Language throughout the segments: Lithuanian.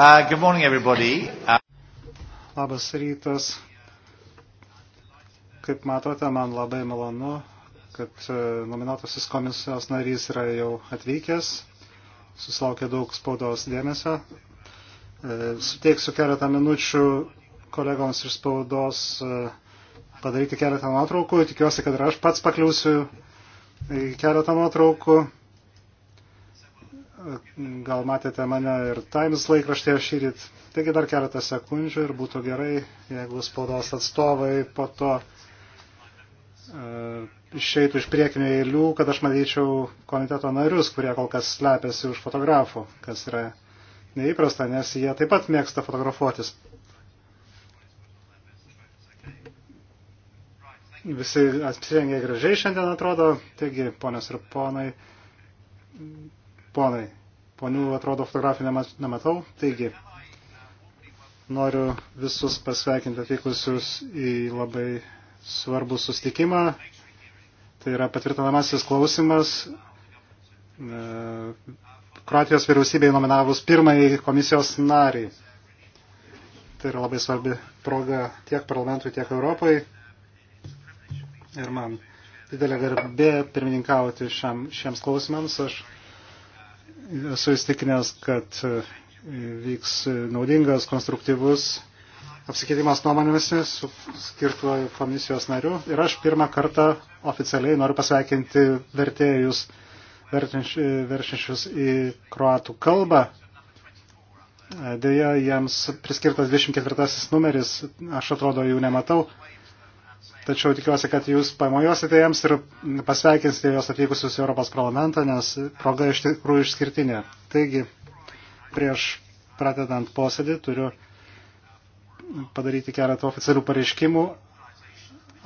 Uh, good morning, everybody. Uh... Labas rytas. Kaip matote, man labai malonu, kad uh, nominuotasis komisijos narys yra jau atvykęs, susilaukė daug spaudos dėmesio. Uh, suteiksiu keletą minučių kolegoms iš spaudos uh, padaryti keletą nuotraukų. Tikiuosi, kad ir aš pats pakliūsiu į keletą nuotraukų. Gal matėte mane ir Times laikraštėje šį rytą. Taigi dar keletą sekundžių ir būtų gerai, jeigu spaudos atstovai po to e, išeitų iš priekinių eilių, kad aš matyčiau komiteto narius, kurie kol kas slepiasi už fotografų, kas yra neįprasta, nes jie taip pat mėgsta fotografuotis. Visi apsirengė gražiai šiandien atrodo, taigi, ponios ir ponai, ponai. Ponių atrodo fotografinę nematau. Taigi, noriu visus pasveikinti atvykusius į labai svarbų sustikimą. Tai yra patvirtinamasis klausimas. E, Kroatijos vyriausybei nominavus pirmąjį komisijos narį. Tai yra labai svarbi proga tiek parlamentui, tiek Europai. Ir man didelė garbė pirmininkauti šiam, šiems klausimams. Aš esu įstikinęs, kad e, vyks naudingas, konstruktyvus apsikeitimas nuomonėmis su skirtuoju komisijos nariu. Ir aš pirmą kartą oficialiai noriu pasveikinti vertėjus verčiančius į kroatų kalbą. Deja, jiems priskirtas 24 numeris, aš atrodo jų nematau tačiau tikiuosi, kad jūs pamojosite jiems ir pasveikinsite juos atvykusius į Europos parlamentą, nes proga iš tikrųjų išskirtinė. Taigi, prieš pradedant posėdį turiu padaryti keletą oficialių pareiškimų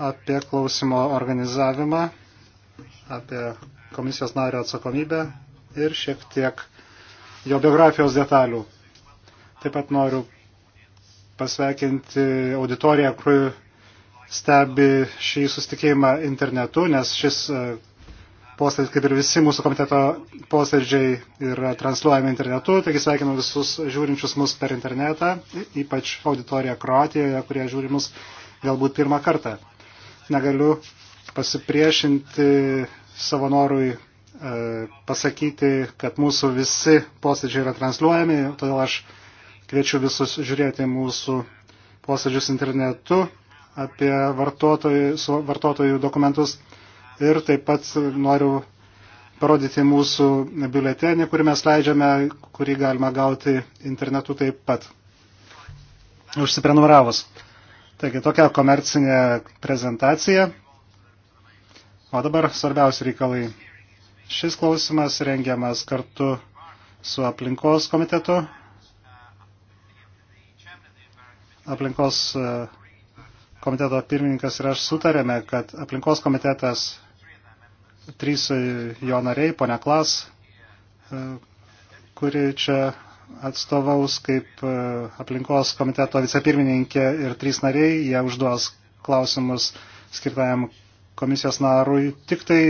apie klausimo organizavimą, apie komisijos nario atsakomybę ir šiek tiek jo biografijos detalių. Taip pat noriu pasveikinti auditoriją, kuri stebi šį sustikėjimą internetu, nes šis e, posėdis, kaip ir visi mūsų komiteto posėdžiai, yra transliuojami internetu. Taigi sveikinu visus žiūrinčius mus per internetą, ypač auditoriją Kroatijoje, kurie žiūri mus galbūt pirmą kartą. Negaliu pasipriešinti savo norui e, pasakyti, kad mūsų visi posėdžiai yra transliuojami, todėl aš kviečiu visus žiūrėti mūsų posėdžius internetu apie vartotojų, vartotojų dokumentus ir taip pat noriu parodyti mūsų biuletenį, kurį mes leidžiame, kurį galima gauti internetu taip pat. Užsiprenumeravus. Taigi tokia komercinė prezentacija. O dabar svarbiausi reikalai. Šis klausimas rengiamas kartu su aplinkos komitetu. Aplinkos uh, komiteto pirmininkas ir aš sutarėme, kad aplinkos komitetas, trys jo nariai, ponia Klas, e, kuri čia atstovaus kaip e, aplinkos komiteto vicepirmininkė ir trys nariai, jie užduos klausimus skirtajam komisijos narui, tik tai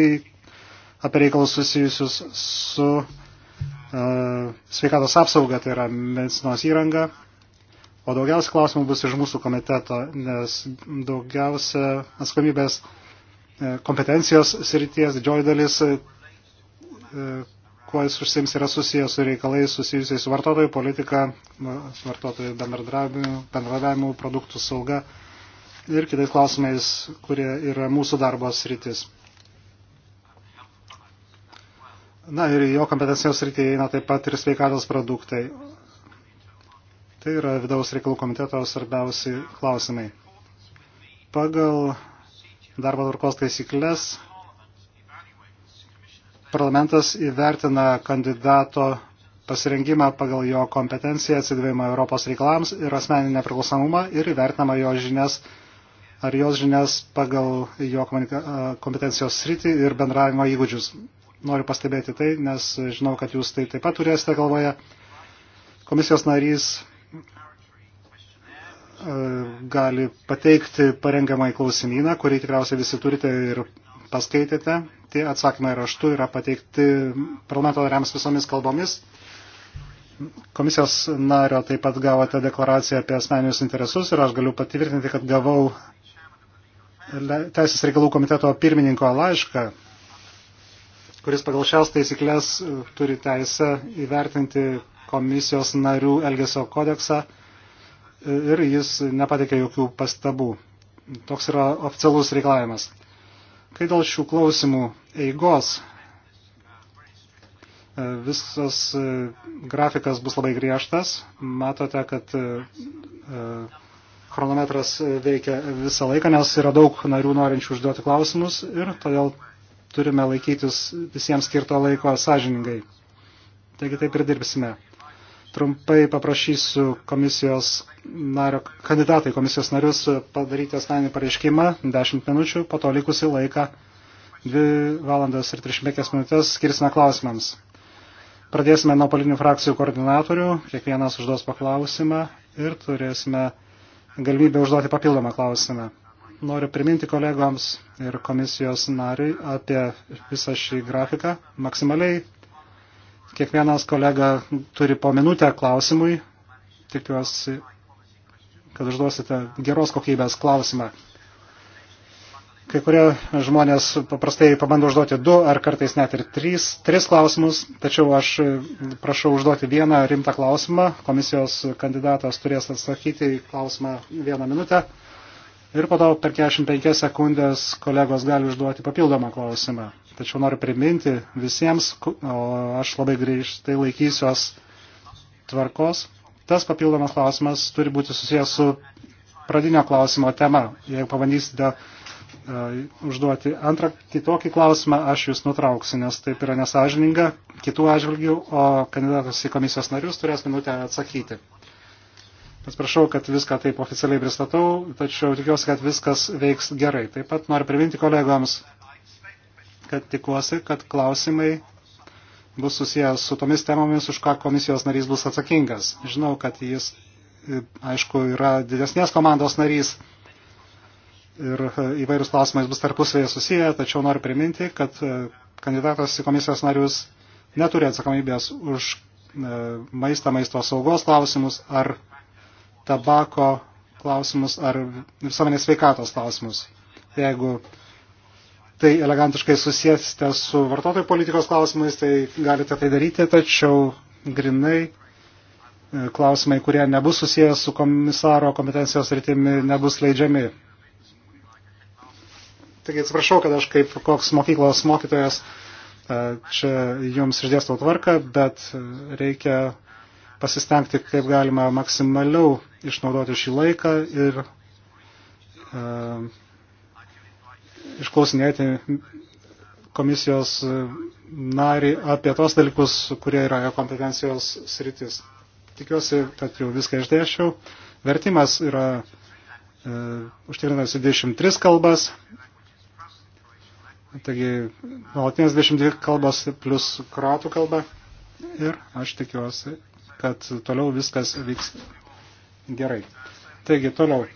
apie reikalus susijusius su uh, sveikatos apsauga, tai yra medicinos įranga, O daugiausia klausimų bus iš mūsų komiteto, nes daugiausia atsakomybės e, kompetencijos srities didžioji dalis, e, kuo jis užsims, yra susijęs su reikalais susijusiais su vartotojų politika, vartotojų bendradavimu, produktų sauga ir kitais klausimais, kurie yra mūsų darbo sritis. Na ir jo kompetencijos srityje eina taip pat ir sveikatos produktai. Tai yra vidaus reikalų komiteto svarbiausi klausimai. Pagal darbo tvarkos taisyklės parlamentas įvertina kandidato pasirengimą pagal jo kompetenciją, atsidavimą Europos reikalams ir asmeninę priklausomumą ir įvertinama jo žinias ar jos žinias pagal jo kompetencijos sritį ir bendravimo įgūdžius. Noriu pastebėti tai, nes žinau, kad jūs tai taip pat turėsite galvoje. Komisijos narys gali pateikti parengiamą į klausimyną, kurį tikriausiai visi turite ir paskaitėte. Tie atsakymai raštu yra pateikti parlamento nariams visomis kalbomis. Komisijos nario taip pat gavote deklaraciją apie asmeninius interesus ir aš galiu patvirtinti, kad gavau Teisės reikalų komiteto pirmininko laišką, kuris pagal šias taisyklės e, turi teisę įvertinti komisijos narių Elgesio kodeksą ir jis nepatikė jokių pastabų. Toks yra oficialus reikalavimas. Kai dėl šių klausimų eigos visas e, grafikas bus labai griežtas, matote, kad e, e, chronometras veikia visą laiką, nes yra daug narių norinčių užduoti klausimus ir todėl turime laikytis visiems skirto laiko sąžiningai. Taigi taip ir dirbsime. Trumpai paprašysiu komisijos nario, kandidatai komisijos narius padaryti asmeninį pareiškimą 10 minučių, po to likusi laiką 2 valandas ir 35 minutės skirsime klausimams. Pradėsime nuo politinių frakcijų koordinatorių, kiekvienas užduos paklausimą ir turėsime galimybę užduoti papildomą klausimą. Noriu priminti kolegoms ir komisijos nariui apie visą šį grafiką. Maksimaliai Kiekvienas kolega turi po minutę klausimui. Tikiuosi, kad užduosite geros kokybės klausimą. Kai kurie žmonės paprastai pabando užduoti du ar kartais net ir trys, tris klausimus, tačiau aš prašau užduoti vieną rimtą klausimą. Komisijos kandidatas turės atsakyti į klausimą vieną minutę ir po to per 45 sekundės kolegos gali užduoti papildomą klausimą. Tačiau noriu priminti visiems, o aš labai grįžtai laikysiuos tvarkos. Tas papildomas klausimas turi būti susijęs su pradinio klausimo tema. Jeigu pabandysite e, užduoti antrą kitokį klausimą, aš jūs nutrauksiu, nes taip yra nesažininga kitų atžvilgių, o kandidatas į komisijos narius turės minutę atsakyti. Atsiprašau, kad viską taip oficialiai pristatau, tačiau tikiuosi, kad viskas veiks gerai. Taip pat noriu priminti kolegoms, kad tikiuosi, kad klausimai bus susijęs su tomis temomis, už ką komisijos narys bus atsakingas. Žinau, kad jis, e, aišku, yra didesnės komandos narys ir e, įvairius klausimais bus tarpusvėje susiję, tačiau noriu priminti, kad e, kandidatas į komisijos narius neturi atsakomybės už maistą, maisto saugos klausimus ar tabako klausimus ar visuomenės sveikatos klausimus. Jeigu tai elegantiškai susijęsite su vartotojų politikos klausimais, tai galite tai daryti, tačiau grinai e, klausimai, kurie nebus susijęs su komisaro kompetencijos rytimi, nebus leidžiami. Taigi atsiprašau, kad aš kaip koks mokyklos mokytojas e, čia jums išdėstau tvarką, bet e, reikia pasistengti, kaip galima maksimaliau išnaudoti šį laiką ir išklausinėti komisijos narį apie tos dalykus, kurie yra jo kompetencijos sritis. Tikiuosi, kad jau viską išdėšiau. Vertimas yra e, užtikrintas į 23 kalbas. Taigi, nuolatinės 22 kalbos plus kroatų kalba. Ir aš tikiuosi, kad toliau viskas vyks gerai. Taigi, toliau.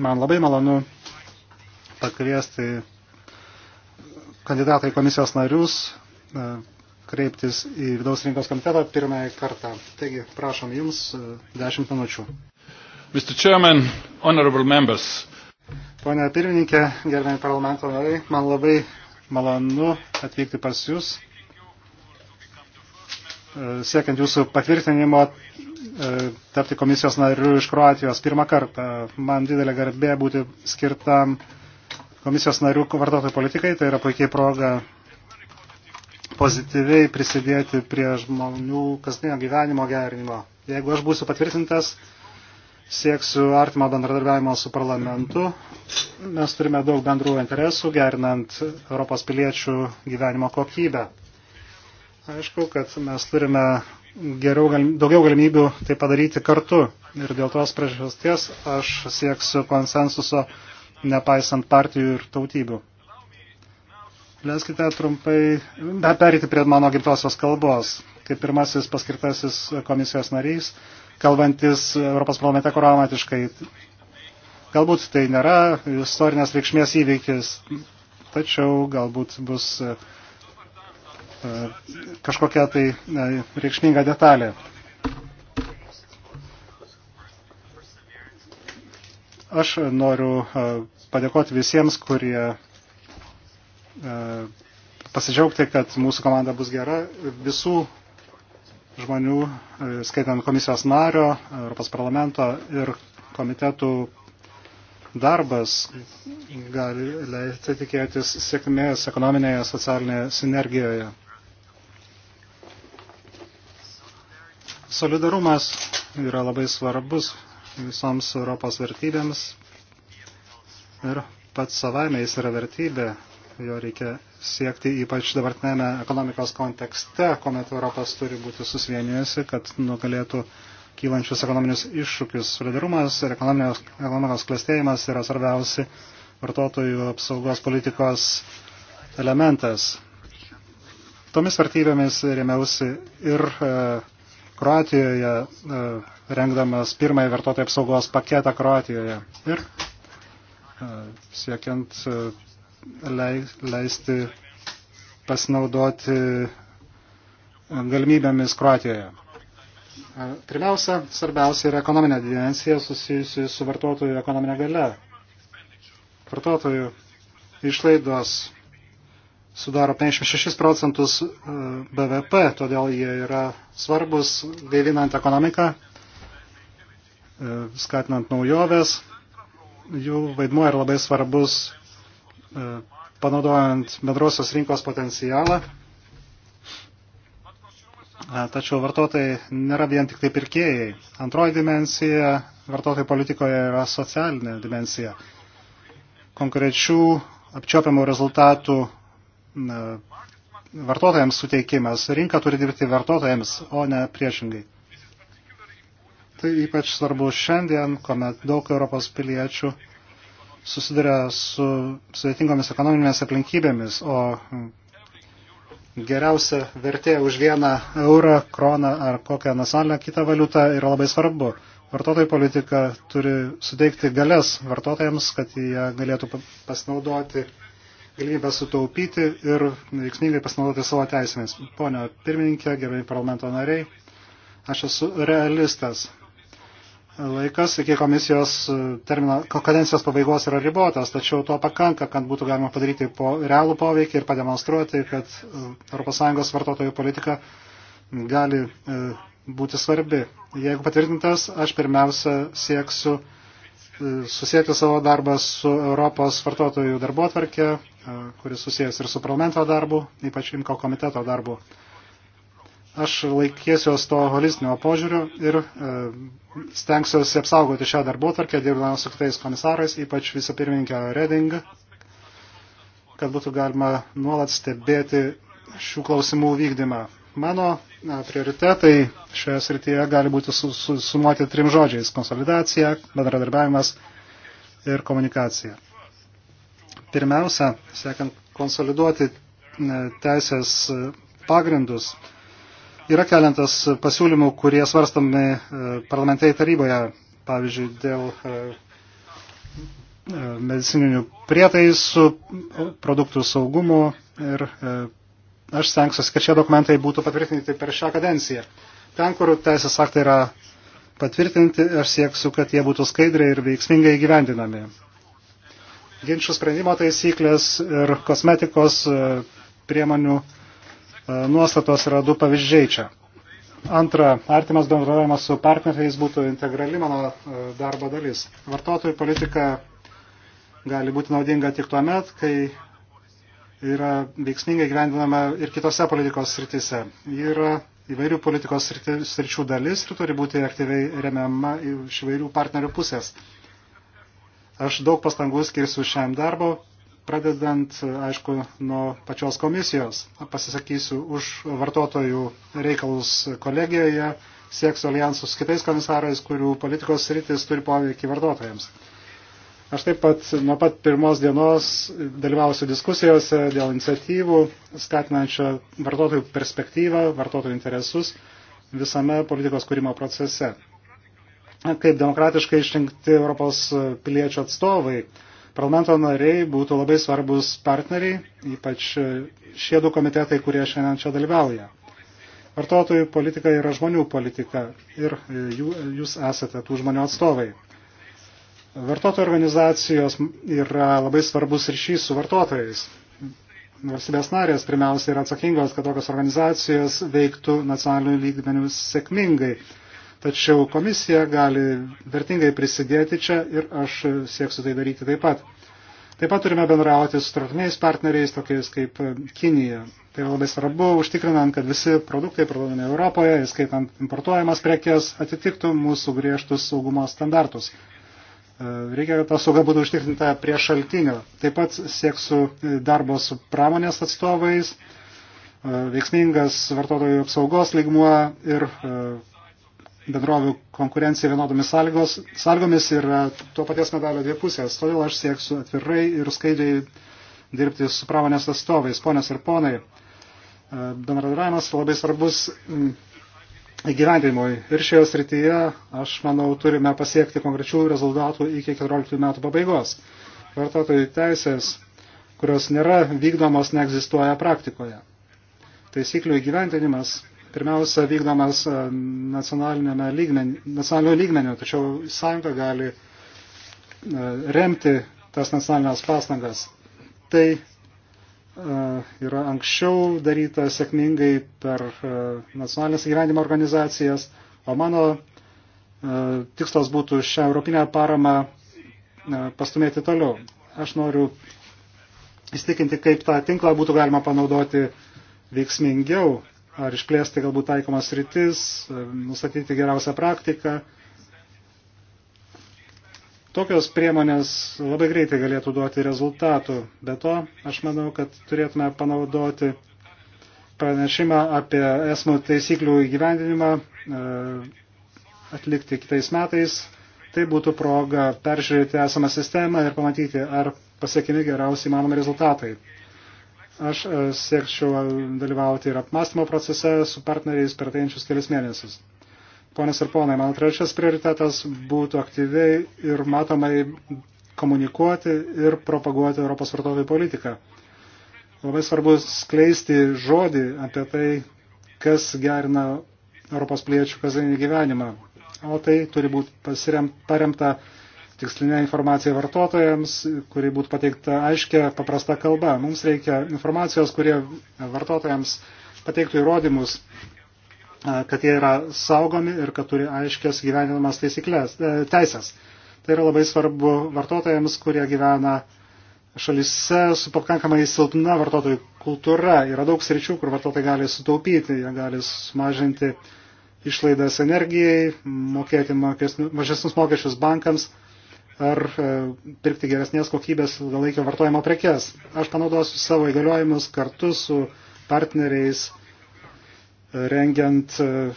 Man labai malonu pakviesti kandidatai komisijos narius e, kreiptis į vidaus rinkos komitetą pirmąjį kartą. Taigi, prašom Jums 10 e, minučių. Mr. Chairman, honorable members. Pone pirmininkė, gerbėjai parlamento nariai, man labai malonu atvykti pas Jūs, e, siekiant Jūsų patvirtinimo tapti komisijos nariu iš Kroatijos pirmą kartą. Man didelė garbė būti skirtam komisijos narių vartotojų politikai, tai yra puikiai proga pozityviai prisidėti prie žmonių kasdienio gyvenimo gerinimo. Jeigu aš būsiu patvirtintas, sieksiu artimo bendradarbiavimo su parlamentu. Mes turime daug bendrų interesų, gerinant Europos piliečių gyvenimo kokybę. Aišku, kad mes turime geriau, daugiau galimybių tai padaryti kartu. Ir dėl tos priežasties aš sieksiu konsensuso nepaisant partijų ir tautybių. Leiskite trumpai perėti prie mano gimtosios kalbos. Kaip pirmasis paskirtasis komisijos narys, kalbantis Europos parlamente koromatiškai. Galbūt tai nėra istorinės reikšmės įvykis, tačiau galbūt bus e, e, kažkokia tai e, reikšminga detalė. Aš noriu padėkoti visiems, kurie pasidžiaugti, kad mūsų komanda bus gera. Visų žmonių, skaitant komisijos nario, Europos parlamento ir komitetų darbas gali leisti tikėtis sėkmės ekonominėje socialinėje sinergijoje. Solidarumas yra labai svarbus visoms Europos vertybėms. Ir pats savaime jis yra vertybė, jo reikia siekti ypač dabartinėme ekonomikos kontekste, kuomet Europas turi būti susivienijusi, kad nugalėtų kylančius ekonominius iššūkius. Solidarumas ir ekonomikos klestėjimas yra svarbiausi vartotojų apsaugos politikos elementas. Tomis vertybėmis rėmiausi ir e, Kroatijoje, e, rengdamas pirmąjį vartotojų apsaugos paketą Kroatijoje ir e, siekiant e, leisti pasinaudoti galimybėmis Kroatijoje. Pirmiausia, svarbiausia yra ekonominė dimensija susijusi su vartotojų ekonominė gale. Vartotojų išlaidos sudaro 56 procentus e, BVP, todėl jie yra svarbus gaivinant ekonomiką, e, skatinant naujoves. Jų vaidmuo yra labai svarbus e, panaudojant bendrosios rinkos potencialą. Tačiau vartotojai nėra vien tik tai pirkėjai. Antroji dimensija vartotojų politikoje yra socialinė dimensija. Konkrečių apčiopiamų rezultatų vartotojams suteikimas. Rinka turi dirbti vartotojams, o ne priešingai. Tai ypač svarbu šiandien, kuomet daug Europos piliečių susiduria su sudėtingomis ekonominėmis aplinkybėmis, o geriausia vertė už vieną eurą, kroną ar kokią nacionalinę kitą valiutą yra labai svarbu. Vartotojų politika turi suteikti galės vartotojams, kad jie galėtų pasinaudoti galimybę sutaupyti ir veiksmingai pasinaudoti savo teisėmis. Pone pirmininkė, gerai parlamento nariai, aš esu realistas. Laikas iki komisijos e, termino, kadencijos pabaigos yra ribotas, tačiau to pakanka, kad būtų galima padaryti po, realų poveikį ir pademonstruoti, kad e, ES vartotojų politika gali e, būti svarbi. Jeigu patvirtintas, aš pirmiausia sieksiu susijęti savo darbą su Europos vartotojų darbo atvarkė, e, kuris susijęs ir su parlamento darbu, ypač Imko komiteto darbu. Aš laikėsiuos to holistinio požiūriu ir e, stengsiuosi apsaugoti šią darbo atvarkę, dirbdamas su kitais komisarais, ypač visapirmininkę Reding, kad būtų galima nuolat stebėti šių klausimų vykdymą. Mano na, prioritetai šioje srityje gali būti susumuoti trim žodžiais - konsolidacija, bendradarbiavimas ir komunikacija. Pirmiausia, siekiant konsoliduoti teisės pagrindus, yra keliantas pasiūlymų, kurie svarstami e, parlamentai taryboje, pavyzdžiui, dėl e, e, medicininių prietaisų, produktų saugumo ir aš stengsiuosi, kad šie dokumentai būtų patvirtinti per šią kadenciją. Ten, kur teisės aktai yra patvirtinti, aš sieksiu, kad jie būtų skaidriai ir veiksmingai gyvendinami. Ginčių sprendimo taisyklės ir kosmetikos e, priemonių e, nuostatos yra du pavyzdžiai čia. Antra, artimas bendravimas su partneriais būtų integrali mano e, darbo dalis. Vartotojų politika gali būti naudinga tik tuo met, kai yra veiksmingai gyvendinama ir kitose politikos sritise. Ji yra įvairių politikos sričių dalis ir turi būti aktyviai remiama iš įvairių partnerių pusės. Aš daug pastangų skirsiu šiam darbo, pradedant, aišku, nuo pačios komisijos. Pasisakysiu už vartotojų reikalus kolegijoje, sieksiu alijansus su kitais komisarais, kurių politikos sritis turi poveikį vartotojams. Aš taip pat nuo pat pirmos dienos dalyvausiu diskusijose dėl iniciatyvų, skatinančio vartotojų perspektyvą, vartotojų interesus visame politikos kūrimo procese. Kaip demokratiškai išrinkti Europos piliečių atstovai, parlamento nariai būtų labai svarbus partneriai, ypač šie du komitetai, kurie šiandien čia dalyvauja. Vartotojų politika yra žmonių politika ir jūs esate tų žmonių atstovai. Vartotojų organizacijos yra labai svarbus ryšys su vartotojais. Valstybės narės pirmiausia yra atsakingos, kad tokios organizacijos veiktų nacionalinių lygmenių sėkmingai. Tačiau komisija gali vertingai prisidėti čia ir aš sieksiu tai daryti taip pat. Taip pat turime bendrauti su tarptautiniais partneriais, tokiais kaip Kinija. Tai yra labai svarbu, užtikrinant, kad visi produktai parduodami Europoje, įskaitant importuojamas prekes, atitiktų mūsų griežtus saugumo standartus. E, reikia, kad ta sauga būtų užtikrinta prie šaltinio. Taip pat sieksiu e, darbo su pramonės atstovais, e, veiksmingas vartotojų apsaugos lygmuo ir bendrovių konkurencija vienodomis sąlygos, sąlygomis yra tuo paties medalio dvi pusės. Todėl aš sieksiu atvirai ir skaidriai dirbti su pramonės atstovais, ponės ir ponai. Bendradarbiavimas labai svarbus įgyvendinimui. Ir šioje srityje, aš manau, turime pasiekti konkrečių rezultatų iki 14 metų pabaigos. Vartotojų teisės, kurios nėra vykdomos, neegzistuoja praktikoje. Taisyklių įgyvendinimas pirmiausia vykdomas e, nacionalinio lygmenio, tačiau sąjunga gali e, remti tas nacionalinės pastangas. Tai yra anksčiau daryta sėkmingai per nacionalinės gyvenimo organizacijas, o mano tikslas būtų šią europinę paramą pastumėti toliau. Aš noriu įstikinti, kaip tą tinklą būtų galima panaudoti veiksmingiau, ar išplėsti galbūt taikomas rytis, nustatyti geriausią praktiką Tokios priemonės labai greitai galėtų duoti rezultatų. Be to, aš manau, kad turėtume panaudoti pranešimą apie esmo taisyklių įgyvendinimą e, atlikti kitais metais. Tai būtų proga peržiūrėti esamą sistemą ir pamatyti, ar pasiekimi geriausiai įmanomi rezultatai. Aš e, siekčiau dalyvauti ir apmastymo procese su partneriais per teinčius kelias mėnesius. Ponas ir ponai, mano trečias prioritetas būtų aktyviai ir matomai komunikuoti ir propaguoti Europos vartotojų politiką. Labai svarbu skleisti žodį apie tai, kas gerina Europos piliečių kasdienį gyvenimą. O tai turi būti pasirem, paremta tikslinė informacija vartotojams, kuri būtų pateikta aiškia, paprasta kalba. Mums reikia informacijos, kurie vartotojams pateiktų įrodymus, kad jie yra saugomi ir kad turi aiškias gyvenimas taisyklės, e, teisės. Tai yra labai svarbu vartotojams, kurie gyvena šalise su pakankamai silpna vartotojų kultūra. Yra daug sričių, kur vartotojai gali sutaupyti, jie gali sumažinti išlaidas energijai, mokėti mažesnius mokesčius bankams ar e, pirkti geresnės kokybės ilgalaikio vartojimo prekes. Aš panaudosiu savo įgaliojimus kartu su partneriais rengiant e,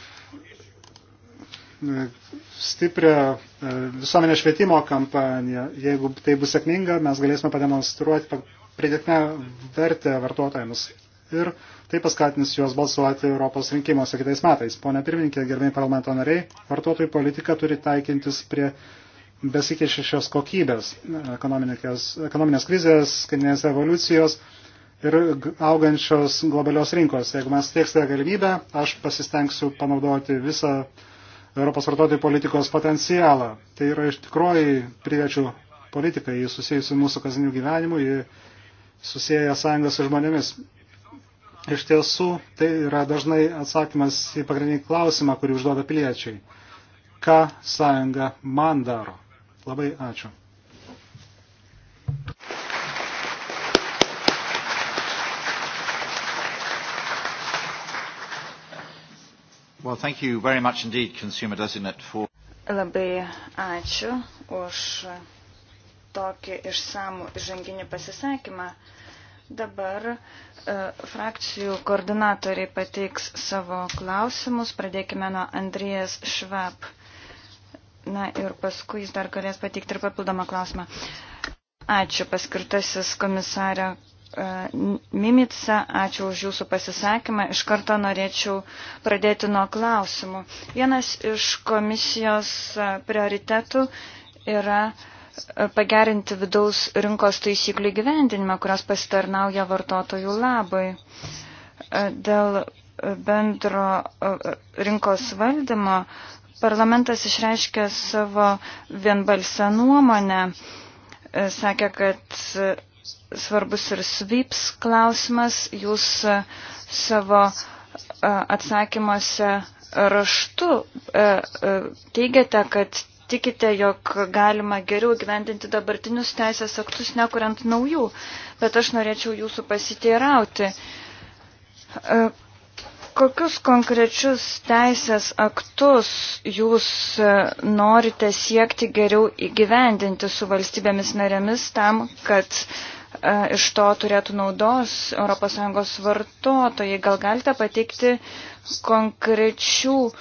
stiprią e, visuomenės švietimo kampaniją. Jeigu tai bus sėkminga, mes galėsime pademonstruoti pridėtinę vertę vartotojams. Ir tai paskatins juos balsuoti Europos rinkimuose kitais metais. Pone pirmininkė, gerbėjai parlamento nariai, vartotojų politika turi taikintis prie besikeičiančios kokybės ekonominės krizės, skaitinės revoliucijos ir augančios globalios rinkos. Jeigu mes tieksite galimybę, aš pasistengsiu panaudoti visą Europos vartotojų politikos potencialą. Tai yra iš tikroji priečių politika, jį susijusi mūsų kasdieniu gyvenimu, jį susijęja sąjungą su žmonėmis. Iš tiesų, tai yra dažnai atsakymas į pagrindinį klausimą, kurį užduoda piliečiai. Ką sąjunga man daro? Labai ačiū. Well, thank you very much indeed, Consumer Designate, for... Labai ačiū už tokį išsamų žanginį pasisakymą. Dabar e, frakcijų koordinatoriai pateiks savo klausimus. Pradėkime nuo Andrijas Švab. Na ir paskui jis dar galės pateikti ir papildomą klausimą. Ačiū paskirtasis komisarė E, Mimica, ačiū už Jūsų pasisakymą. Iš karto norėčiau pradėti nuo klausimų. Vienas iš komisijos prioritetų yra pagerinti vidaus rinkos taisyklių gyvendinimą, kurios pasitarnauja vartotojų labai. E, Dėl bendro e, rinkos valdymo parlamentas išreiškė savo vienbalsę nuomonę, sakė, kad svarbus ir SWIPS klausimas. Jūs e, savo e, atsakymuose raštu e, teigiate, kad tikite, jog galima geriau gyvendinti dabartinius teisės aktus, nekuriant naujų. Bet aš norėčiau jūsų pasiteirauti. Kokius konkrečius teisės aktus jūs norite siekti geriau įgyvendinti su valstybėmis narėmis tam, kad uh, E, iš to turėtų naudos ES vartotojai. Gal galite pateikti konkrečių e,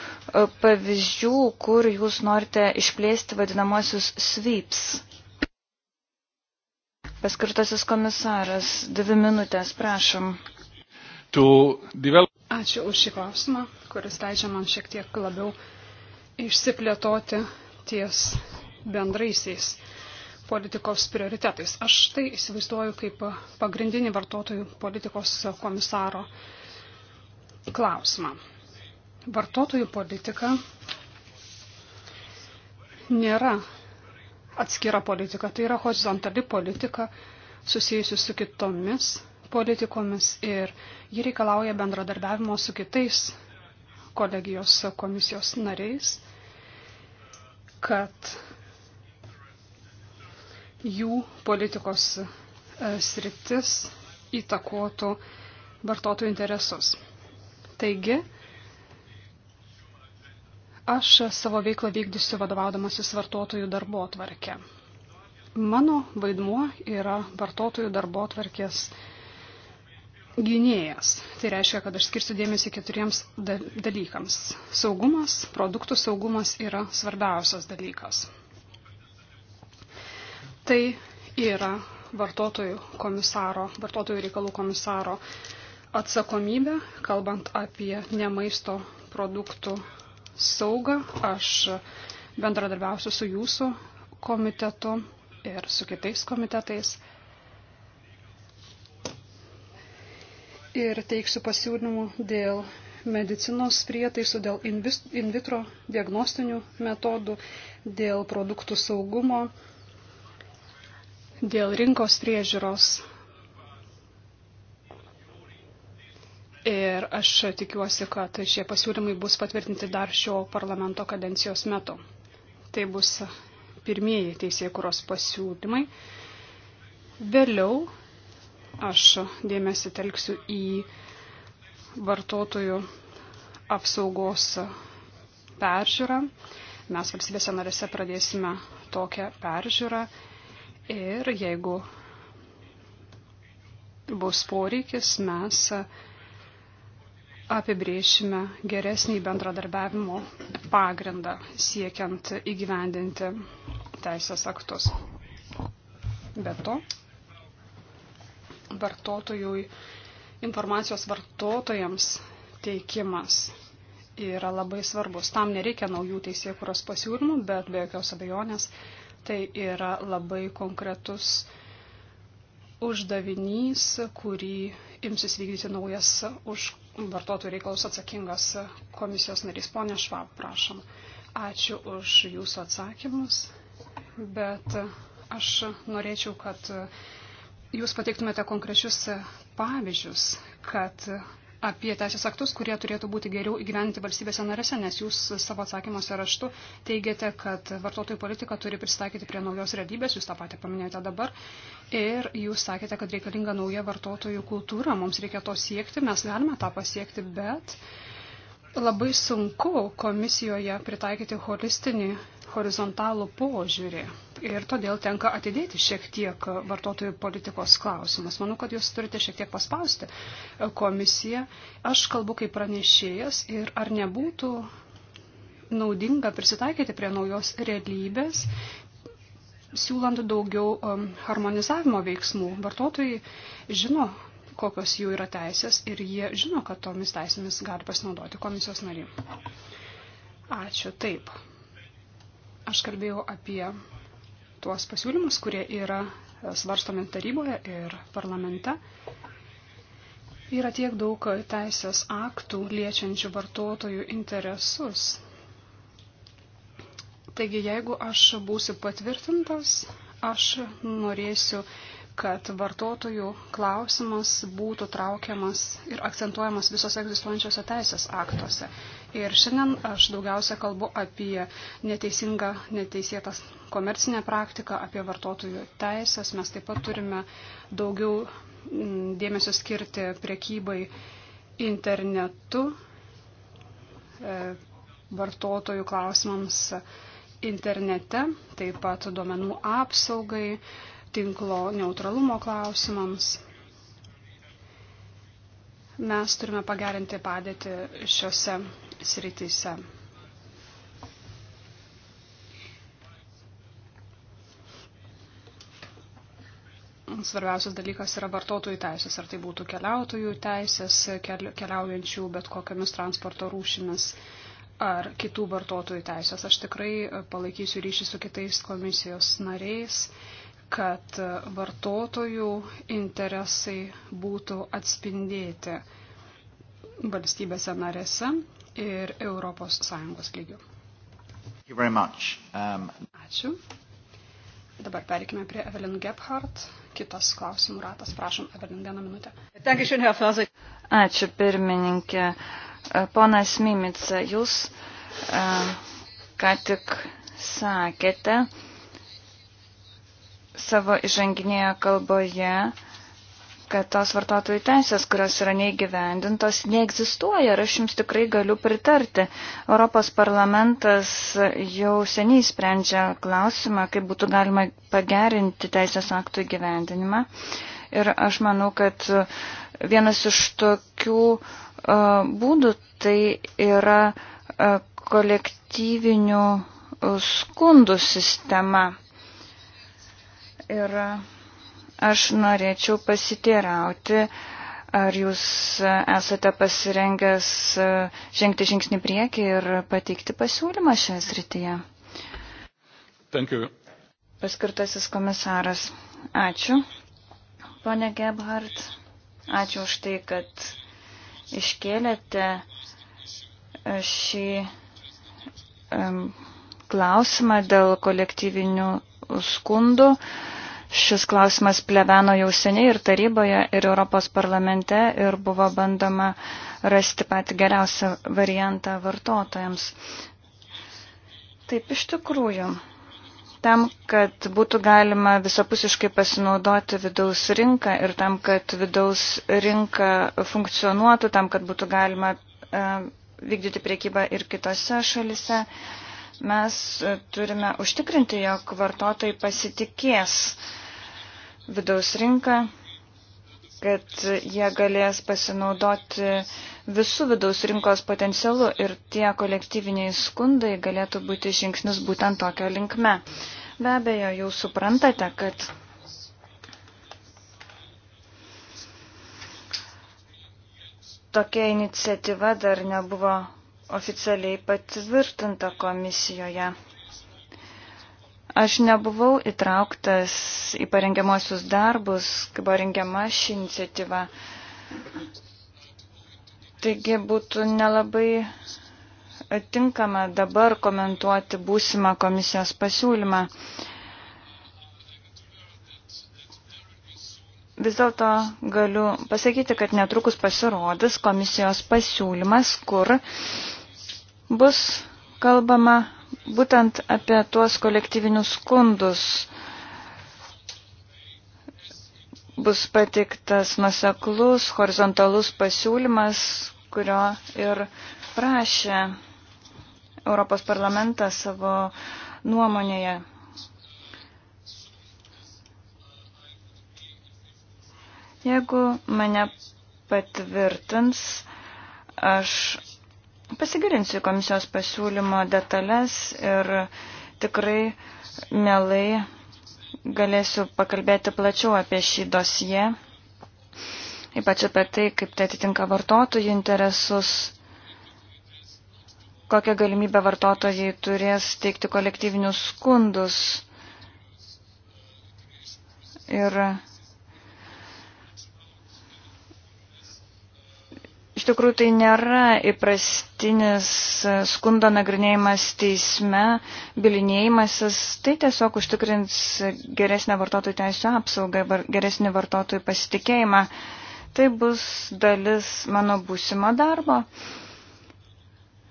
pavyzdžių, kur jūs norite išplėsti vadinamosius sweeps? Paskirtasis komisaras, dvi minutės, prašom. Ačiū už šį klausimą, kuris leidžia man šiek tiek labiau išsiplėtoti ties bendraisiais politikos prioritetais. Aš tai įsivaizduoju kaip pagrindinį vartotojų politikos komisaro klausimą. Vartotojų politika nėra atskira politika, tai yra horizontali politika susijusi su kitomis politikomis ir ji reikalauja bendradarbiavimo su kitais kolegijos komisijos nariais, kad jų politikos e, sritis įtakotų vartotojų interesus. Taigi, aš savo veiklą vykdysiu vadovaudamasis vartotojų darbo atvarkė. Mano vaidmuo yra vartotojų darbo atvarkės gynėjas. Tai reiškia, kad aš skirsiu dėmesį keturiems dalykams. Saugumas, produktų saugumas yra svarbiausias dalykas. Tai yra vartotojų komisaro, vartotojų reikalų komisaro atsakomybė, kalbant apie nemaisto produktų saugą. Aš bendradarbiausiu su jūsų komitetu ir su kitais komitetais. Ir teiksiu pasiūlymų dėl medicinos prietaisų, dėl in vitro diagnostinių metodų, dėl produktų saugumo dėl rinkos priežiūros. Ir aš tikiuosi, kad šie pasiūlymai bus patvirtinti dar šio parlamento kadencijos metu. Tai bus pirmieji teisėkuros pasiūlymai. Vėliau aš dėmesį telksiu į vartotojų apsaugos peržiūrą. Mes valstybėse narėse pradėsime tokią peržiūrą Ir jeigu bus poreikis, mes apibriešime geresnį bendradarbiavimo pagrindą siekiant įgyvendinti teisės aktus. Be to, vartotojui, informacijos vartotojams teikimas yra labai svarbus. Tam nereikia naujų teisėkuros pasiūlymų, bet be jokios abejonės Tai yra labai konkretus uždavinys, kurį imsis vykdyti naujas už vartotojų reikalus atsakingas komisijos narys. Pone Švab, prašom. Ačiū už jūsų atsakymus, bet aš norėčiau, kad jūs pateiktumėte konkrečius pavyzdžius, kad apie teisės aktus, kurie turėtų būti geriau įgyventi valstybėse narėse, nes jūs savo atsakymuose raštu teigiate, kad vartotojų politika turi pristaikyti prie naujos realybės, jūs tą patį paminėjote dabar, ir jūs sakėte, kad reikalinga nauja vartotojų kultūra, mums reikia to siekti, mes galime tą pasiekti, bet labai sunku komisijoje pritaikyti holistinį horizontalų požiūrį ir todėl tenka atidėti šiek tiek vartotojų politikos klausimus. Manau, kad jūs turite šiek tiek paspausti e, komisiją. Aš kalbu kaip pranešėjas ir ar nebūtų naudinga prisitaikyti prie naujos realybės, siūlant daugiau e, harmonizavimo veiksmų. Vartotojai žino, kokios jų yra teisės ir jie žino, kad tomis teisėmis gali pasinaudoti komisijos nariai. Ačiū, taip. Aš kalbėjau apie tuos pasiūlymus, kurie yra svarstomi taryboje ir parlamente. Yra tiek daug teisės aktų liečiančių vartotojų interesus. Taigi, jeigu aš būsiu patvirtintas, aš norėsiu, kad vartotojų klausimas būtų traukiamas ir akcentuojamas visose egzistuojančiose teisės aktuose. Ir šiandien aš daugiausia kalbu apie neteisingą, neteisėtas komercinę praktiką, apie vartotojų teisės. Mes taip pat turime daugiau mm, dėmesio skirti priekybai internetu, e, vartotojų klausimams internete, taip pat duomenų apsaugai, tinklo neutralumo klausimams mes turime pagerinti padėtį šiuose sritise. Svarbiausias dalykas yra vartotojų teisės, ar tai būtų keliautojų teisės, keliaujančių bet kokiamis transporto rūšimis ar kitų vartotojų teisės. Aš tikrai palaikysiu ryšį su kitais komisijos nariais, kad vartotojų interesai būtų atspindėti valstybėse narėse, ir ES lygių. Um... Ačiū. Dabar perikime prie Evelyn Gebhardt. Kitas klausimų ratas. Prašom, Evelyn, vieną minutę. Ačiū, pirmininkė. E, ponas Mimica, jūs e, ką tik sakėte savo įžanginėje kalboje, kad tos vartotojų teisės, kurios yra neįgyvendintos, neegzistuoja ir aš jums tikrai galiu pritarti. Europos parlamentas jau seniai sprendžia klausimą, kaip būtų galima pagerinti teisės aktų įgyvendinimą. Ir aš manau, kad vienas iš tokių uh, būdų tai yra uh, kolektyvinių e, skundų sistema. Ir uh, Aš norėčiau pasiteirauti, ar jūs esate pasirengęs e, žengti žingsnį priekį ir pateikti pasiūlymą šioje srityje. Paskirtasis komisaras. Ačiū. Pone Gebhardt, ačiū už tai, kad iškėlėte e, šį um, klausimą dėl kolektyvinių skundų. Uh, Šis klausimas pleveno jau seniai ir taryboje, ir Europos parlamente, ir buvo bandoma rasti patį geriausią variantą vartotojams. Taip iš tikrųjų. Tam, kad būtų galima visapusiškai pasinaudoti vidaus rinką ir tam, kad vidaus rinka funkcionuotų, tam, kad būtų galima e, vykdyti priekybą ir kitose šalise, mes turime užtikrinti, jog vartotojai pasitikės e, vidaus rinką, kad jie galės pasinaudoti visų vidaus rinkos potencialu ir tie kolektyviniai skundai galėtų būti žingsnis būtent tokio linkme. Be abejo, jau suprantate, kad tokia iniciatyva dar nebuvo oficialiai patvirtinta komisijoje. Aš nebuvau įtrauktas į parengiamosius darbus, kai buvo rengiama ši iniciatyva. Taigi būtų nelabai tinkama dabar komentuoti būsimą komisijos pasiūlymą. Vis dėlto galiu pasakyti, kad netrukus pasirodys komisijos pasiūlymas, kur bus kalbama būtent apie tuos kolektyvinius skundus bus patiktas nuseklus, horizontalus pasiūlymas, kurio ir prašė Europos parlamentą savo nuomonėje. Jeigu mane patvirtins, aš Pasigilinsiu komisijos pasiūlymo detalės ir tikrai mielai galėsiu pakalbėti plačiau apie šį dosiją, ypač apie tai, kaip tai atitinka vartotojų interesus, kokią galimybę vartotojai turės teikti kolektyvinius skundus ir Iš tikrųjų, tai nėra įprastinis skundo nagrinėjimas teisme, bilinėjimasis, tai tiesiog užtikrins geresnę vartotojų teisų apsaugą, geresnį vartotojų pasitikėjimą. Tai bus dalis mano būsimo darbo.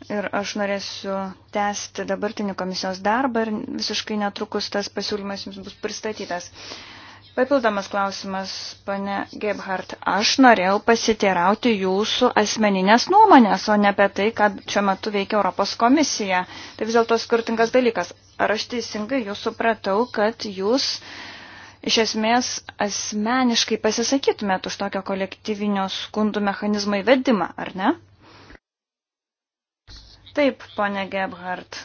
Ir aš norėsiu tęsti dabartinį komisijos darbą ir visiškai netrukus tas pasiūlymas jums bus pristatytas. Uh, Papildomas klausimas, pane Gebhardt, aš norėjau pasiteirauti jūsų asmeninės nuomonės, o ne apie tai, kad šiuo metu veikia Europos komisija. Tai vis dėlto skirtingas dalykas. Ar aš teisingai jūs supratau, kad jūs iš esmės asmeniškai pasisakytumėt už tokio kolektyvinio skundų mechanizmo įvedimą, ar ne? Taip, ponė Gebhardt.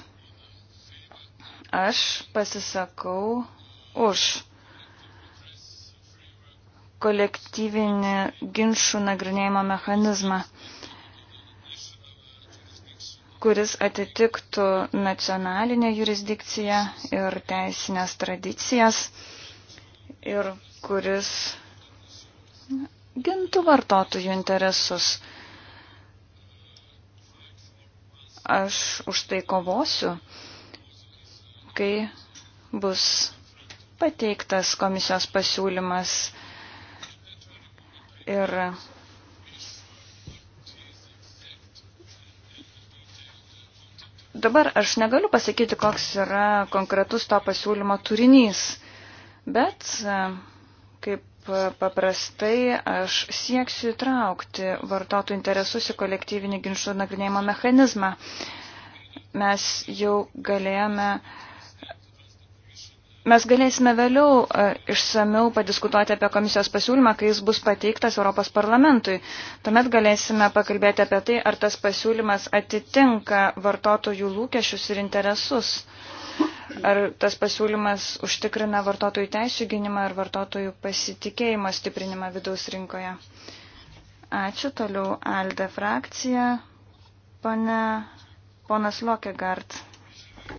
Aš pasisakau už kolektyvinį ginčių nagrinėjimo mechanizmą, kuris atitiktų nacionalinę jurisdikciją ir teisinės tradicijas ir kuris gintų vartotojų interesus. Aš už tai kovosiu, kai bus pateiktas komisijos pasiūlymas Ir dabar aš negaliu pasakyti, koks yra konkretus to pasiūlymo turinys, bet kaip paprastai aš sieksiu įtraukti vartotojų interesus į kolektyvinį ginčių nagrinėjimo mechanizmą. Mes jau galėjome uh, Mes galėsime vėliau e, išsamiau padiskutuoti apie komisijos pasiūlymą, kai jis bus pateiktas Europos parlamentui. Tuomet galėsime pakalbėti apie tai, ar tas pasiūlymas atitinka vartotojų lūkesčius ir interesus. Ar tas pasiūlymas užtikrina vartotojų teisų gynimą ir vartotojų pasitikėjimo stiprinimą vidaus rinkoje. Ačiū. Toliau Alde frakcija. Pane, ponas Lokegard.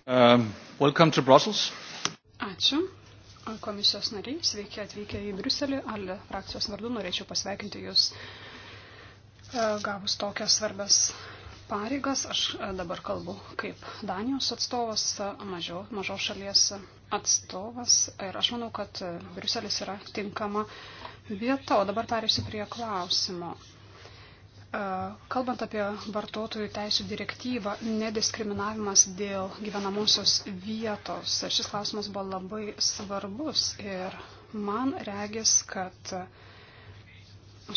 Um, welcome to Brussels. Ačiū. Komisijos nariai, sveiki atvykę į Briuselį. Alde frakcijos vardu norėčiau pasveikinti Jūs e, gavus tokias svarbės pareigas. Aš e, dabar kalbu kaip Danijos atstovas, e, mažiau, mažos šalies atstovas. Ir aš manau, kad Briuselis yra tinkama vieta. O dabar perėsiu prie klausimo. E, kalbant apie vartotojų teisų direktyvą, nediskriminavimas dėl gyvenamosios vietos, šis klausimas buvo labai svarbus ir man regis, kad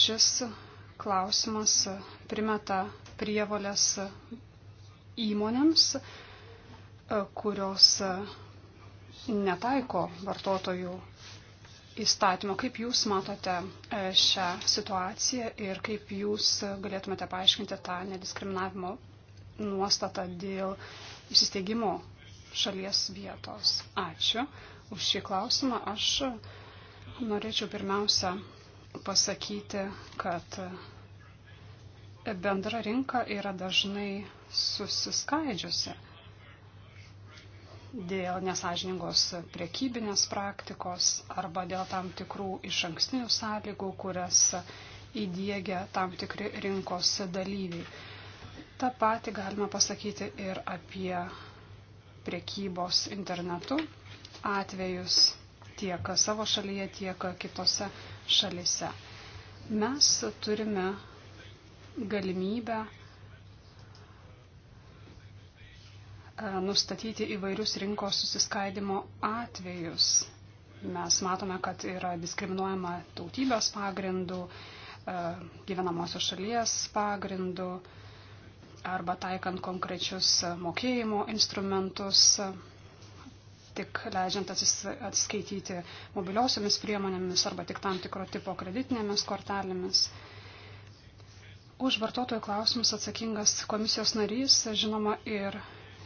šis klausimas primeta prievolės įmonėms, e, kurios netaiko vartotojų įstatymo. Kaip Jūs matote e, šią situaciją ir kaip Jūs galėtumėte paaiškinti tą nediskriminavimo nuostatą dėl įsisteigimo šalies vietos? Ačiū už šį klausimą. Aš norėčiau pirmiausia pasakyti, kad bendra rinka yra dažnai susiskaidžiusi dėl nesažiningos priekybinės praktikos arba dėl tam tikrų iš ankstinių sąlygų, kurias įdėgia tam tikri rinkos dalyviai. Ta pati galima pasakyti ir apie priekybos internetu atvejus tiek savo šalyje, tiek kitose šalise. Mes turime galimybę E, nustatyti įvairius rinkos susiskaidimo atvejus. Mes matome, kad yra diskriminuojama tautybės pagrindų, e, gyvenamosios šalies pagrindų arba taikant konkrečius mokėjimo instrumentus, tik leidžiant atsiskaityti mobiliosiomis priemonėmis arba tik tam tikro tipo kreditinėmis kortelėmis. Už vartotojų klausimus atsakingas komisijos narys, žinoma, ir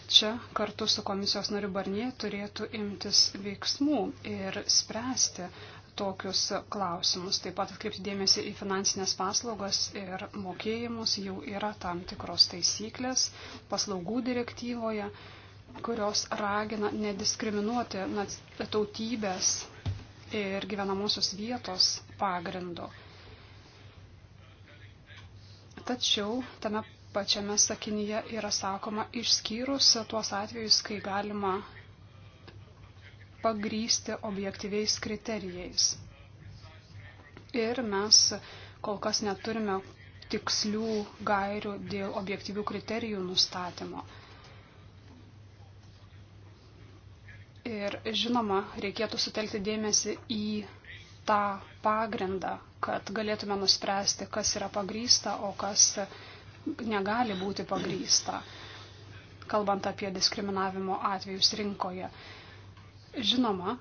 čia kartu su komisijos nariu Barnie turėtų imtis veiksmų ir spręsti tokius klausimus. Taip pat atkreipti dėmesį į finansinės paslaugas ir mokėjimus. Jau yra tam tikros taisyklės paslaugų direktyvoje, kurios ragina nediskriminuoti tautybės ir gyvenamosios vietos pagrindo. Tačiau tame pačiame sakinyje yra sakoma išskyrus tuos atvejus, kai galima pagrysti objektyviais kriterijais. Ir mes kol kas neturime tikslių gairių dėl objektyvių kriterijų nustatymo. Ir žinoma, reikėtų sutelkti dėmesį į tą pagrindą, kad galėtume nuspręsti, kas yra pagrysta, o kas yra negali būti pagrysta, kalbant apie diskriminavimo atvejus rinkoje. Žinoma,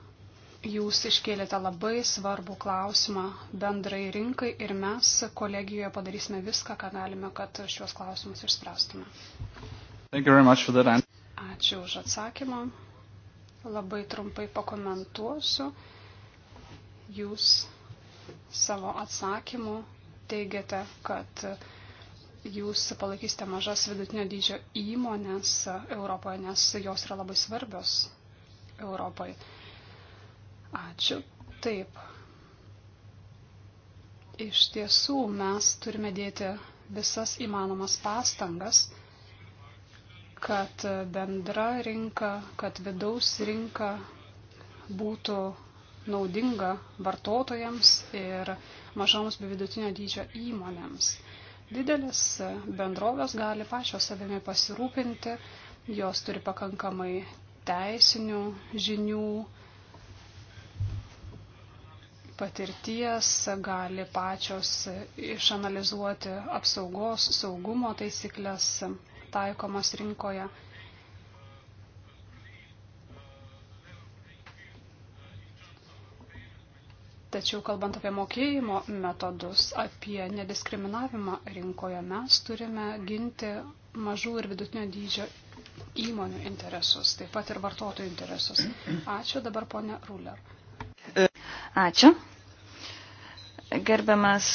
jūs iškėlėte labai svarbų klausimą bendrai rinkai ir mes kolegijoje padarysime viską, ką galime, kad šios klausimus išspręstume. Ačiū už atsakymą. Labai trumpai pakomentuosiu. Jūs savo atsakymu teigiate, kad jūs palaikysite mažas vidutinio dydžio įmonės Europoje, nes jos yra labai svarbios Europoje. Ačiū. Taip. Iš tiesų mes turime dėti visas įmanomas pastangas, kad bendra rinka, kad vidaus rinka būtų naudinga vartotojams ir mažoms bei vidutinio dydžio įmonėms. Didelis bendrovės gali pačios savimi pasirūpinti, jos turi pakankamai teisinių žinių, patirties, gali pačios išanalizuoti apsaugos, saugumo taisyklės taikomas rinkoje. Tačiau kalbant apie mokėjimo metodus, apie nediskriminavimą rinkoje, mes turime ginti mažų ir vidutinio dydžio įmonių interesus, taip pat ir vartotojų interesus. Ačiū dabar, ponė Ruler. Ačiū. Gerbiamas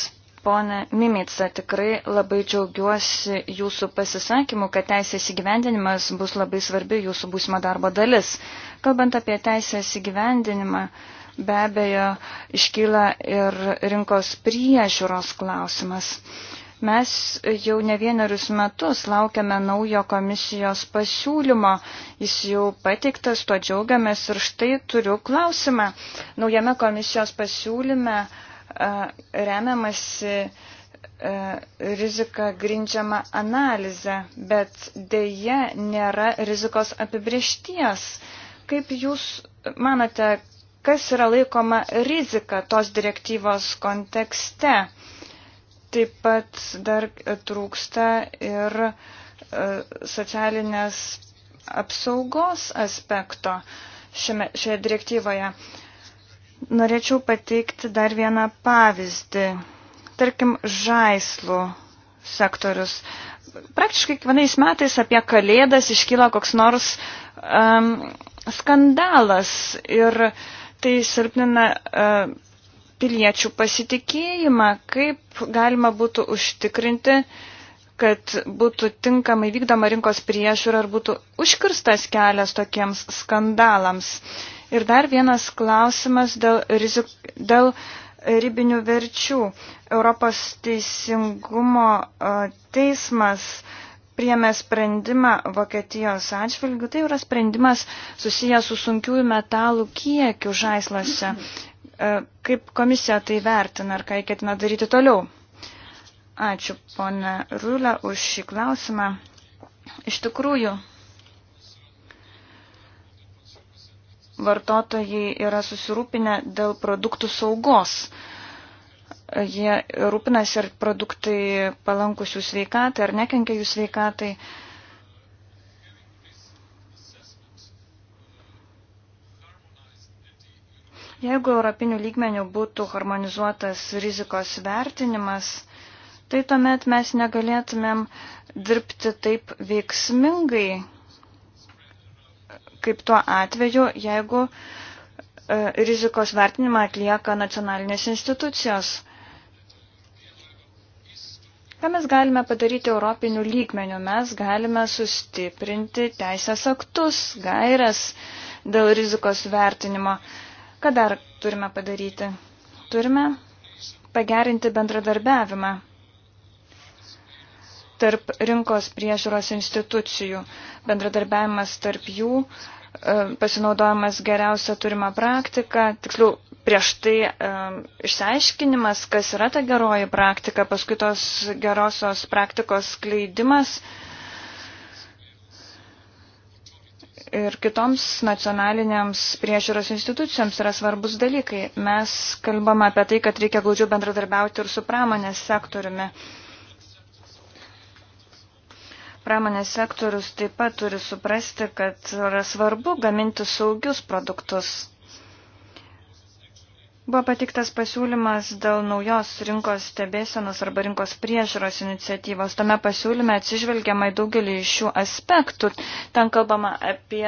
Pone Mimica, tikrai labai džiaugiuosi jūsų pasisakymu, kad teisės įgyvendinimas bus labai svarbi jūsų būsimo darbo dalis. Kalbant apie teisės įgyvendinimą, uh, Be abejo, iškyla ir rinkos priežiūros klausimas. Mes jau ne vienerius metus laukiame naujo komisijos pasiūlymo, jis jau pateiktas, tuo džiaugiamės ir štai turiu klausimą. Naujame komisijos pasiūlyme remiamasi rizika grindžiama analizė, bet dėje nėra rizikos apibriešties. Kaip jūs manote, kas yra laikoma rizika tos direktyvos kontekste. Taip pat dar trūksta ir e, socialinės apsaugos aspekto šiame, šioje direktyvoje. Norėčiau pateikti dar vieną pavyzdį. Tarkim, žaislų sektorius. Praktiškai kiekvienais metais apie kalėdas iškyla koks nors um, skandalas ir uh, tai silpnina e, piliečių pasitikėjimą, kaip galima būtų užtikrinti, kad būtų tinkamai vykdoma rinkos priežiūra ar būtų užkirstas kelias tokiems skandalams. Ir dar vienas klausimas dėl, rizik, dėl ribinių verčių. Europos teisingumo e, teismas uh, priėmė sprendimą Vokietijos atžvilgių, tai yra sprendimas susijęs su sunkiųjų metalų kiekiu žaislose. E, kaip komisija tai vertina ir ką reikėtume daryti toliau? Ačiū, ponė Rūlė, už šį klausimą. Iš tikrųjų, vartotojai yra susirūpinę dėl produktų saugos. Uh, jie rūpinasi ir produktai palankus jų sveikatai ar nekenkia jų sveikatai. Jeigu europinių lygmenių būtų harmonizuotas rizikos vertinimas, tai tuomet mes negalėtumėm dirbti taip veiksmingai, kaip tuo atveju, jeigu e, rizikos vertinimą atlieka nacionalinės institucijos. Ką mes galime padaryti europinių lygmenių? Mes galime sustiprinti teisės aktus, gairias dėl rizikos vertinimo. Ką dar turime padaryti? Turime pagerinti bendradarbiavimą tarp rinkos priežiūros institucijų. Bendradarbiavimas tarp jų, e, pasinaudojimas geriausia turima praktika, tiksliau prieš tai um, išsiaiškinimas, kas yra ta geroji praktika, paskui tos gerosios praktikos skleidimas ir kitoms nacionalinėms priežiūros institucijoms yra svarbus dalykai. Mes kalbame apie tai, kad reikia glaudžiau bendradarbiauti ir su pramonės sektoriumi. Pramonės sektorius taip pat turi suprasti, kad yra svarbu gaminti saugius produktus Buvo patiktas pasiūlymas dėl naujos rinkos stebėsenos arba rinkos priežiūros iniciatyvos. Tame pasiūlyme atsižvelgiama į daugelį šių aspektų. Ten kalbama apie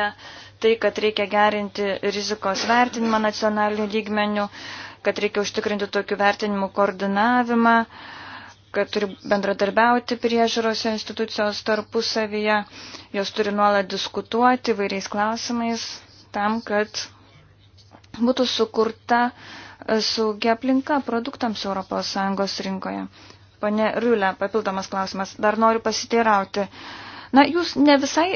tai, kad reikia gerinti rizikos vertinimą nacionalinių lygmenių, kad reikia užtikrinti tokių vertinimų koordinavimą, kad turi bendradarbiauti priežiūros institucijos tarpusavyje, jos turi nuolat diskutuoti vairiais klausimais tam, kad būtų sukurta uh, saugia aplinka produktams ES rinkoje. Pane Riulė, papildomas klausimas, dar noriu pasiteirauti. Na, jūs ne visai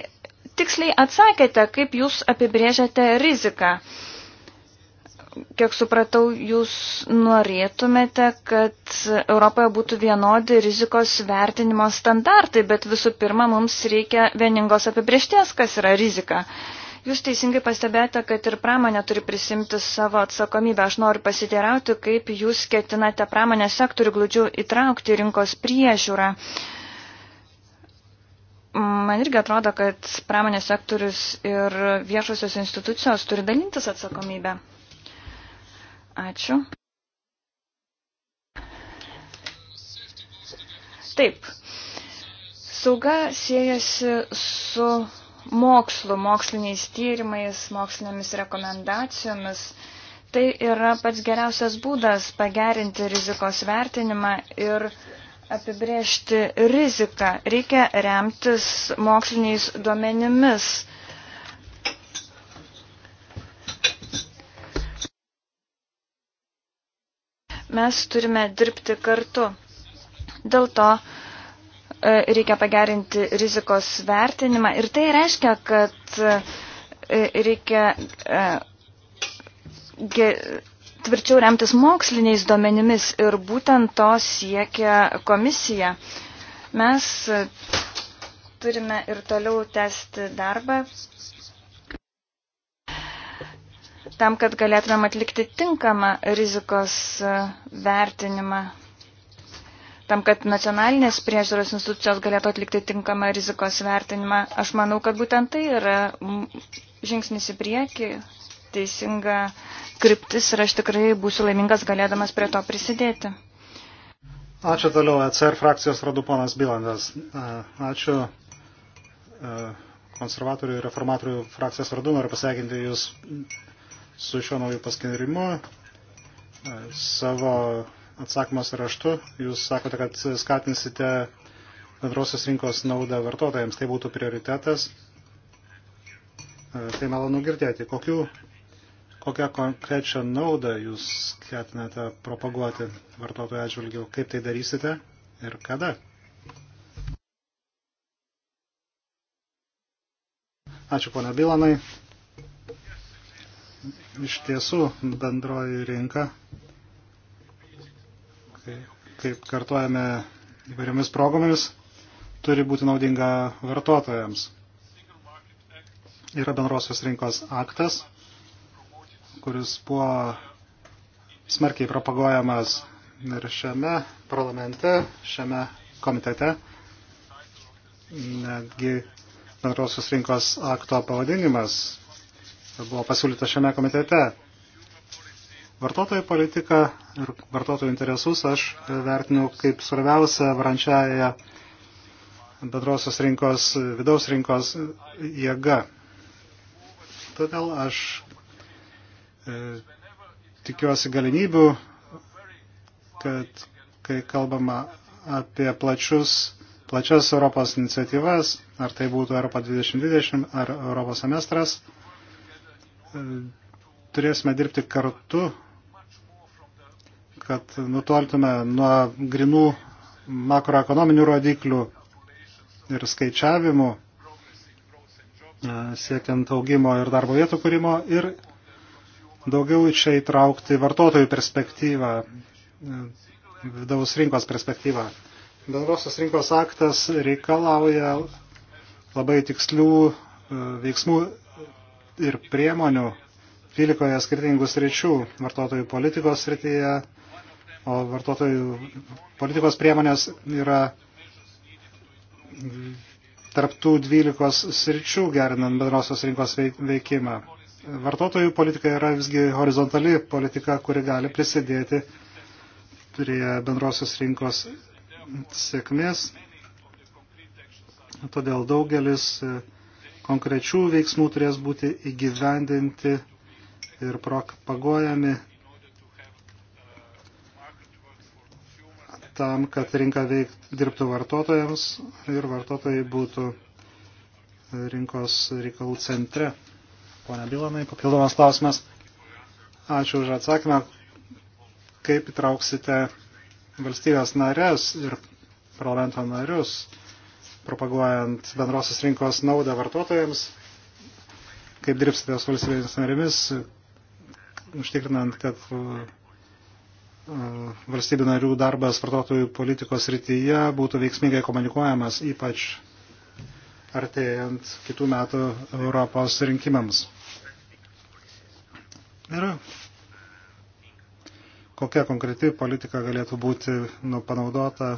tiksliai atsakėte, kaip jūs apibrėžiate riziką. Kiek supratau, jūs norėtumėte, kad Europoje būtų vienodi rizikos vertinimo standartai, bet visų pirma, mums reikia vieningos apibriešties, kas yra rizika. Uh, Jūs teisingai pastebėjote, kad ir pramonė turi prisimti savo atsakomybę. Aš noriu pasiteirauti, kaip jūs ketinate pramonės sektorių glūdžių įtraukti rinkos priežiūrą. Man irgi atrodo, kad pramonės sektorius ir viešosios institucijos turi dalintis atsakomybę. Ačiū. Taip. Sauga siejasi su mokslu, moksliniais tyrimais, mokslinėmis rekomendacijomis. Tai yra pats geriausias būdas pagerinti rizikos vertinimą ir apibriežti riziką. Reikia remtis moksliniais duomenimis. Mes turime dirbti kartu. Dėl to E, reikia pagerinti rizikos vertinimą ir tai reiškia, kad e, reikia e, tvirčiau remtis moksliniais duomenimis ir būtent to siekia komisija. Mes turime ir toliau tęsti darbą tam, kad galėtumėm atlikti tinkamą rizikos vertinimą tam, kad nacionalinės priežiūros institucijos galėtų atlikti tinkamą rizikos vertinimą. Aš manau, kad būtent tai yra žingsnis į priekį, teisinga kryptis ir aš tikrai būsiu laimingas galėdamas prie to prisidėti. Ačiū toliau, ECR frakcijos radu ponas Bilandas. Ačiū e, konservatorių ir reformatorių frakcijos vardu noriu pasveikinti Jūs su šiuo nauju paskirimu. E, savo atsakymas raštu. Jūs sakote, kad skatinsite bendrosios rinkos naudą vartotojams. Tai būtų prioritetas. Tai malonu girdėti. Kokių, kokią konkrečią naudą jūs skatinate propaguoti vartotojų atžvilgių? Kaip tai darysite ir kada? Ačiū, ponia Bilanai. Iš tiesų, bendroji rinka kai, kaip kartuojame įvairiomis progomis, turi būti naudinga vartotojams. Yra bendrosios rinkos aktas, kuris buvo smarkiai propaguojamas ir šiame parlamente, šiame komitete. Netgi bendrosios rinkos akto pavadinimas buvo pasiūlyta šiame komitete. Vartotojų politiką ir vartotojų interesus aš vertinu kaip svarbiausią varančiąją bendrosios rinkos, vidaus rinkos jėga. Todėl aš e, tikiuosi galimybių, kad kai kalbama apie plačius, plačias Europos iniciatyvas, ar tai būtų Europa 2020 ar Europos semestras, e, turėsime dirbti kartu kad nutoltume nuo grinų makroekonominių rodiklių ir skaičiavimų, e, siekiant augimo ir darbo vietų kūrimo ir daugiau čia įtraukti vartotojų perspektyvą, e, vidaus rinkos perspektyvą. Bendrosios rinkos aktas reikalauja labai tikslių e, veiksmų ir priemonių 12 skirtingų sričių - vartotojų politikos srityje, o vartotojų politikos priemonės yra tarptų 12 sričių gerinant bendrosios rinkos veikimą. Vartotojų politika yra visgi horizontali politika, kuri gali prisidėti prie bendrosios rinkos sėkmės. Todėl daugelis konkrečių veiksmų turės būti įgyvendinti ir propagojami tam, kad rinka veikt, dirbtų vartotojams ir vartotojai būtų rinkos reikalų centre. Pone Bilanai, papildomas klausimas. Ačiū už atsakymą. Kaip įtrauksite valstybės narės ir parlamento narius, propaguojant bendrosios rinkos naudą vartotojams? Kaip dirbsite su valstybės narėmis, užtikrinant, kad valstybių narių darbas vartotojų politikos rytyje būtų veiksmingai komunikuojamas, ypač artėjant kitų metų Europos rinkimams. Ir kokia konkreti politika galėtų būti nu, panaudota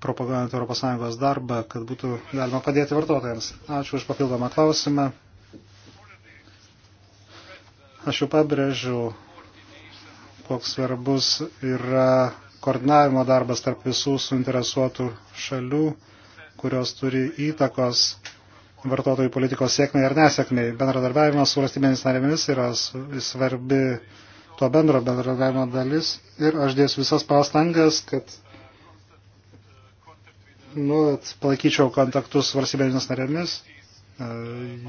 propaguojant ES darbą, kad būtų galima padėti vartotojams. Ačiū už papildomą klausimą. Aš jau pabrėžiau koks svarbus yra koordinavimo darbas tarp visų suinteresuotų šalių, kurios turi įtakos vartotojų politikos sėkmiai ar nesėkmiai. Bendradarbiavimas su valstybėmis narėmis yra svarbi to bendro bendradarbiavimo dalis ir aš dėsiu visas pastangas, kad nuolat palaikyčiau kontaktus su valstybėmis narėmis, e,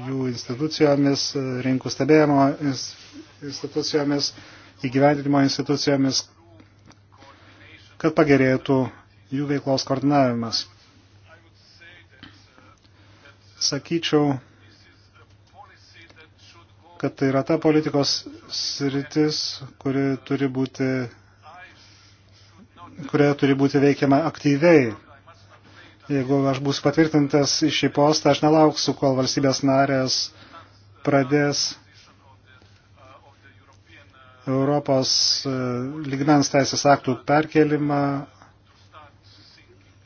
jų institucijomis, rinkų stebėjimo institucijomis įgyvendinimo institucijomis, kad pagerėtų jų veiklos koordinavimas. Sakyčiau, kad tai yra ta politikos sritis, kuri turi būti, kurioje turi būti veikiama aktyviai. Jeigu aš būsiu patvirtintas į šį postą, aš nelauksiu, kol valstybės narės pradės Europos e, lygmens teisės aktų perkelimą.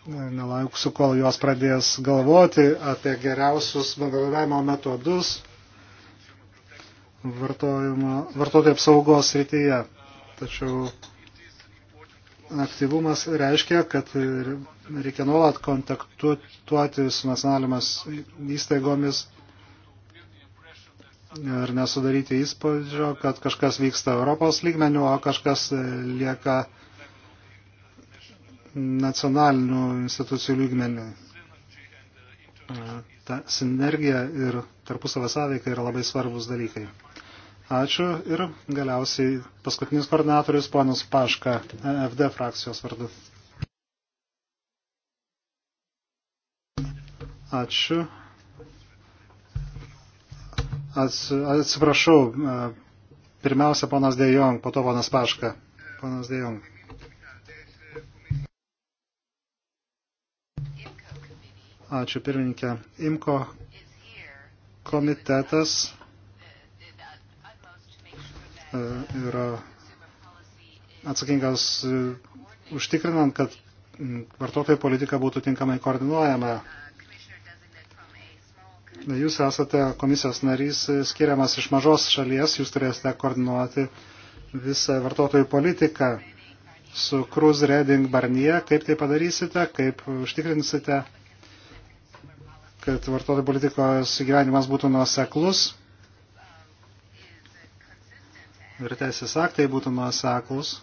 E, Nelauksiu, kol jos pradės galvoti apie geriausius bendradavimo metodus vartotojų apsaugos srityje. Tačiau aktyvumas reiškia, kad reikia nuolat kontaktuoti su nacionalimas įstaigomis ir nesudaryti įspūdžio, kad kažkas vyksta Europos lygmenių, o kažkas e, lieka nacionalinių institucijų lygmenių. E, ta sinergija ir tarpusavę sąveika yra labai svarbus dalykai. Ačiū ir galiausiai paskutinis koordinatorius ponas Paška, e FD frakcijos vardu. Ačiū. Atsiprašau, e, pirmiausia ponas Dejong, po to ponas Paška. Ponas Dejong. Ačiū pirmininkė. Imko komitetas e, yra atsakingas e, užtikrinant, kad vartotojų politika būtų tinkamai koordinuojama Jūs esate komisijos narys, e, skiriamas iš mažos šalies, jūs turėsite koordinuoti visą vartotojų politiką su Cruz Reding Barnie. Kaip tai padarysite, kaip užtikrinsite, kad vartotojų politikos gyvenimas būtų nuoseklus ir teisės aktai būtų nuoseklus,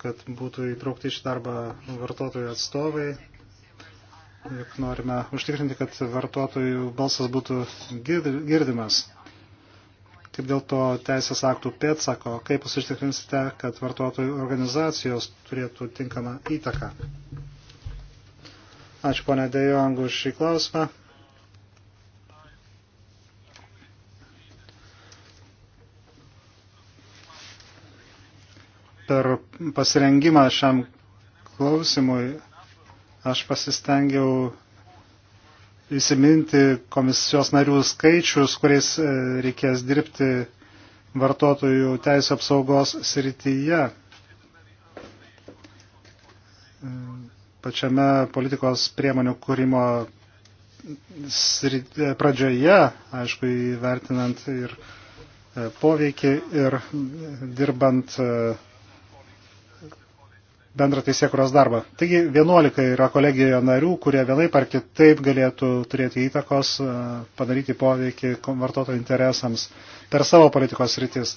kad būtų įtraukti iš darbą vartotojų atstovai juk norime užtikrinti, kad vartotojų balsas būtų girdimas. Kaip dėl to teisės aktų pėtsako, kaip jūs užtikrinsite, kad vartotojų organizacijos turėtų tinkamą įtaką? Ačiū ponė Dejong už šį klausimą. Per pasirengimą šiam klausimui Aš pasistengiau įsiminti komisijos narių skaičius, kuriais e, reikės dirbti vartotojų teisų apsaugos srityje. E, pačiame politikos priemonių kūrimo e, pradžioje, aišku, įvertinant ir poveikį ir dirbant uh, bendrą teisėkuros darbą. Taigi 11 yra kolegijoje narių, kurie vienai par kitaip galėtų turėti įtakos, e, padaryti poveikį vartotojų interesams per savo politikos rytis.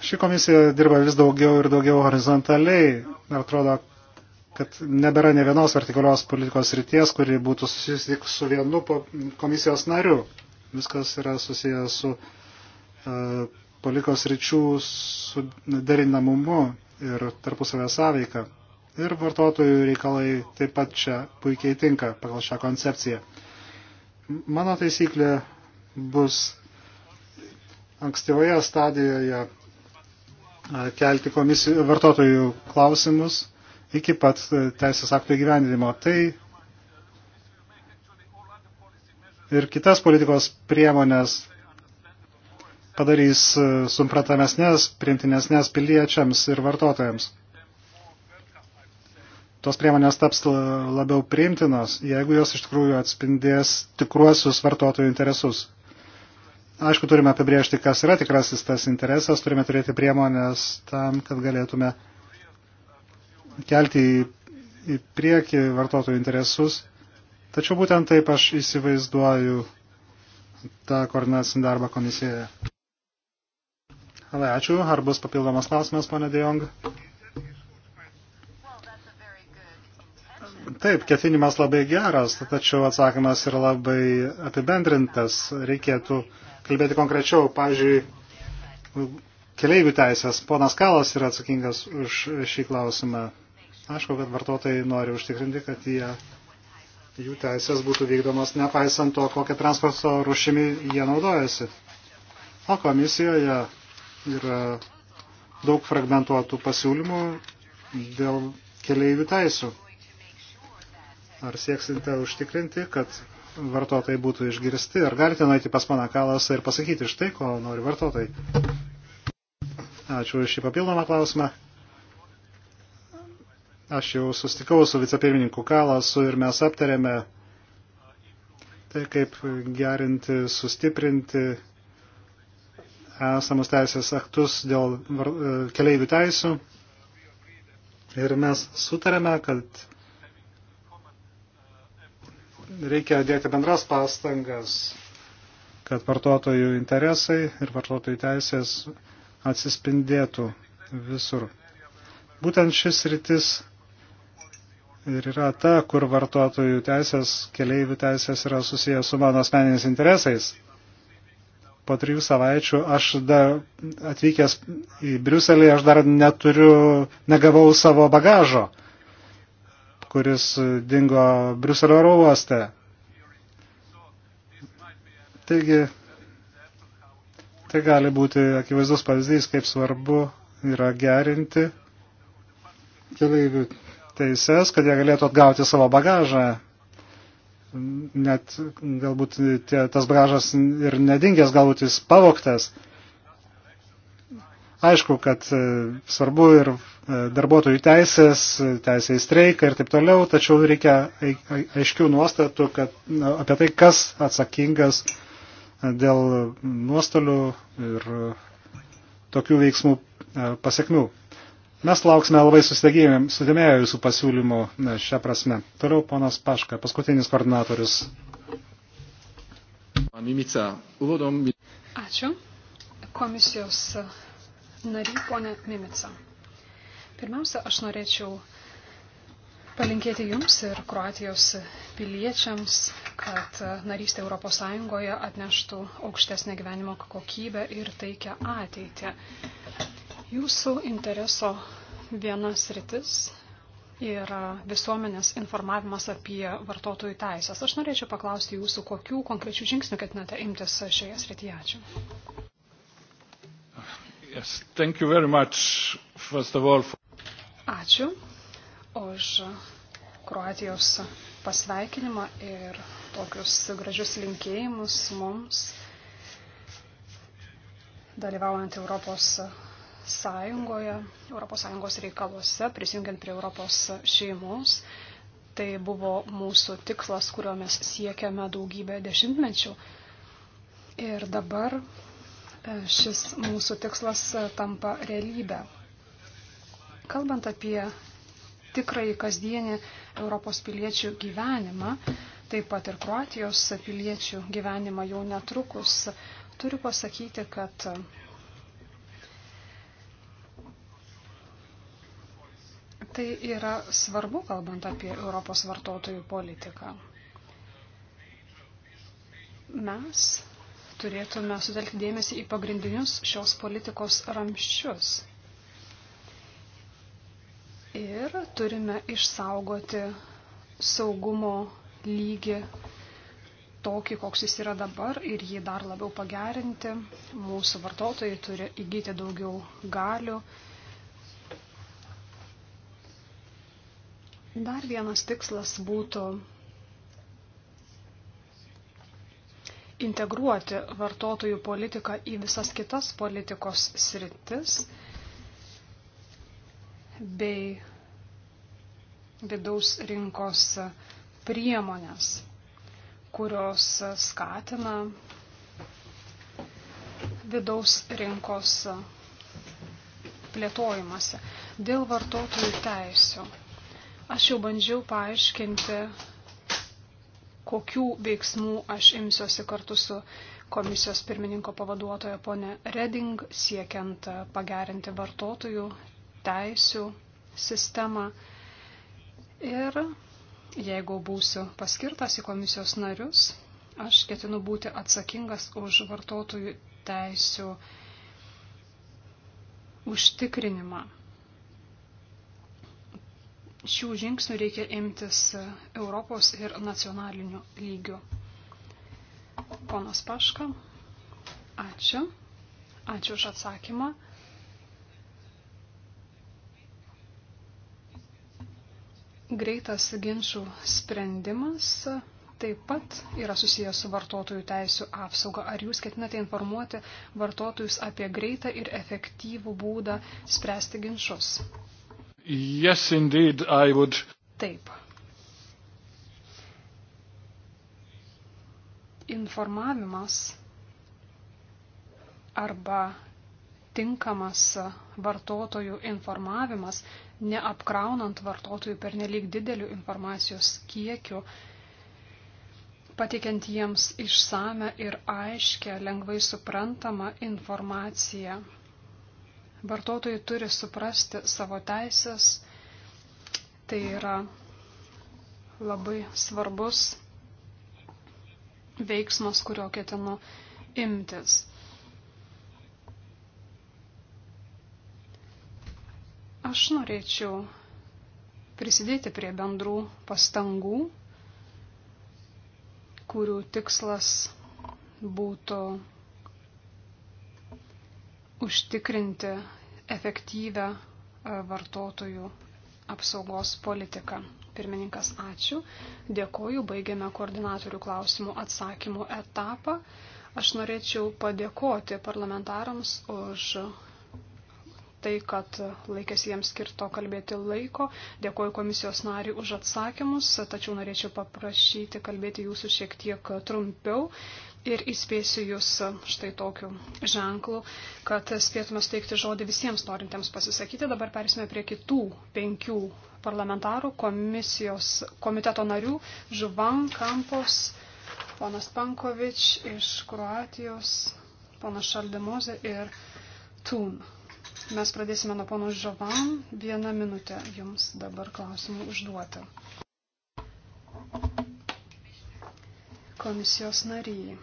Ši komisija dirba vis daugiau ir daugiau horizontaliai. Atrodo, kad nebėra ne vienos vertikalios politikos ryties, kuri būtų susijusi tik su vienu komisijos nariu. Viskas yra susijęs su uh, politikos ryčių suderinamumu ir tarpusavę sąveiką. Ir vartotojų reikalai taip pat čia puikiai tinka pagal šią koncepciją. Mano taisyklė bus ankstyvoje stadijoje kelti komisijų, vartotojų klausimus iki pat e, teisės aktų įgyvendinimo. Tai ir kitas politikos priemonės padarys e, supratamesnės, priimtinesnės piliečiams ir vartotojams. Tos priemonės taps labiau priimtinos, jeigu jos iš tikrųjų atspindės tikruosius vartotojų interesus. Aišku, turime apibriežti, kas yra tikrasis tas interesas, turime turėti priemonės tam, kad galėtume kelti į, į priekį vartotojų interesus. Tačiau būtent taip aš įsivaizduoju tą koordinacinį darbą komisijoje. Labai ačiū. Ar bus papildomas klausimas, ponė Dejong? Taip, ketinimas labai geras, tačiau atsakymas yra labai apibendrintas. Reikėtų kalbėti konkrečiau. Pavyzdžiui, keleivių teisės. Ponas Kalas yra atsakingas už šį klausimą. Aišku, kad vartotojai nori užtikrinti, kad jie, jų teisės būtų vykdomas nepaisant to, kokią transporto rušimi jie naudojasi. O komisijoje yra daug fragmentuotų pasiūlymų dėl keleivių teisų. Ar sieksite užtikrinti, kad vartotojai būtų išgirsti? Ar galite nueiti pas mano kalasą ir pasakyti štai, ko nori vartotojai? Ačiū už šį papildomą klausimą. Aš jau sustikau su vicepirmininku Kalasu ir mes aptarėme tai, kaip gerinti, sustiprinti esamus teisės aktus dėl e, keleivių teisų. Ir mes sutarėme, kad reikia dėti bendras pastangas, kad vartotojų interesai ir vartotojų teisės atsispindėtų visur. Būtent šis rytis ir yra ta, kur vartotojų teisės, keleivių teisės yra susijęs su mano asmeniniais interesais po trijų savaičių aš dar atvykęs į Briuselį, aš dar neturiu, negavau savo bagažo, kuris dingo Briuselio oro uoste. Taigi, tai gali būti akivaizdus pavyzdys, kaip svarbu yra gerinti keleivių teises, kad jie galėtų atgauti savo bagažą net galbūt tie, tas bražas ir nedingęs, galbūt jis pavoktas. Aišku, kad e, svarbu ir e, darbuotojų teisės, teisė į streiką ir taip toliau, tačiau reikia aiškių nuostatų kad, apie tai, kas atsakingas dėl nuostolių ir tokių veiksmų e, pasiekmių. Mes lauksime labai susidėmėję jūsų pasiūlymų e, šią prasme. Toliau ponas Paška, paskutinis koordinatorius. Mimica, uvodom... Ačiū. Komisijos nary, ponė Mimica. Pirmiausia, aš norėčiau palinkėti Jums ir Kroatijos piliečiams, kad narystė ES atneštų aukštesnę gyvenimo kokybę ir taikę ateitį. Jūsų intereso vienas rytis yra visuomenės informavimas apie vartotojų teisės. Aš norėčiau paklausti jūsų, kokių konkrečių žingsnių ketinate imtis šioje srityje. Ačiū. Yes, thank you very much, first of all. For... Ačiū už Kroatijos pasveikinimą ir tokius gražius linkėjimus mums dalyvaujant Europos Sąjungoje, Europos Sąjungos reikaluose, prisijungiant prie Europos šeimos. Tai buvo mūsų tikslas, kurio mes siekiame daugybę dešimtmečių. Ir dabar e, šis mūsų tikslas e, tampa realybę. Kalbant apie tikrąjį kasdienį Europos piliečių gyvenimą, taip pat ir Kroatijos piliečių gyvenimą jau netrukus, turiu pasakyti, kad Tai yra svarbu, kalbant apie Europos vartotojų politiką. Mes turėtume sutelkti dėmesį į pagrindinius šios politikos ramščius. Ir turime išsaugoti saugumo lygį tokį, koks jis yra dabar ir jį dar labiau pagerinti. Mūsų vartotojai turi įgyti daugiau galių Dar vienas tikslas būtų integruoti vartotojų politiką į visas kitas politikos sritis bei vidaus rinkos priemonės, kurios skatina vidaus rinkos plėtojimąsi dėl vartotojų teisų. Aš jau bandžiau paaiškinti, kokių veiksmų aš imsiuosi kartu su komisijos pirmininko pavaduotoja ponė Reding, siekiant pagerinti vartotojų teisių sistemą. Ir jeigu būsiu paskirtas į komisijos narius, aš ketinu būti atsakingas už vartotojų teisių užtikrinimą šių žingsnių reikia imtis Europos ir nacionalinių lygių. Ponas Paška, ačiū. Ačiū už atsakymą. Greitas ginčių sprendimas taip pat yra susijęs su vartotojų teisų apsauga. Ar jūs ketinate informuoti vartotojus apie greitą ir efektyvų būdą spręsti ginčius? Yes, indeed, I would. Taip. Informavimas arba tinkamas vartotojų informavimas, neapkraunant vartotojų per nelik didelių informacijos kiekių, pateikiant jiems išsame ir aiškę, lengvai suprantamą informaciją Vartotojai turi suprasti savo teisės. Tai yra labai svarbus veiksmas, kurio ketinu imtis. Aš norėčiau prisidėti prie bendrų pastangų, kurių tikslas būtų užtikrinti efektyvę e, vartotojų apsaugos politiką. Pirmininkas, ačiū. Dėkoju, baigėme koordinatorių klausimų atsakymų etapą. Aš norėčiau padėkoti parlamentarams už tai, kad laikėsi jiems skirto kalbėti laiko. Dėkoju komisijos nariui už atsakymus, tačiau norėčiau paprašyti kalbėti jūsų šiek tiek trumpiau, ir įspėsiu jūs štai tokiu ženklu, kad spėtume steigti žodį visiems norintiems pasisakyti. Dabar persime prie kitų penkių parlamentarų, komisijos komiteto narių, Žuvan Kampos, ponas Pankovič iš Kroatijos, ponas Šaldemozė ir Tun. Mes pradėsime nuo pono Žovan. Vieną minutę jums dabar klausimų užduoti. Komisijos nariai.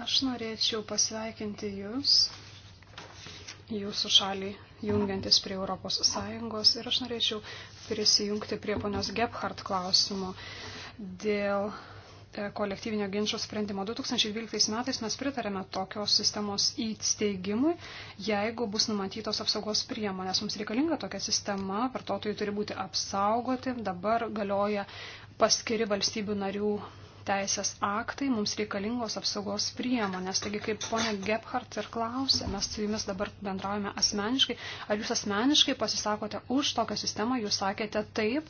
Aš norėčiau pasveikinti Jūs, Jūsų šalį jungiantis prie Europos Sąjungos ir aš norėčiau prisijungti prie ponios Gebhardt klausimo dėl e, kolektyvinio ginčio sprendimo. 2012 metais mes pritarėme tokios sistemos įsteigimui, jeigu bus numatytos apsaugos priemonės. Mums reikalinga tokia sistema, vartotojai turi būti apsaugoti, dabar galioja paskiri valstybių narių teisės aktai, mums reikalingos apsaugos priemonės. Taigi, kaip ponia Gebhardt ir klausė, mes su jumis dabar bendraujame asmeniškai. Ar jūs asmeniškai pasisakote už tokią sistemą, jūs sakėte taip,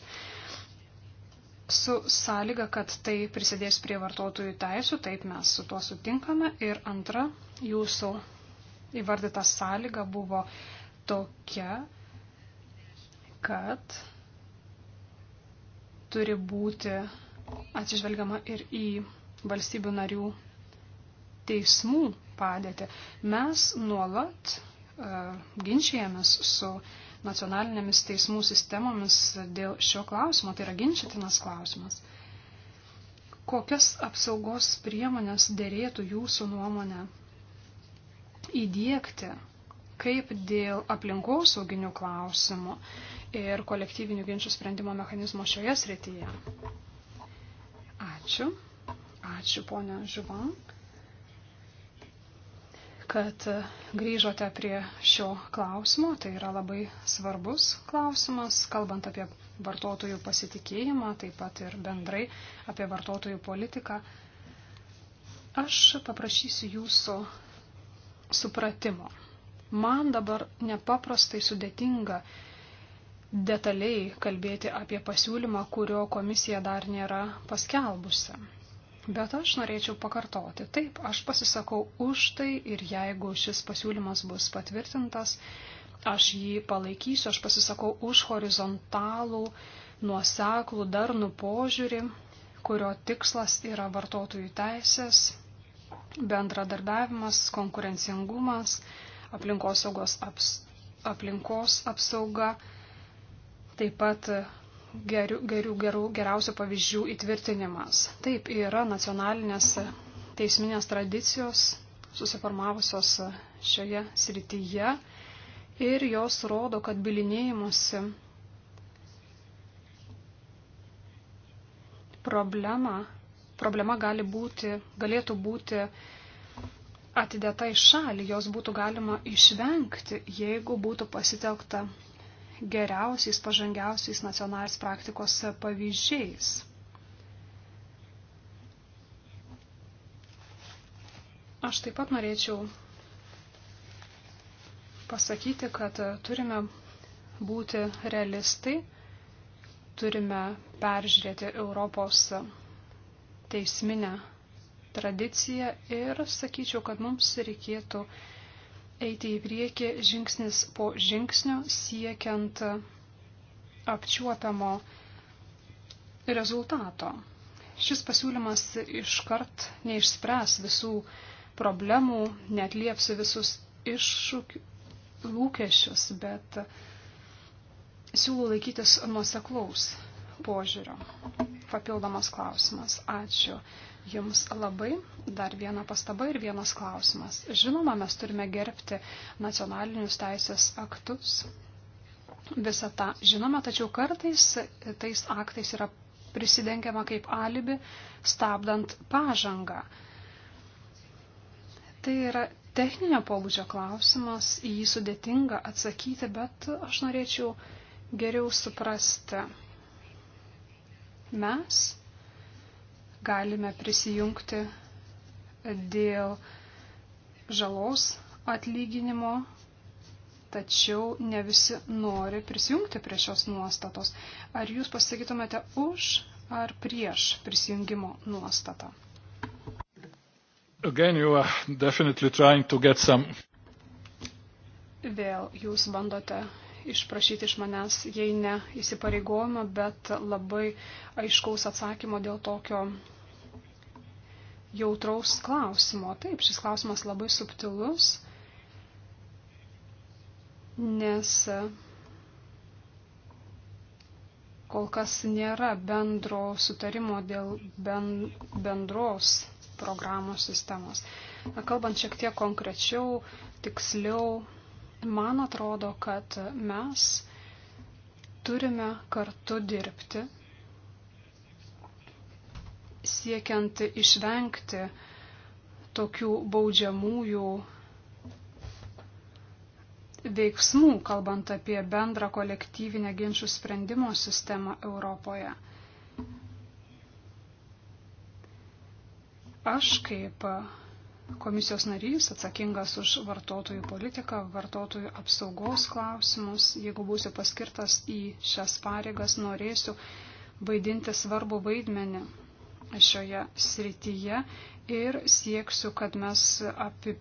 su sąlyga, kad tai prisidės prie vartotojų teisų, taip mes su tuo sutinkame. Ir antra, jūsų įvardyta sąlyga buvo tokia, kad turi būti atsižvelgiama ir į valstybių narių teismų padėtį. Mes nuolat uh, ginčijamės su nacionalinėmis teismų sistemomis dėl šio klausimo, tai yra ginčytinas klausimas. Kokias apsaugos priemonės dėrėtų jūsų nuomonę įdėkti, kaip dėl aplinkosauginių klausimų ir kolektyvinių ginčių sprendimo mechanizmo šioje srityje? Ačiū. Ačiū, ponia Žuvan, kad e, grįžote prie šio klausimo. Tai yra labai svarbus klausimas, kalbant apie vartotojų pasitikėjimą, taip pat ir bendrai apie vartotojų politiką. Aš paprašysiu jūsų supratimo. Man dabar nepaprastai sudėtinga detaliai kalbėti apie pasiūlymą, kurio komisija dar nėra paskelbusi. Bet aš norėčiau pakartoti. Taip, aš pasisakau už tai ir jeigu šis pasiūlymas bus patvirtintas, aš jį palaikysiu, aš pasisakau už horizontalų, nuoseklų, darnų požiūrį, kurio tikslas yra vartotojų teisės, bendradarbiavimas, konkurencingumas, aplinkosaugos aps, aplinkos apsauga taip pat gerų, gerų, gerų, geriausių pavyzdžių įtvirtinimas. Taip yra nacionalinės teisminės tradicijos susiformavusios šioje srityje ir jos rodo, kad bilinėjimuose problema, problema gali būti, galėtų būti atidėta į šalį, jos būtų galima išvengti, jeigu būtų pasitelkta geriausiais, pažangiausiais nacionalinės praktikos pavyzdžiais. Aš taip pat norėčiau pasakyti, kad turime būti realistai, turime peržiūrėti Europos teisminę tradiciją ir sakyčiau, kad mums reikėtų uh, eiti į priekį žingsnis po žingsnio, siekiant apčiuopiamo rezultato. Šis pasiūlymas iškart neišspręs visų problemų, netlieps visus iššūkių lūkesčius, bet siūlau laikytis nuoseklaus požiūrio. Papildomas klausimas. Ačiū. Jums labai dar viena pastaba ir vienas klausimas. Žinoma, mes turime gerbti nacionalinius teisės aktus. Visą tą žinoma, tačiau kartais tais aktais yra prisidengiama kaip alibi, stabdant pažangą. Tai yra techninio pobūdžio klausimas, į jį sudėtinga atsakyti, bet aš norėčiau geriau suprasti mes galime prisijungti dėl žalos atlyginimo, tačiau ne visi nori prisijungti prie šios nuostatos. Ar jūs pasakytumėte už ar prieš prisijungimo nuostatą? Again, you are definitely trying to get some. Vėl jūs bandote išprašyti iš manęs, jei ne įsipareigojimą, bet labai aiškaus atsakymo dėl tokio jautraus klausimo. Taip, šis klausimas labai subtilus, nes kol kas nėra bendro sutarimo dėl ben, bendros programos sistemos. Na, kalbant šiek tiek konkrečiau, tiksliau, Man atrodo, kad mes turime kartu dirbti, siekiant išvengti tokių baudžiamųjų veiksmų, kalbant apie bendrą kolektyvinę ginčių sprendimo sistemą Europoje. Aš kaip komisijos narys, atsakingas už vartotojų politiką, vartotojų apsaugos klausimus. Jeigu būsiu paskirtas į šias pareigas, norėsiu vaidinti svarbų vaidmenį šioje srityje ir sieksiu, kad mes api...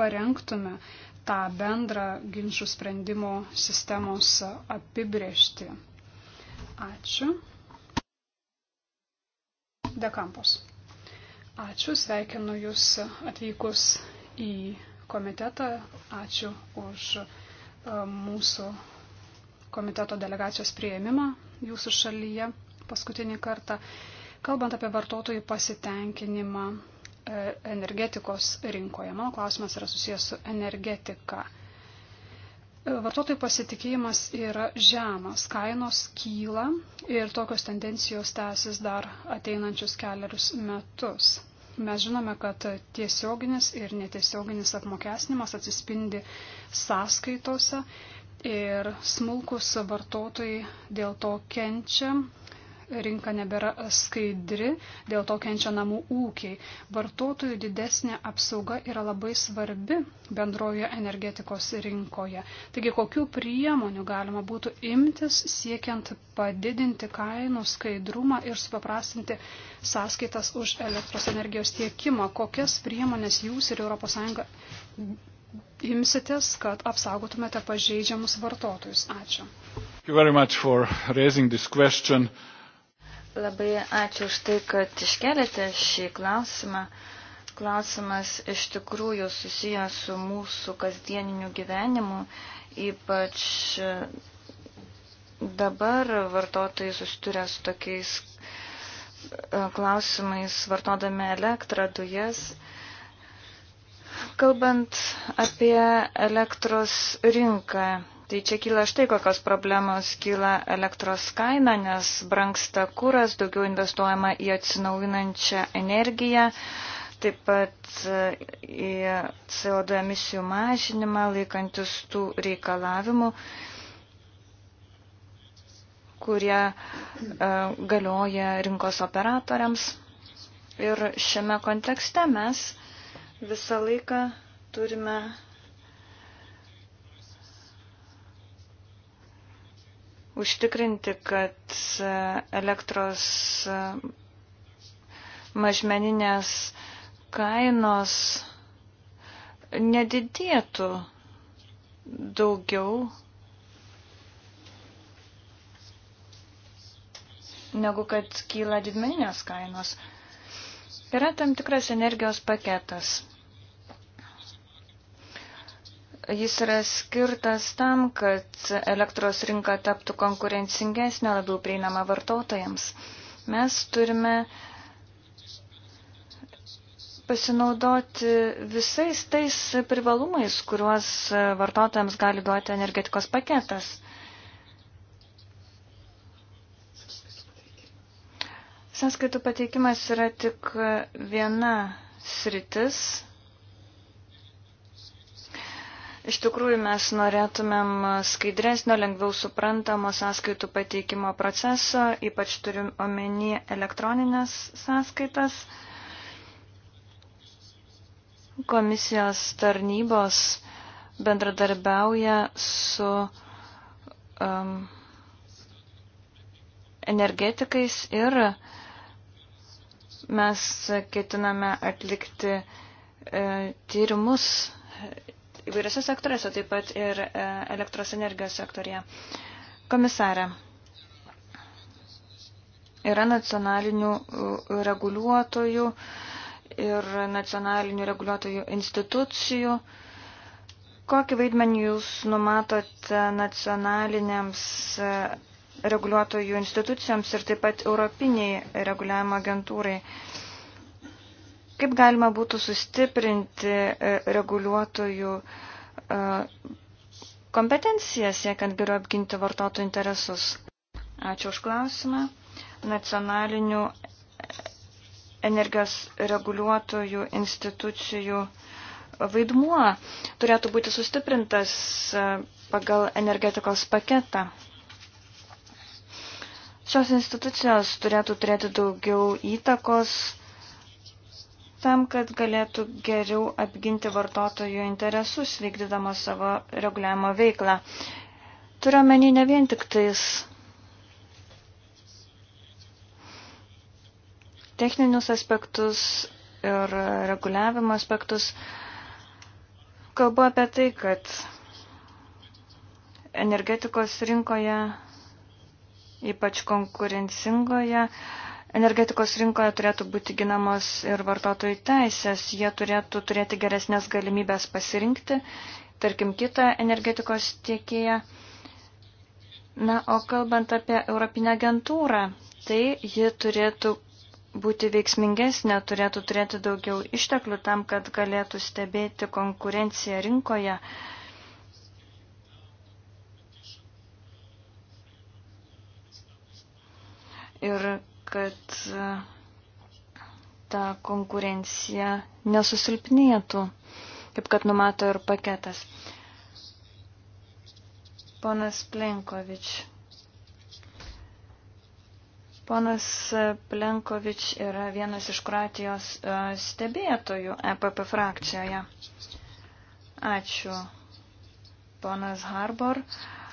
parengtume tą bendrą ginčių sprendimo sistemos apibrėžti. Ačiū. Dekampos. Ačiū, sveikinu Jūs atvykus į komitetą. Ačiū už e, mūsų komiteto delegacijos prieimimą Jūsų šalyje paskutinį kartą. Kalbant apie vartotojų pasitenkinimą e, energetikos rinkoje, mano klausimas yra susijęs su energetika. E, vartotojų pasitikėjimas yra žemas, kainos kyla ir tokios tendencijos tęsis dar ateinančius keliarius metus. Mes žinome, kad tiesioginis ir netiesioginis apmokesnimas atsispindi sąskaitose ir smulkus vartotojai dėl to kenčia, rinka nebėra skaidri, dėl to kenčia namų ūkiai. Vartotojų didesnė apsauga yra labai svarbi bendroje energetikos rinkoje. Taigi, kokių priemonių galima būtų imtis siekiant padidinti kainų skaidrumą ir supaprastinti sąskaitas už elektros energijos tiekimą? Kokias priemonės jūs ir ES imsitės, kad apsaugotumėte pažeidžiamus vartotojus? Ačiū. Labai ačiū už tai, kad iškelėte šį klausimą. Klausimas iš tikrųjų susijęs su mūsų kasdieniniu gyvenimu, ypač dabar vartotojai susiduria su tokiais e, klausimais, vartodami elektrą, dujas. Kalbant apie elektros rinką, Tai čia kyla štai kokios problemos. Kyla elektros kaina, nes branksta kuras, daugiau investuojama į atsinaujinančią energiją, taip pat e, į CO2 emisijų mažinimą laikantis tų reikalavimų kurie e, galioja rinkos operatoriams. Ir šiame kontekste mes visą laiką turime užtikrinti, kad elektros mažmeninės kainos nedidėtų daugiau negu kad kyla didmeninės kainos. Yra tam tikras energijos paketas. Jis yra skirtas tam, kad elektros rinka taptų konkurencingesnė, labiau prieinama vartotojams. Mes turime pasinaudoti visais tais privalumais, kuriuos vartotojams gali duoti energetikos paketas. Sąskaitų pateikimas yra tik viena sritis Iš tikrųjų, mes norėtumėm skaidresnio, lengviau suprantamo sąskaitų pateikimo proceso, ypač turim omeny elektroninės sąskaitas. Komisijos tarnybos bendradarbiauja su um, energetikais ir mes ketiname atlikti e, tyrimus įvairiose sektoriuose, taip pat ir e, elektros energijos sektorija. Komisarė, yra nacionalinių e, reguliuotojų ir nacionalinių reguliuotojų institucijų. Kokį vaidmenį jūs numatote nacionalinėms e, reguliuotojų institucijoms ir taip pat Europiniai reguliavimo agentūrai? Kaip galima būtų sustiprinti e, reguliuotojų e, kompetenciją siekiant geriau apginti vartotojų interesus? Ačiū už klausimą. Nacionalinių energijos reguliuotojų institucijų vaidmuo turėtų būti sustiprintas e, pagal energetikos paketą. Šios institucijos turėtų turėti daugiau įtakos tam, kad galėtų geriau apginti vartotojų interesus, vykdydama savo reguliavimo veiklą. Turiuomenį ne vien tik tais techninius aspektus ir reguliavimo aspektus. Kalbu apie tai, kad energetikos rinkoje, ypač konkurencingoje, Energetikos rinkoje turėtų būti ginamos ir vartotojų teisės, jie turėtų turėti geresnės galimybės pasirinkti, tarkim, kitą energetikos tiekėją. Na, o kalbant apie Europinę agentūrą, tai ji turėtų būti veiksmingesnė, turėtų turėti daugiau išteklių tam, kad galėtų stebėti konkurenciją rinkoje. Ir kad e, ta konkurencija nesusilpnėtų, kaip kad numato ir paketas. Ponas Plenkovič. Ponas Plenkovič yra vienas iš Kroatijos e, stebėtojų EPP frakcijoje. Ačiū, ponas Harbor.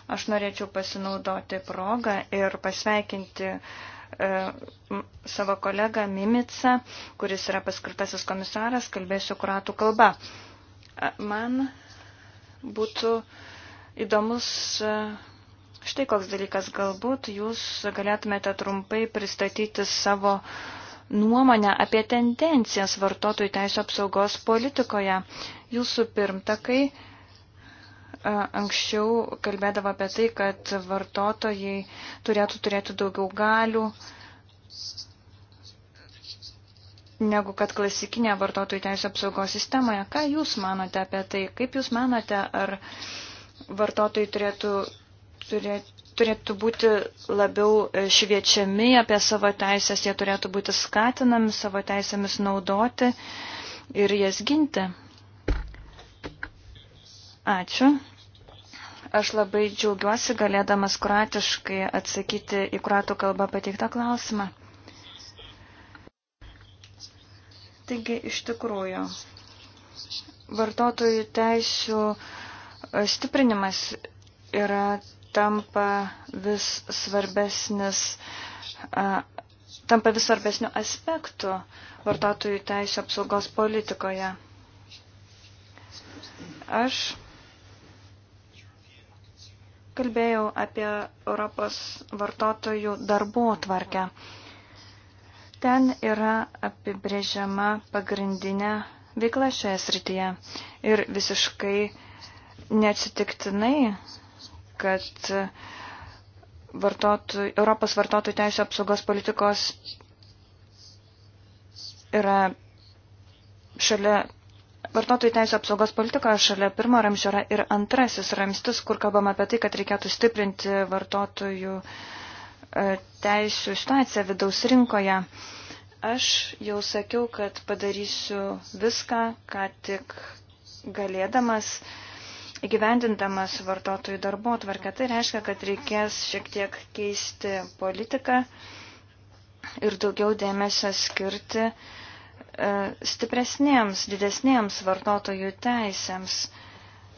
Aš norėčiau pasinaudoti progą ir pasveikinti uh, E, savo kolegą Mimica, kuris yra paskirtasis komisaras, kalbėsiu kuratų kalba. E, man būtų įdomus e, štai koks dalykas. Galbūt jūs galėtumėte trumpai pristatyti savo nuomonę apie tendencijas vartotojų teisų apsaugos politikoje. Jūsų pirmtakai anksčiau kalbėdavo apie tai, kad vartotojai turėtų turėti daugiau galių negu kad klasikinė vartotojų teisų apsaugos sistemoje. Ką Jūs manote apie tai? Kaip Jūs manote, ar vartotojai turėtų, turėtų, turėtų būti labiau šviečiami apie savo teisės, jie turėtų būti skatinami savo teisėmis naudoti ir jas ginti? Ačiū. Aš labai džiaugiuosi galėdamas kuratiškai atsakyti į kuratų kalbą pateiktą klausimą. Taigi, iš tikrųjų, vartotojų teisų stiprinimas yra tampa vis svarbesnis, tampa vis svarbesnių aspektų vartotojų teisų apsaugos politikoje. Aš Kalbėjau apie Europos vartotojų darbų tvarkę. Ten yra apibrėžiama pagrindinė veikla šioje srityje. Ir visiškai neatsitiktinai, kad vartotojų, Europos vartotojų teisų apsaugos politikos yra šalia Vartotojų teisų apsaugos politikoje šalia pirmo ramščio yra ir antrasis ramstis, kur kalbama apie tai, kad reikėtų stiprinti vartotojų e, teisų situaciją vidaus rinkoje. Aš jau sakiau, kad padarysiu viską, ką tik galėdamas, įgyvendindamas vartotojų darbo tvarką. Tai reiškia, kad reikės šiek tiek keisti politiką ir daugiau dėmesio skirti uh, E, stipresniems, didesniems vartotojų teisėms.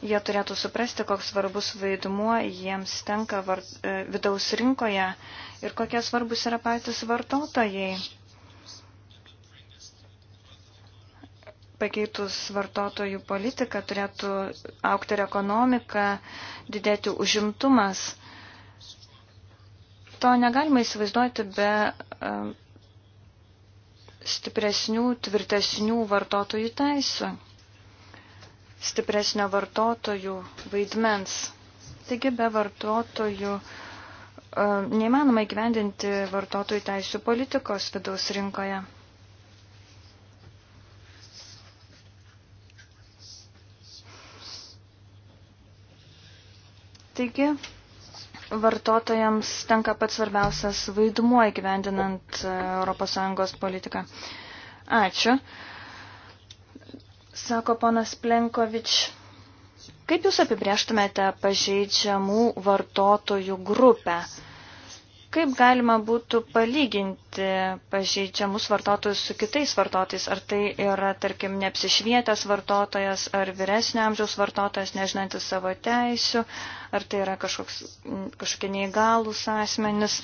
Jie turėtų suprasti, koks svarbus vaidmuo jiems tenka var, e, vidaus rinkoje ir kokie svarbus yra patys vartotojai. pakeitus vartotojų politiką turėtų aukti ir ekonomika, didėti užimtumas. To negalima įsivaizduoti be e, stipresnių, tvirtesnių vartotojų teisų, stipresnio vartotojų vaidmens. Taigi be vartotojų e, neįmanoma įgyvendinti vartotojų teisų politikos vidaus rinkoje. Taigi, vartotojams tenka pats svarbiausias vaidmuo įgyvendinant e, ES politiką. Ačiū. Sako ponas Plenkovič, kaip jūs apibrieštumėte pažeidžiamų vartotojų grupę? Kaip galima būtų palyginti pažeidžiamus vartotojus su kitais vartotojais? Ar tai yra, tarkim, neapsišvietęs vartotojas, ar vyresnio amžiaus vartotojas, nežinantis savo teisių, ar tai yra kažkoks, kažkokie neįgalus asmenis,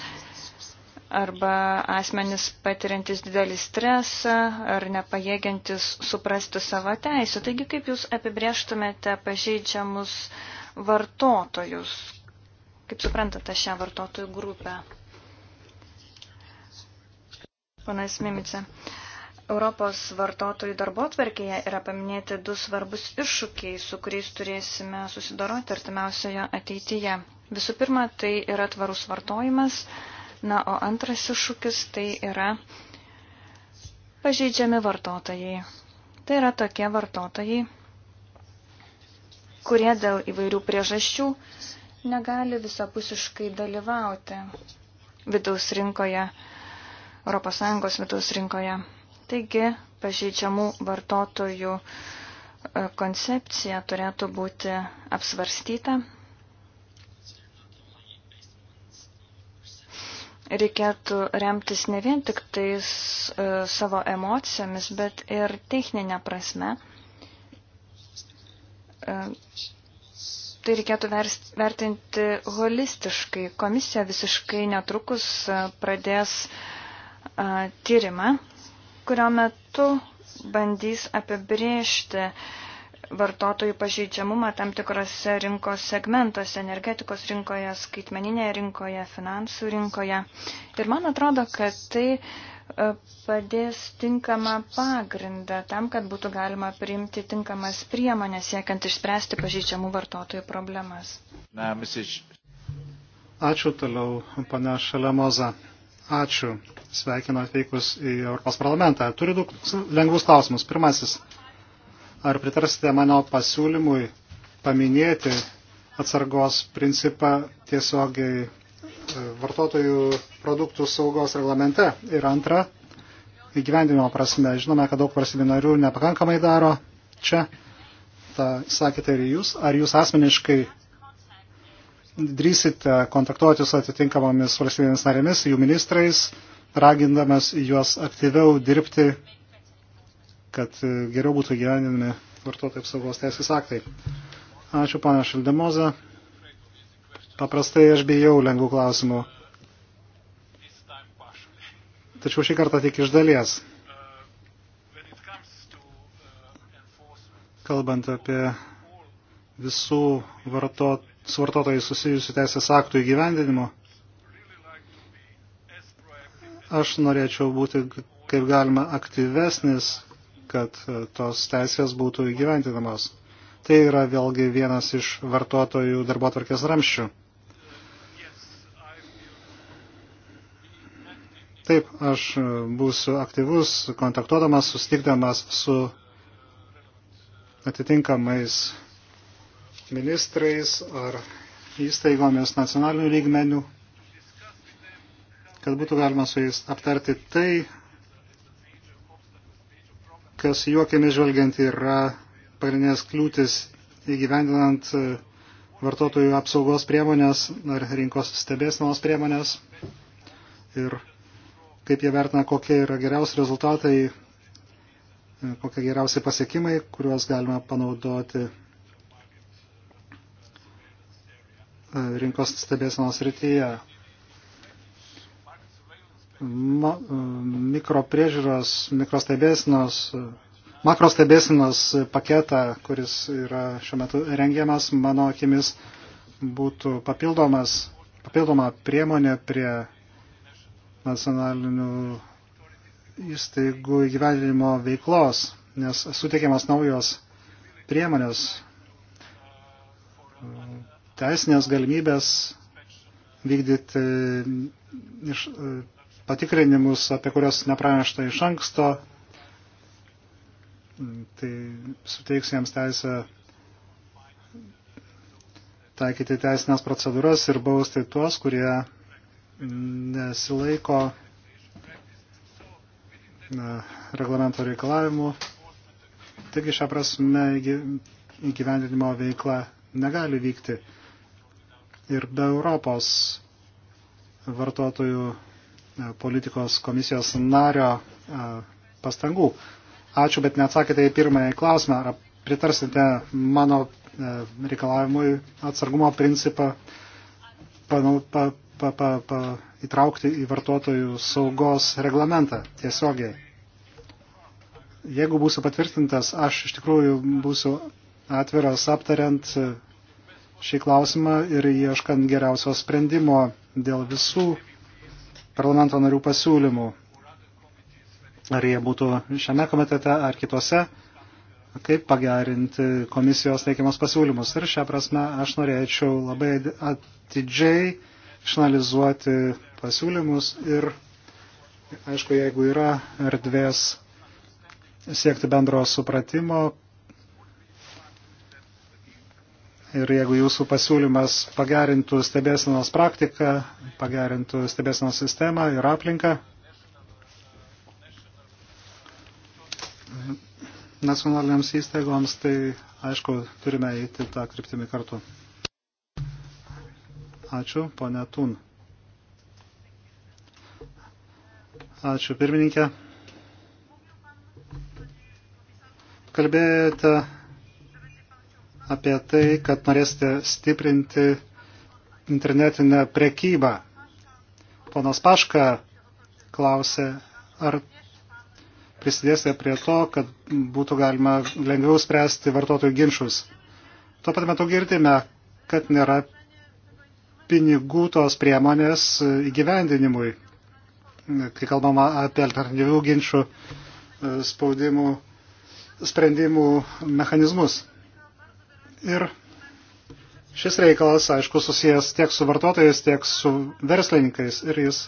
arba asmenis patiriantis didelį stresą, ar nepajėgiantis suprasti savo teisų. Taigi, kaip Jūs apibrieštumėte pažeidžiamus vartotojus, Kaip suprantate šią vartotojų grupę? Panas Mimice. Europos vartotojų darbo atverkėje yra paminėti du svarbus iššūkiai, su kuriais turėsime susidoroti artimiausioje ateityje. Visų pirma, tai yra tvarus vartojimas, na, o antras iššūkis tai yra pažeidžiami vartotojai. Tai yra tokie vartotojai, kurie dėl įvairių priežasčių negali visapusiškai dalyvauti vidaus rinkoje, ES vidaus rinkoje. Taigi, pažeidžiamų vartotojų e, koncepcija turėtų būti apsvarstyta. Reikėtų remtis ne vien tik tais e, savo emocijomis, bet ir techninę prasme e, tai reikėtų vertinti holistiškai. Komisija visiškai netrukus e, pradės e, tyrimą, kurio metu bandys apibriežti vartotojų pažeidžiamumą tam tikrose rinkos segmentuose, energetikos rinkoje, skaitmeninėje rinkoje, finansų rinkoje. Ir man atrodo, kad tai uh, padės tinkamą pagrindą tam, kad būtų galima priimti tinkamas priemonės, siekiant išspręsti pažydžiamų vartotojų problemas. Na, message. Ačiū toliau, pana Šalemoza. Ačiū. Sveikinu atvykus į Europos parlamentą. Turiu daug lengvus klausimus. Pirmasis. Ar pritarsite mano pasiūlymui paminėti atsargos principą tiesiogiai vartotojų produktų saugos reglamente. Ir antra, įgyvendinimo prasme. Žinome, kad daug valstybių narių nepakankamai daro čia. Ta, sakėte ir jūs. Ar jūs asmeniškai drįsite kontaktuoti su atitinkamomis valstybėmis narėmis, jų ministrais, ragindamas juos aktyviau dirbti, kad e, geriau būtų gyvenimi vartotojų apsaugos teisės aktai. Ačiū, pana Šildemoza. Paprastai aš bijau lengvų klausimų. Tačiau šį kartą tik iš dalies. Kalbant apie visų vartot, su vartotojai susijusių teisės aktų įgyvendinimo, aš norėčiau būti kaip galima aktyvesnis, kad tos teisės būtų įgyvendinamos. Tai yra vėlgi vienas iš vartotojų darbotvarkės ramščių. Taip, aš būsiu aktyvus, kontaktuodamas, sustikdamas su atitinkamais ministrais ar įstaigomis nacionalinių lygmenių, kad būtų galima su jais aptarti tai, kas juokiami žvelgiant yra pagrindinės kliūtis įgyvendinant vartotojų apsaugos priemonės ar rinkos stebėsnos priemonės ir kaip jie vertina, kokie yra geriausi rezultatai, e, kokie geriausi pasiekimai, kuriuos galima panaudoti e, rinkos stebėsenos rytyje. E, mikropriežiūros, mikrostebėsenos, makrostebėsenos paketą, kuris yra šiuo metu rengiamas, mano akimis, būtų papildomas, papildoma priemonė prie nacionalinių įstaigų įgyvendinimo veiklos, nes suteikiamas naujos priemonės, teisinės galimybės vykdyti e, iš, e, patikrinimus, apie kurios nepranešta iš anksto, tai suteiks jiems teisę taikyti teisinės procedūras ir bausti tuos, kurie nesilaiko reglamento reikalavimų. Taigi šią prasme įgyvendinimo veikla negali vykti ir be Europos vartotojų e, politikos komisijos nario e, pastangų. Ačiū, bet neatsakėte į pirmąjį klausimą. Ar pritarsite mano e, reikalavimui atsargumo principą pa, pa, pa, įtraukti į vartotojų saugos reglamentą tiesiogiai. Jeigu būsiu patvirtintas, aš iš tikrųjų būsiu atviras aptariant šį klausimą ir ieškant geriausio sprendimo dėl visų parlamento narių pasiūlymų, ar jie būtų šiame komitete ar kitose, kaip pagerinti komisijos teikiamus pasiūlymus. Ir šią prasme aš norėčiau labai atidžiai išanalizuoti pasiūlymus ir, aišku, jeigu yra erdvės siekti bendro supratimo ir jeigu jūsų pasiūlymas pagerintų stebėsinos praktiką, pagerintų stebėsinos sistemą ir aplinką, nacionaliniams įstaigoms, tai aišku, turime eiti tą kryptimį kartu. Ačiū, ponė Tun. Ačiū, pirmininkė. Kalbėjote apie tai, kad norėsite stiprinti internetinę prekybą. Ponas Paška klausė, ar prisidėsite prie to, kad būtų galima lengviau spręsti vartotojų ginčius. Tuo pat metu girdime, kad nėra pinigų tos priemonės įgyvendinimui, kai kalbama apie alternatyvių ginčių e, spaudimų, sprendimų mechanizmus. Ir šis reikalas, aišku, susijęs tiek su vartotojais, tiek su verslininkais ir jis,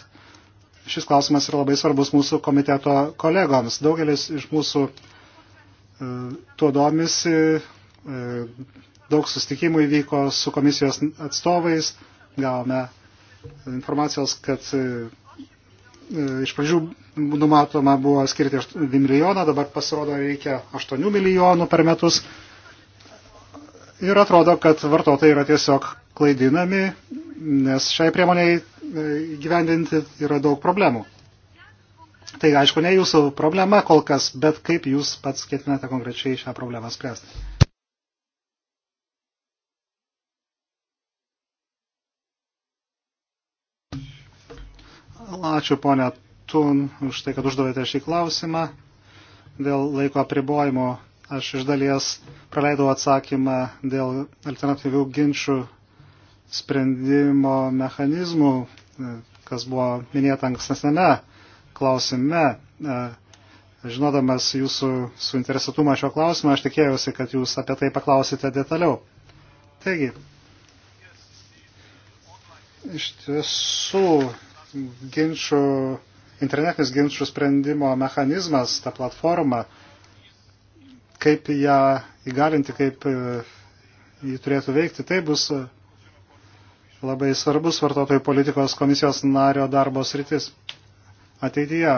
šis klausimas yra labai svarbus mūsų komiteto kolegoms. Daugelis iš mūsų e, tuo domisi e, daug sustikimų įvyko su komisijos atstovais, gavome informacijos, kad e, e, iš pradžių numatoma buvo skirti 2 milijoną, dabar pasirodo reikia 8 milijonų per metus. Ir atrodo, kad vartotojai yra tiesiog klaidinami, nes šiai priemoniai e, gyvendinti yra daug problemų. Tai aišku, ne jūsų problema kol kas, bet kaip jūs pats ketinate konkrečiai šią problemą spręsti. Ačiū ponė Tun už tai, kad uždavėte šį klausimą. Dėl laiko apribojimo aš iš dalies praleidau atsakymą dėl alternatyvių ginčių sprendimo mechanizmų, kas buvo minėta ankstesnėme klausime. Žinodamas jūsų suinteresuotumą šio klausimo, aš tikėjausi, kad jūs apie tai paklausite detaliau. Taigi, iš tiesų ginčių, internetinis ginčių sprendimo mechanizmas, ta platforma, kaip ją įgalinti, kaip e, jį turėtų veikti, tai bus e, labai svarbus vartotojų politikos komisijos nario darbo sritis ateityje.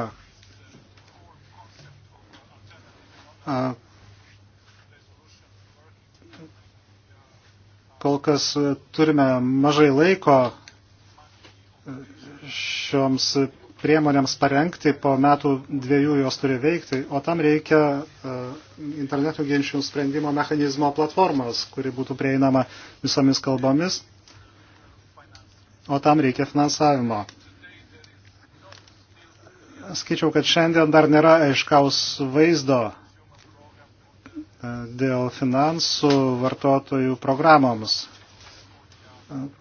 Kol kas turime mažai laiko šioms priemonėms parengti, po metų dviejų jos turi veikti, o tam reikia e, interneto ginčių sprendimo mechanizmo platformos, kuri būtų prieinama visomis kalbomis, o tam reikia finansavimo. Skaičiau, kad šiandien dar nėra aiškaus vaizdo e, dėl finansų vartotojų programoms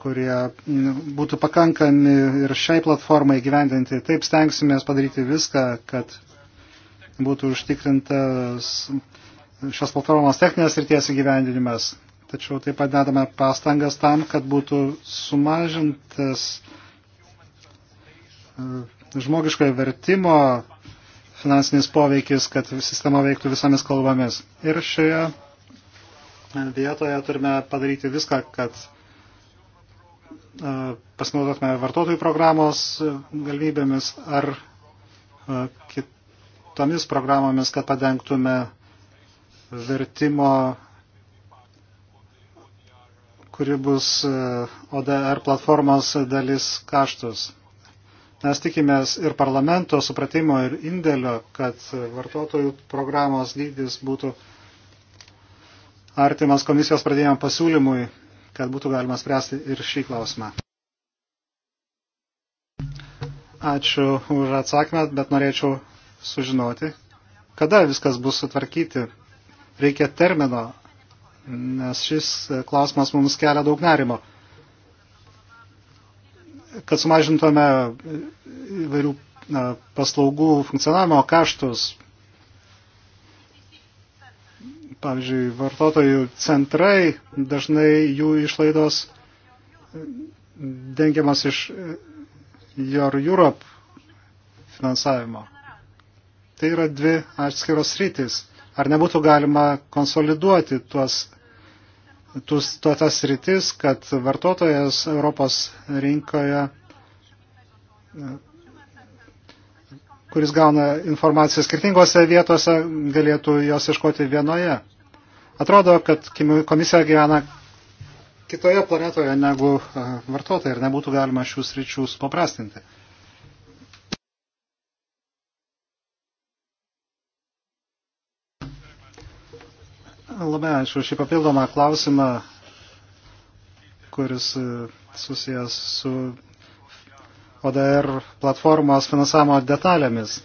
kurie nu, būtų pakankami ir šiai platformai gyvendinti. Taip stengsimės padaryti viską, kad būtų užtikrintas šios platformos techninės ir ties įgyvendinimas. Tačiau taip pat dedame pastangas tam, kad būtų sumažintas e, žmogiškojo vertimo finansinis poveikis, kad sistema veiktų visomis kalbomis. Ir šioje e, vietoje turime padaryti viską, kad pasinaudotume vartotojų programos galimybėmis ar kitomis programomis, kad padengtume vertimo, kuri bus ODR platformos dalis kaštus. Mes tikimės ir parlamento supratimo ir indėlio, kad vartotojų programos dydis būtų artimas komisijos pradėjom pasiūlymui kad būtų galima spręsti ir šį klausimą. Ačiū už atsakymą, bet norėčiau sužinoti, kada viskas bus sutvarkyti. Reikia termino, nes šis klausimas mums kelia daug nerimo. Kad sumažintume įvairių paslaugų funkcionavimo kaštus, pavyzdžiui, vartotojų centrai, dažnai jų išlaidos dengiamas iš Your Europe finansavimo. Tai yra dvi atskiros rytis. Ar nebūtų galima konsoliduoti tuos, tuos tuo tas rytis, kad vartotojas Europos rinkoje kuris gauna informaciją skirtingose vietose, galėtų jos iškoti vienoje. Atrodo, kad komisija gyvena kitoje planetoje negu vartotojai ir nebūtų galima šių sričių supaprastinti. Labai ačiū šį papildomą klausimą, kuris e, susijęs su ODR platformos finansavimo detalėmis.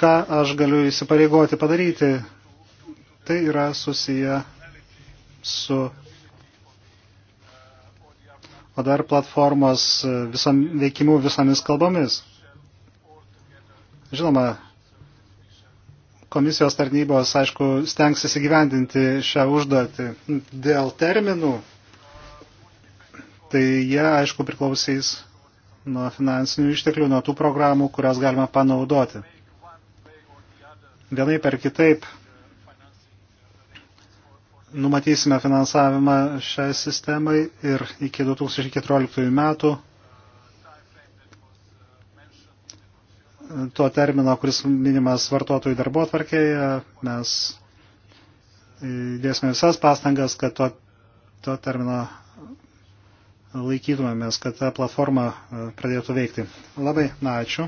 Ką aš galiu įsipareigoti padaryti, tai yra susiję su ODR platformos visam, veikimu visomis kalbomis. Žinoma, komisijos tarnybos, aišku, stengsis įgyvendinti šią užduotį dėl terminų. Tai jie, aišku, priklausys nuo finansinių išteklių, nuo tų programų, kurias galima panaudoti. Vienai per kitaip numatysime finansavimą šiai sistemai ir iki 2014 metų tuo termino, kuris minimas vartotojų darbo atvarkėje, mes dėsime visas pastangas, kad tuo, tuo termino laikytumėmės, kad ta platforma e, pradėtų veikti. Labai, na, ačiū.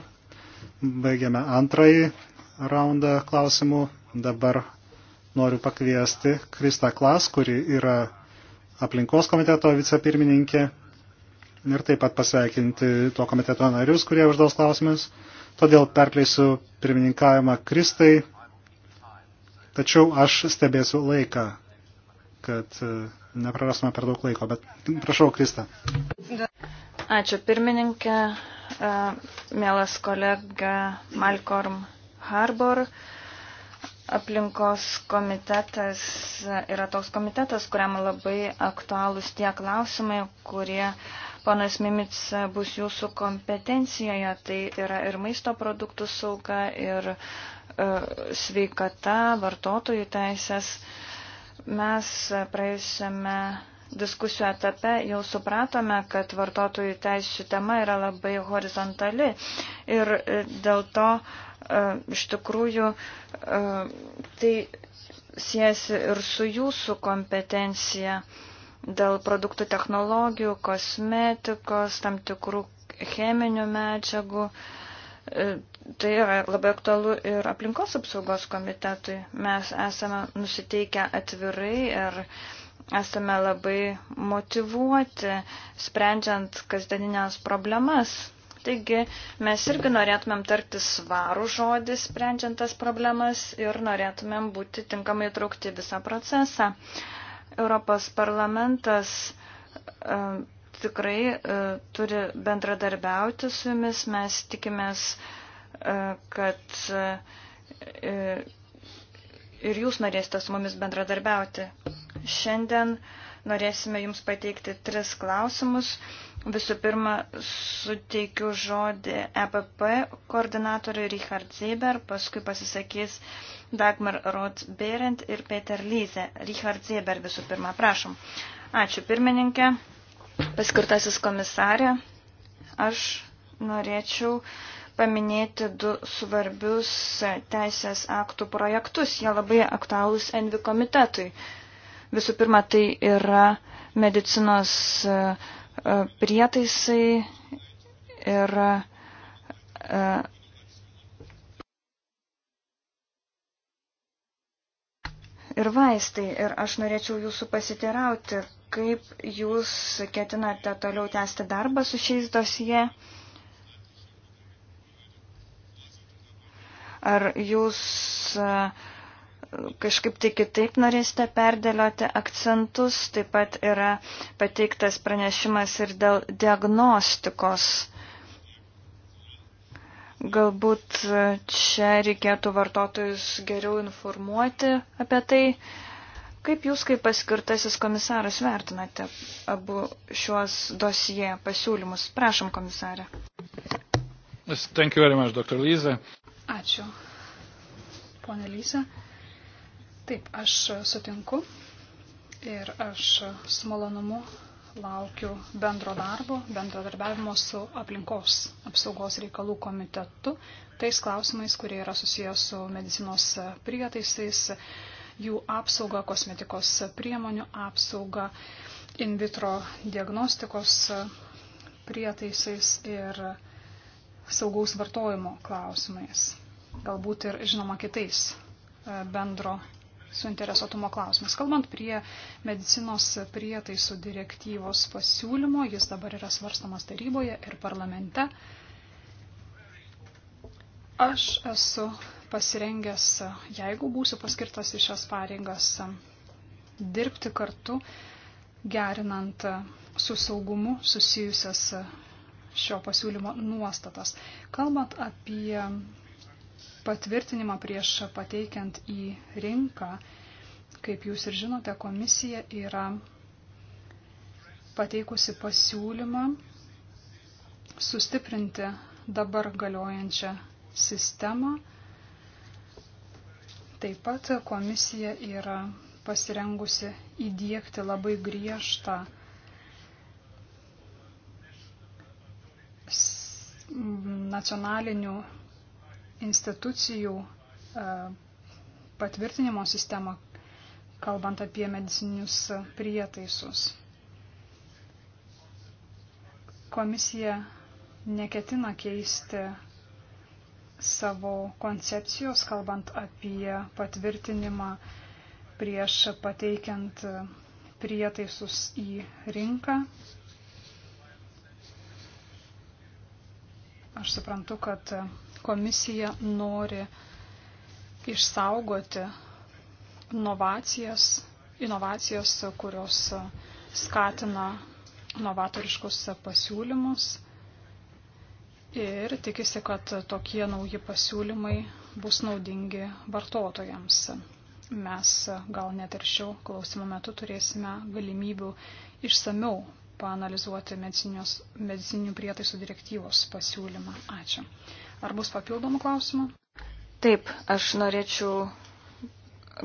Baigiame antrąjį raundą klausimų. Dabar noriu pakviesti Krista Klas, kuri yra aplinkos komiteto vicepirmininkė ir taip pat pasveikinti to komiteto narius, kurie uždaus klausimus. Todėl perkleisiu pirmininkavimą Kristai, tačiau aš stebėsiu laiką, kad e, neprarastume per daug laiko, bet prašau, Krista. Ačiū pirmininkė, e, mielas kolega Malcolm Harbour. Aplinkos komitetas yra toks komitetas, kuriam labai aktualūs tie klausimai, kurie, ponas Mimic, bus jūsų kompetencijoje. Tai yra ir maisto produktų sauga, ir e, sveikata, vartotojų teisės. Uh, Mes praėjusiame diskusijų etape jau supratome, kad vartotojų teisų tema yra labai horizontali ir e, dėl to e, iš tikrųjų e, tai siejasi ir su jūsų kompetencija dėl produktų technologijų, kosmetikos, tam tikrų cheminių medžiagų. Uh, E, tai yra labai aktualu ir aplinkos apsaugos komitetui. Mes esame nusiteikę atvirai ir esame labai motivuoti, sprendžiant kasdieninės problemas. Taigi mes irgi norėtumėm tarti svarų žodį, sprendžiant tas problemas ir norėtumėm būti tinkamai traukti visą procesą. Europos parlamentas e, tikrai e, turi bendradarbiauti su jumis. Mes tikimės, e, kad e, ir jūs norėsite su mumis bendradarbiauti. Šiandien norėsime jums pateikti tris klausimus. Visų pirma, suteikiu žodį EPP koordinatoriui Richard Zeber, paskui pasisakys Dagmar Roth-Berend ir Peter Lyze. Richard Zeber visų pirma, prašom. Ačiū pirmininkė paskirtasis komisarė, aš norėčiau paminėti du svarbius teisės aktų projektus. Jie labai aktualūs Envi komitetui. Visų pirma, tai yra medicinos e, e, prietaisai ir e, ir vaistai. Ir aš norėčiau jūsų pasiterauti, kaip jūs ketinate toliau tęsti darbą su šiais dosie. Ar jūs e, kažkaip tai kitaip norėsite perdėlioti akcentus, taip pat yra pateiktas pranešimas ir dėl diagnostikos. Galbūt e, čia reikėtų vartotojus geriau informuoti apie tai. Uh, Kaip jūs kaip paskirtasis komisaras vertinate abu šiuos dosie pasiūlymus? Prašom, komisarė. Thank you very much, Dr. Lyza. Ačiū, ponė Lyza. Taip, aš sutinku ir aš su malonumu laukiu bendro darbo, bendradarbiavimo su aplinkos apsaugos reikalų komitetu, tais klausimais, kurie yra susijęs su medicinos prietaisais jų apsaugą, kosmetikos priemonių apsaugą, in vitro diagnostikos prietaisais ir saugaus vartojimo klausimais. Galbūt ir, žinoma, kitais e, bendro suinteresuotumo klausimas. Kalbant prie medicinos prietaisų direktyvos pasiūlymo, jis dabar yra svarstamas taryboje ir parlamente. Aš esu pasirengęs, jeigu būsiu paskirtas į šias pareigas, dirbti kartu, gerinant su saugumu susijusias šio pasiūlymo nuostatas. Kalbant apie patvirtinimą prieš pateikiant į rinką, kaip jūs ir žinote, komisija yra pateikusi pasiūlymą sustiprinti dabar galiojančią sistemą Taip pat komisija yra pasirengusi įdėkti labai griežtą nacionalinių institucijų e, patvirtinimo sistemą, kalbant apie medicinius prietaisus. Komisija neketina keisti savo koncepcijos, kalbant apie patvirtinimą prieš pateikiant prietaisus į rinką. Aš suprantu, kad komisija nori išsaugoti inovacijas, inovacijas kurios skatina novatoriškus pasiūlymus ir tikisi, kad tokie nauji pasiūlymai bus naudingi vartotojams. Mes gal net ir šio klausimo metu turėsime galimybių išsameu paanalizuoti medicininių prietaisų direktyvos pasiūlymą. Ačiū. Ar bus papildomų klausimų? Taip, aš norėčiau,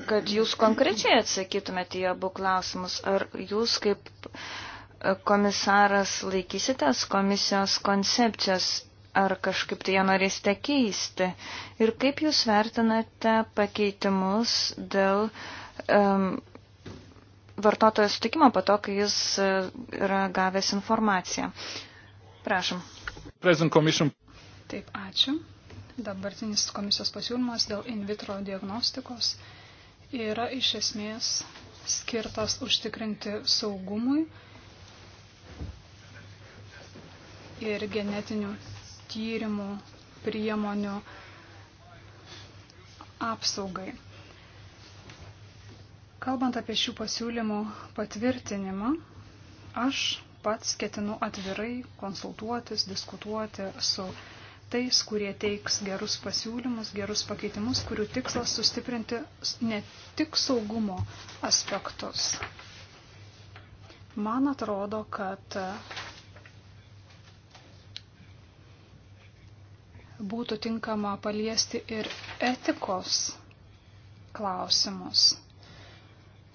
kad jūs konkrečiai atsakytumėte į abu klausimus. Ar jūs kaip komisaras laikysitės komisijos koncepcijos ar kažkaip tai ją norėsite keisti. Ir kaip jūs vertinate pakeitimus dėl um, vartotojo sutikimo po to, kai jis uh, yra gavęs informaciją. Prašom. Taip, ačiū. Dabartinis komisijos pasiūlymas dėl in vitro diagnostikos yra iš esmės skirtas užtikrinti saugumui ir genetinių tyrimų priemonių apsaugai. Kalbant apie šių pasiūlymų patvirtinimą, aš pats ketinu atvirai konsultuotis, diskutuoti su tais, kurie teiks gerus pasiūlymus, gerus pakeitimus, kurių tikslas sustiprinti ne tik saugumo aspektus. Man atrodo, kad būtų tinkama paliesti ir etikos klausimus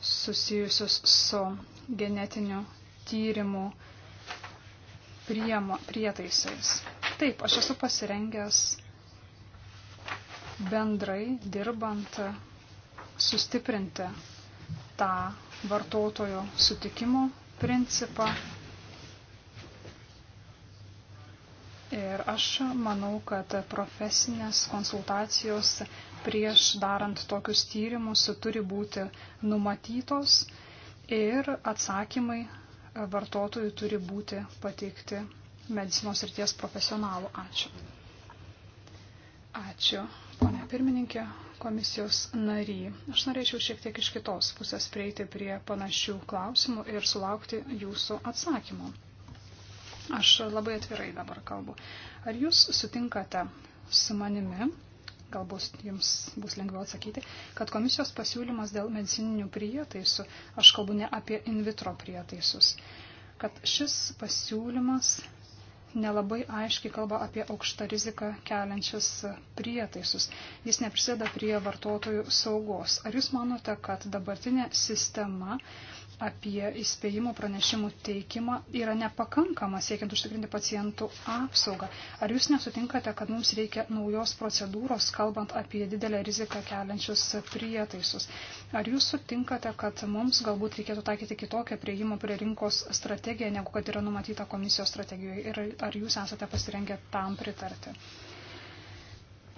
susijusius su genetiniu tyrimu priemo, prietaisais. Taip, aš esu pasirengęs bendrai dirbant sustiprinti tą vartotojo sutikimo principą Ir aš manau, kad profesinės konsultacijos prieš darant tokius tyrimus turi būti numatytos ir atsakymai vartotojų turi būti pateikti medicinos ryties profesionalų. Ačiū. Ačiū, ponia pirmininkė, komisijos nary. Aš norėčiau šiek tiek iš kitos pusės prieiti prie panašių klausimų ir sulaukti jūsų atsakymų. Aš labai atvirai dabar kalbu. Ar jūs sutinkate su manimi, galbūt jums bus lengviau atsakyti, kad komisijos pasiūlymas dėl medicininių prietaisų, aš kalbu ne apie in vitro prietaisus, kad šis pasiūlymas nelabai aiškiai kalba apie aukštą riziką keliančias prietaisus. Jis neprisėda prie vartotojų saugos. Ar jūs manote, kad dabartinė sistema uh, apie įspėjimų pranešimų teikimą yra nepakankama siekiant užtikrinti pacientų apsaugą. Ar jūs nesutinkate, kad mums reikia naujos procedūros, kalbant apie didelę riziką keliančius prietaisus? Ar jūs sutinkate, kad mums galbūt reikėtų taikyti kitokią prieimo prie rinkos strategiją, negu kad yra numatyta komisijos strategijoje? Ir ar jūs esate pasirengę tam pritarti?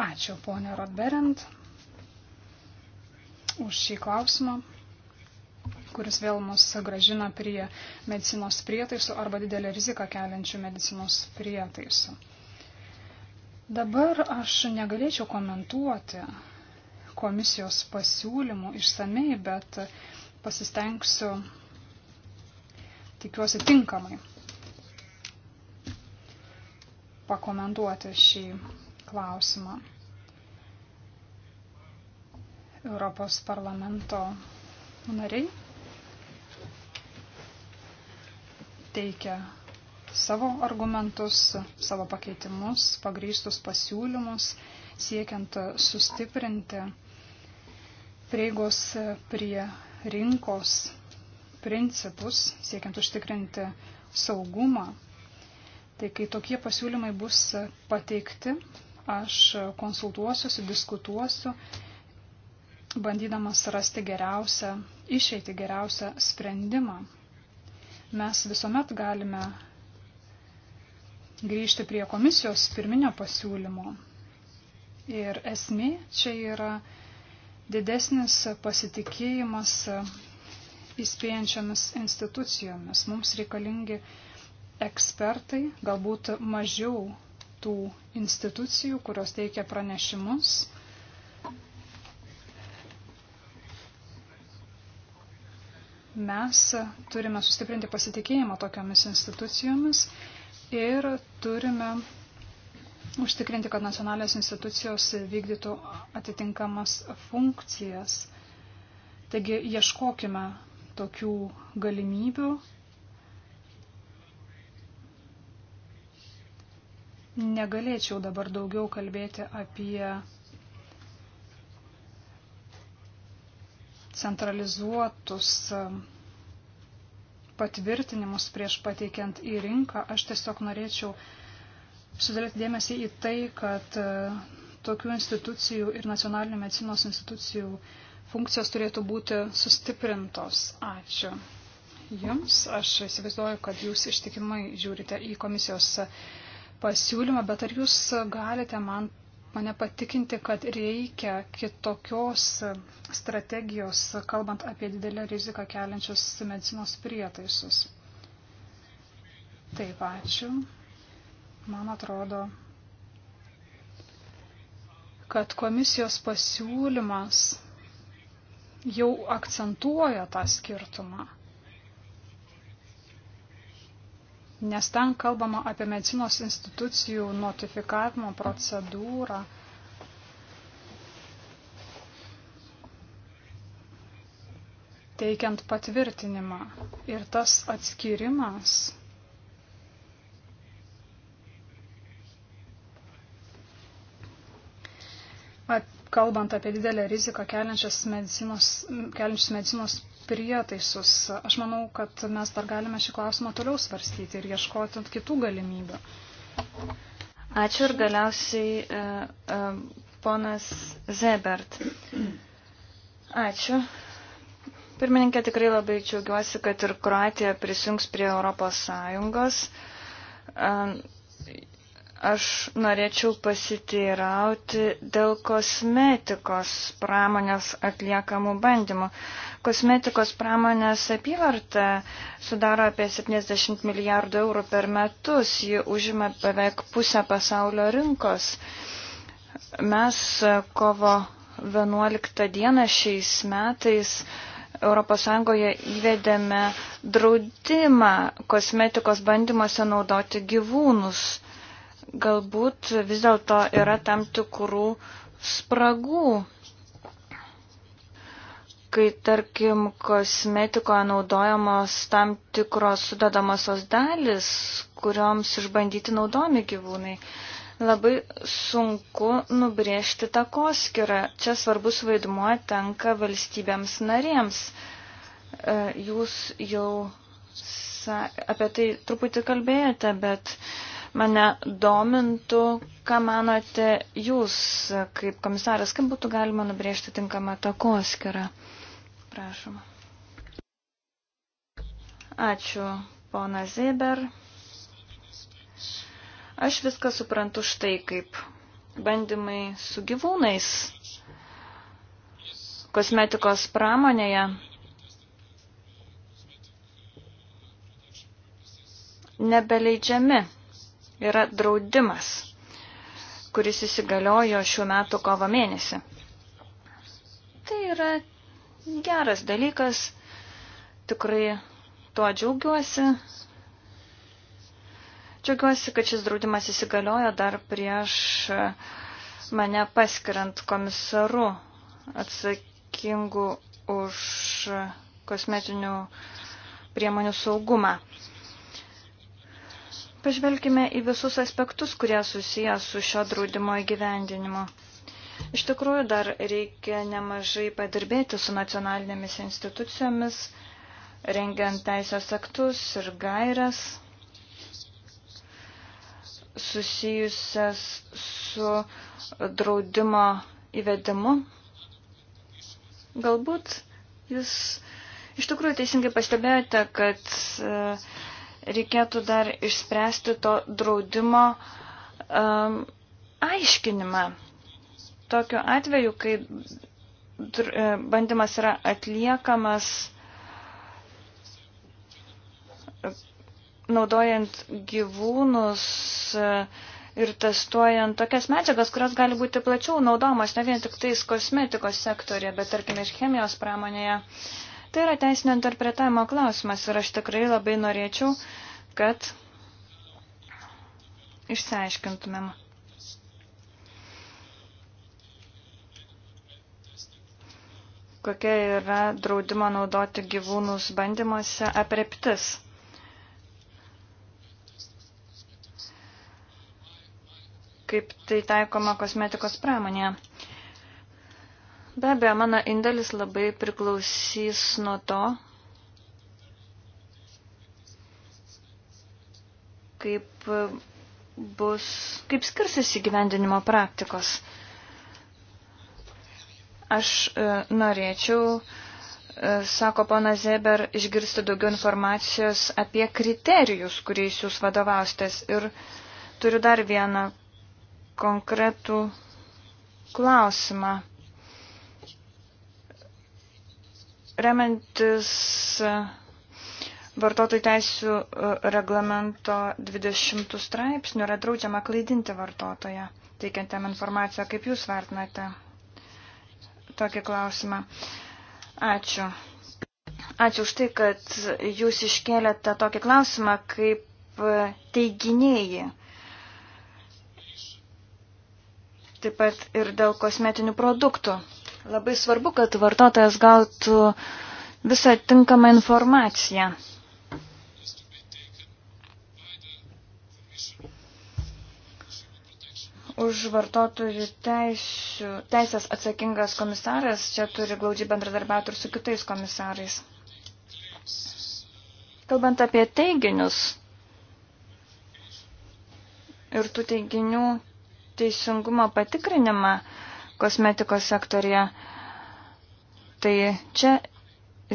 Ačiū, ponė Rodberent, už šį klausimą kuris vėl mus gražina prie medicinos prietaisų arba didelį riziką keliančių medicinos prietaisų. Dabar aš negalėčiau komentuoti komisijos pasiūlymų išsamei, bet pasistengsiu, tikiuosi, tinkamai pakomentuoti šį klausimą. Europos parlamento nariai teikia savo argumentus, savo pakeitimus, pagrįstus pasiūlymus, siekiant sustiprinti prieigos prie rinkos principus, siekiant užtikrinti saugumą. Tai kai tokie pasiūlymai bus pateikti, aš konsultuosiuosi, diskutuosiu, bandydamas rasti geriausią išeiti geriausią sprendimą. Mes visuomet galime grįžti prie komisijos pirminio pasiūlymo. Ir esmė čia yra didesnis pasitikėjimas įspėjančiamis institucijomis. Mums reikalingi ekspertai, galbūt mažiau tų institucijų, kurios teikia pranešimus Mes turime sustiprinti pasitikėjimą tokiomis institucijomis ir turime užtikrinti, kad nacionalinės institucijos vykdytų atitinkamas funkcijas. Taigi ieškokime tokių galimybių. Negalėčiau dabar daugiau kalbėti apie centralizuotus um, patvirtinimus prieš pateikiant į rinką. Aš tiesiog norėčiau sudėlėti dėmesį į tai, kad uh, tokių institucijų ir nacionalinių medicinos institucijų funkcijos turėtų būti sustiprintos. Ačiū. Jums aš įsivaizduoju, kad jūs ištikimai žiūrite į komisijos pasiūlymą, bet ar jūs galite man mane patikinti, kad reikia kitokios strategijos, kalbant apie didelę riziką keliančius medicinos prietaisus. Taip, ačiū. Man atrodo, kad komisijos pasiūlymas jau akcentuoja tą skirtumą. nes ten kalbama apie medicinos institucijų notifikavimo procedūrą. teikiant patvirtinimą. Ir tas atskirimas kalbant apie didelę riziką keliančias medicinos, keliančius medicinos prietaisus. Aš manau, kad mes dar galime šį klausimą toliau svarstyti ir ieškoti kitų galimybių. Ačiū ir galiausiai uh, uh, ponas Zebert. Ačiū. Pirmininkė, tikrai labai džiaugiuosi, kad ir Kroatija prisijungs prie Europos Sąjungos. Uh, Aš norėčiau pasiteirauti dėl kosmetikos pramonės atliekamų bandymų. Kosmetikos pramonės apyvarta sudaro apie 70 milijardų eurų per metus, ji užima beveik pusę pasaulio rinkos. Mes kovo 11 dieną šiais metais ES įvedėme draudimą kosmetikos bandymuose naudoti gyvūnus galbūt vis dėlto yra tam tikrų spragų, kai tarkim kosmetikoje naudojamos tam tikros sudedamosios dalis, kurioms išbandyti naudomi gyvūnai. Labai sunku nubrėžti takoskirą. Čia svarbus vaidmuo tenka valstybėms narėms. E, jūs jau apie tai truputį kalbėjote, bet uh, Mane domintų, ką manote jūs, kaip komisaras, kaip būtų galima nubrėžti tinkamą takoskirą. Prašom. Ačiū, pona Zeber. Aš viską suprantu štai kaip bandymai su gyvūnais kosmetikos pramonėje. Nebeleidžiami yra draudimas, kuris įsigaliojo šiuo metu kovo mėnesį. Tai yra geras dalykas, tikrai tuo džiaugiuosi. Džiaugiuosi, kad šis draudimas įsigaliojo dar prieš mane paskiriant komisaru atsakingu už kosmetinių priemonių saugumą. Pažvelkime į visus aspektus, kurie susijęs su šio draudimo įgyvendinimu. Iš tikrųjų, dar reikia nemažai padirbėti su nacionalinėmis institucijomis, rengiant teisės aktus ir gairias susijusias su draudimo įvedimu. Galbūt jūs iš tikrųjų teisingai pastebėjote, kad e, reikėtų dar išspręsti to draudimo um, aiškinimą. Tokiu atveju, kai e, bandymas yra atliekamas naudojant gyvūnus e, ir testuojant tokias medžiagas, kurios gali būti plačiau naudomas ne vien tik tais kosmetikos sektorė, bet tarkime ir chemijos pramonėje. Uh, Tai yra teisinio interpretavimo klausimas ir aš tikrai labai norėčiau, kad išsiaiškintumėm. Kokia yra draudimo naudoti gyvūnus bandymuose apreptis? Kaip tai taikoma kosmetikos pramonėje? Be abejo, mano indėlis labai priklausys nuo to, kaip bus, kaip skirsis įgyvendinimo praktikos. Aš e, norėčiau, e, sako pana Zeber, išgirsti daugiau informacijos apie kriterijus, kuriais jūs vadovaustės. Ir turiu dar vieną konkretų klausimą. Remiantis e, vartotojų teisų e, reglamento 20 straipsnių yra draudžiama klaidinti vartotoją, teikiant jam informaciją, kaip jūs vertinate tokį klausimą. Ačiū. Ačiū už tai, kad jūs iškėlėte tokį klausimą kaip e, teiginėjai. Taip pat ir dėl kosmetinių produktų. Labai svarbu, kad vartotojas gautų visą tinkamą informaciją. Už vartotojų teisų, teisės atsakingas komisaras čia turi glaudžiai bendradarbiauti ir su kitais komisarais. Kalbant apie teiginius ir tų teiginių teisingumo patikrinimą, kosmetikos sektorija. Tai čia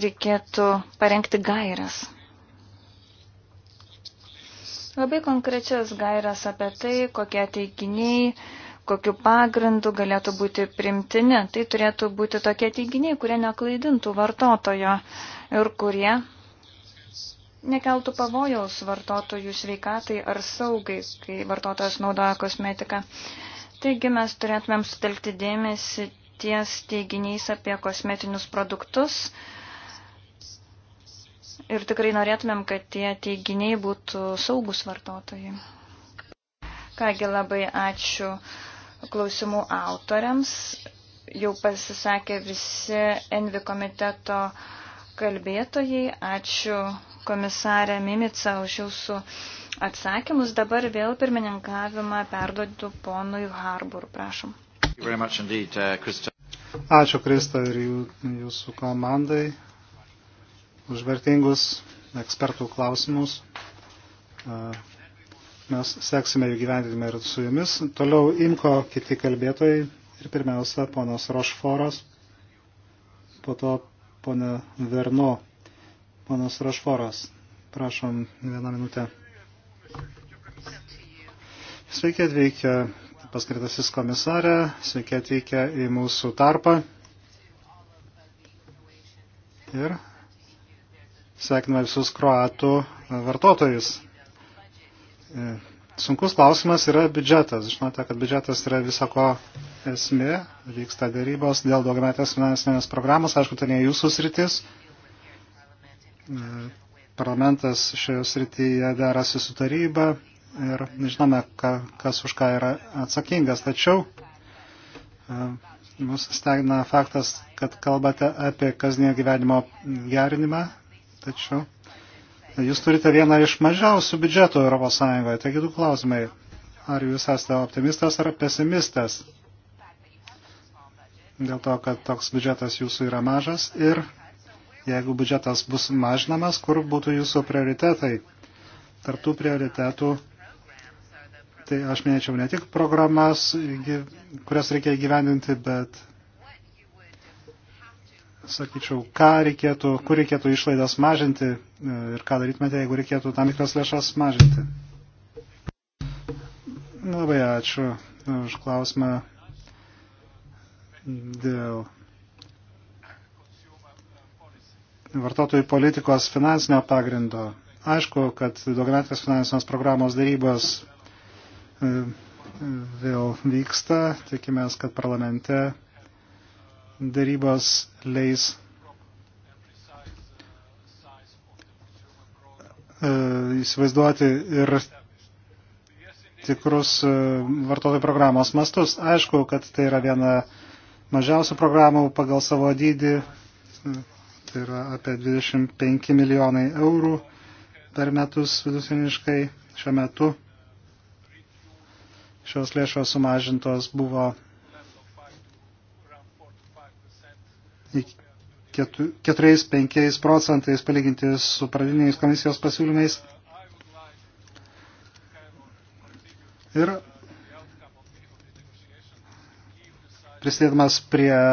reikėtų parengti gairias. Labai konkrečias gairias apie tai, kokie teiginiai, kokiu pagrindu galėtų būti primtini. Tai turėtų būti tokie teiginiai, kurie neklaidintų vartotojo ir kurie nekeltų pavojaus vartotojų sveikatai ar saugai, kai vartotojas naudoja kosmetiką. Taigi mes turėtumėm sutelkti dėmesį ties teiginiais apie kosmetinius produktus. Ir tikrai norėtumėm, kad tie teiginiai būtų saugus vartotojai. Kągi labai ačiū klausimų autoriams. Jau pasisakė visi Envi komiteto kalbėtojai. Ačiū komisarė Mimica už jūsų atsakymus. Dabar vėl pirmininkavimą perduodu ponui Harbour. Prašom. Uh, Ačiū, Krista, ir jūsų komandai už vertingus ekspertų klausimus. Uh, mes seksime jų gyvendinimą ir su jumis. Toliau imko kiti kalbėtojai ir pirmiausia ponas Rošforas, po to ponė Verno. Ponas Rošforas, prašom vieną minutę. Sveiki atvykę paskirtasis komisarė, sveiki atvykę į mūsų tarpą. Ir sveikiname visus kroatų vartotojus. E, sunkus klausimas yra biudžetas. Žinote, kad biudžetas yra visako esmė, vyksta dėrybos dėl daugiametės finansinės programos, aišku, tai ne jūsų sritis. E, parlamentas šioje srityje derasi su taryba, ir žinome, ka, kas už ką yra atsakingas. Tačiau e, mus stagina faktas, kad kalbate apie kasdienio gyvenimo gerinimą, tačiau jūs turite vieną iš mažiausių biudžetų ES. Taigi du klausimai. Ar jūs esate optimistas ar pesimistas? Dėl to, kad toks biudžetas jūsų yra mažas ir jeigu biudžetas bus mažinamas, kur būtų jūsų prioritetai? Tartų prioritetų Tai aš minėčiau ne tik programas, kurias reikia įgyvendinti, bet, sakyčiau, ką reikėtų, kur reikėtų išlaidas mažinti e, ir ką darytumėte, jeigu reikėtų tam tikras lėšas mažinti. Labai ačiū už klausimą dėl vartotojų politikos finansinio pagrindo. Aišku, kad daugiametės finansinės programos darybos vėl vyksta. Tikimės, kad parlamente darybos leis e, įsivaizduoti ir tikrus e, vartotojų programos mastus. Aišku, kad tai yra viena mažiausių programų pagal savo dydį, tai yra apie 25 milijonai eurų per metus vidutiniškai šiuo metu. Šios lėšos sumažintos buvo iki 4-5 procentais palyginti su pradiniais komisijos pasiūlymais. Ir prisidėdamas prie e,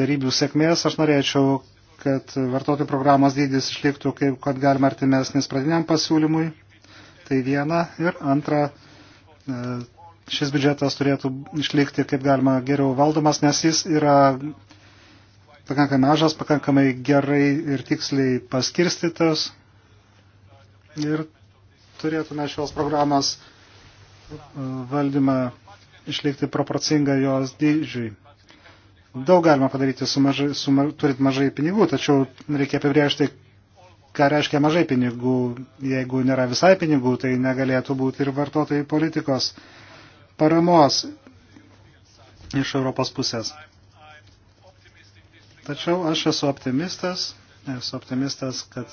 darybių sėkmės, aš norėčiau, kad vartotojų programos dydis išliktų kaip kad galima artimesnis pradiniam pasiūlymui. Tai viena. Ir antra, e, šis biudžetas turėtų išlikti kaip galima geriau valdomas, nes jis yra pakankamai mažas, pakankamai gerai ir tiksliai paskirstytas. Ir turėtume šios programos e, valdymą išlikti proporcingą jos dydžiui. Daug galima padaryti, su mažai, su, turint mažai pinigų, tačiau reikia apibriežti, ką reiškia mažai pinigų. Jeigu nėra visai pinigų, tai negalėtų būti ir vartotojų politikos paramos iš Europos pusės. Tačiau aš esu optimistas, esu optimistas, kad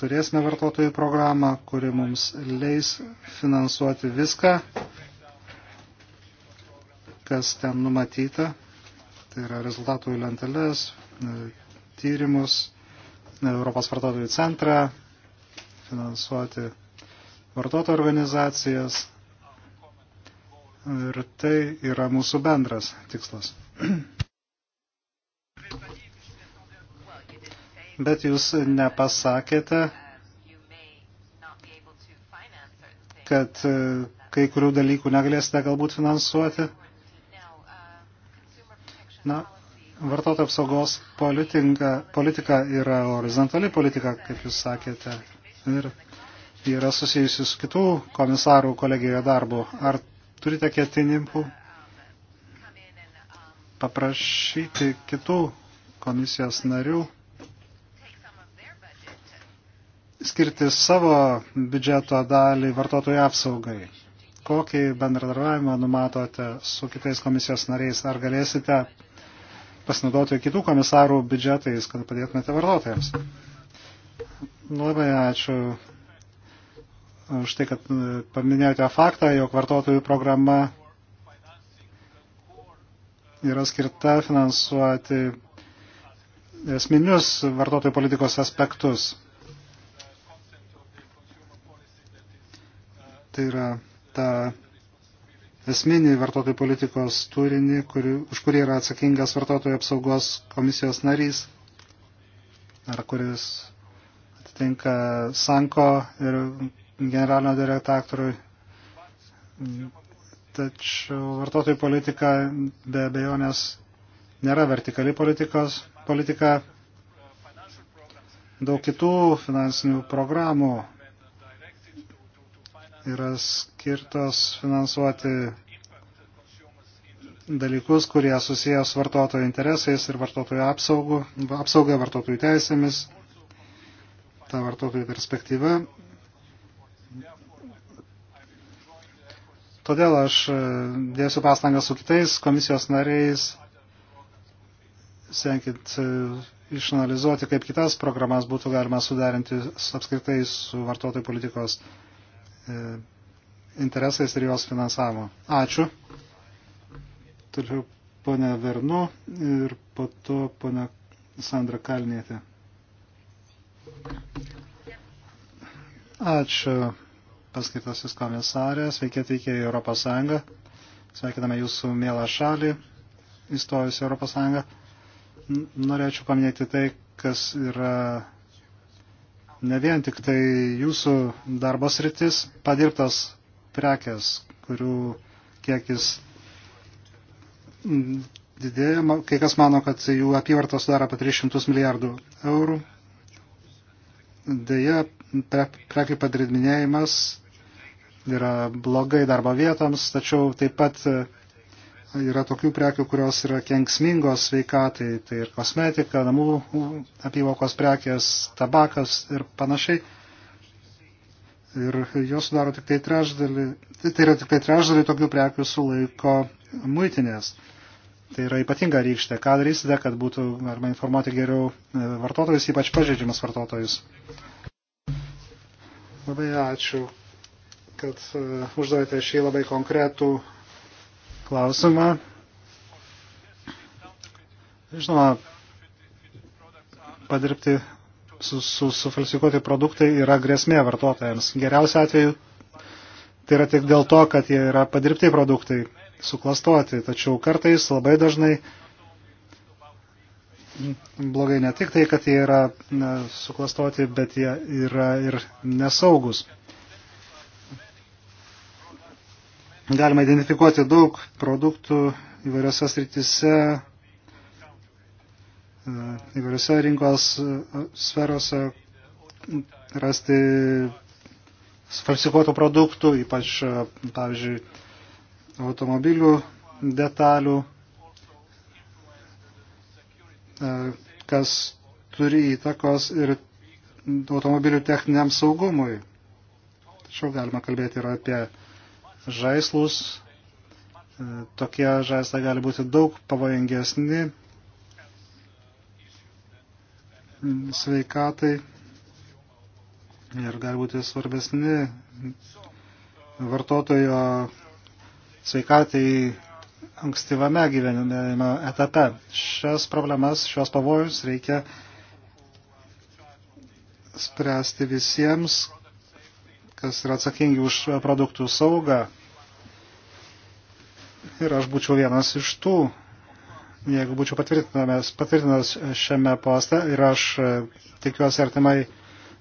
turėsime vartotojų programą, kuri mums leis finansuoti viską, kas ten numatyta. Tai yra rezultatų lenteles, tyrimus, Europos vartotojų centrą, finansuoti vartotojų organizacijas. Ir tai yra mūsų bendras tikslas. Bet jūs nepasakėte, kad e, kai kurių dalykų negalėsite galbūt finansuoti. Na, Vartotojų apsaugos politika, politika yra horizontali politika, kaip jūs sakėte, ir yra susijusi su kitų komisarų kolegijoje darbu. Ar turite ketinimų paprašyti kitų komisijos narių skirti savo biudžeto dalį vartotojų apsaugai. Kokį bendradarbiavimą numatote su kitais komisijos nariais? Ar galėsite pasinaudoti kitų komisarų biudžetais, kad padėtumėte vartotojams. Labai ačiū už tai, kad e, paminėjote faktą, jog vartotojų programa yra skirta finansuoti esminius vartotojų politikos aspektus. Tai yra ta esminį vartotojų politikos turinį, kuri, už kurį yra atsakingas vartotojų apsaugos komisijos narys, ar kuris atitinka Sanko ir generalinio direktorių. Tačiau vartotojų politika be abejonės nėra vertikali politikos, politika. Daug kitų finansinių programų yra skirtos finansuoti dalykus, kurie susijęs vartotojų interesais ir vartotojų apsaugų, apsauga vartotojų teisėmis, ta vartotojų perspektyva. Todėl aš e, dėsiu pastangą su kitais komisijos nariais, senkit e, išanalizuoti, kaip kitas programas būtų galima sudarinti apskritai su vartotojų politikos E, interesais ir jos finansavimo. Ačiū. Toliau ponia Vernu ir po to ponia Sandra Kalnėtė. Ačiū paskirtasis komisarė, sveiki atvykę į Europos Sąjungą, sveikiname jūsų mėlą šalį, įstojus į Europos Sąjungą. Norėčiau paminėti tai, kas yra ne vien tik tai jūsų darbos rytis, padirbtas prekes, kurių kiekis didėja. Kai kas mano, kad jų apyvartos sudaro apie 300 milijardų eurų. Deja, pre, prekių padirbinėjimas yra blogai darbo vietoms, tačiau taip pat yra tokių prekių, kurios yra kenksmingos sveikatai, tai ir kosmetika, namų apyvokos prekės, tabakas ir panašiai. Ir jos sudaro tik tai trešdalį, tai, tai yra tik tai trešdalį tokių prekių sulaiko muitinės. Tai yra ypatinga rykštė. Ką darysite, kad būtų arba informuoti geriau e, vartotojus, ypač pažeidžiamas vartotojus? Labai ačiū, kad e, uždavėte šį labai konkretų klausimą. Žinoma, padirbti su, su, sufalsifikuoti produktai yra grėsmė vartotojams. Geriausia atveju tai yra tik dėl to, kad jie yra padirbti produktai, suklastoti. Tačiau kartais labai dažnai blogai ne tik tai, kad jie yra ne, suklastoti, bet jie yra ir nesaugus. Galima identifikuoti daug produktų įvairiose sritise, e, įvairiose rinkos e, sferose, rasti falsifikuotų produktų, ypač, e, pavyzdžiui, automobilių detalių, kas turi įtakos ir automobilių techniniam saugumui. Tačiau galima kalbėti ir apie žaislus. E, tokie žaislai gali būti daug pavojingesni sveikatai ir gali būti svarbesni vartotojo sveikatai ankstyvame gyvenime etape. Šias problemas, šios pavojus reikia spręsti visiems, kas yra atsakingi už produktų saugą. Ir aš būčiau vienas iš tų, jeigu būčiau patvirtinęs šiame poste ir aš e, tikiuosi artimai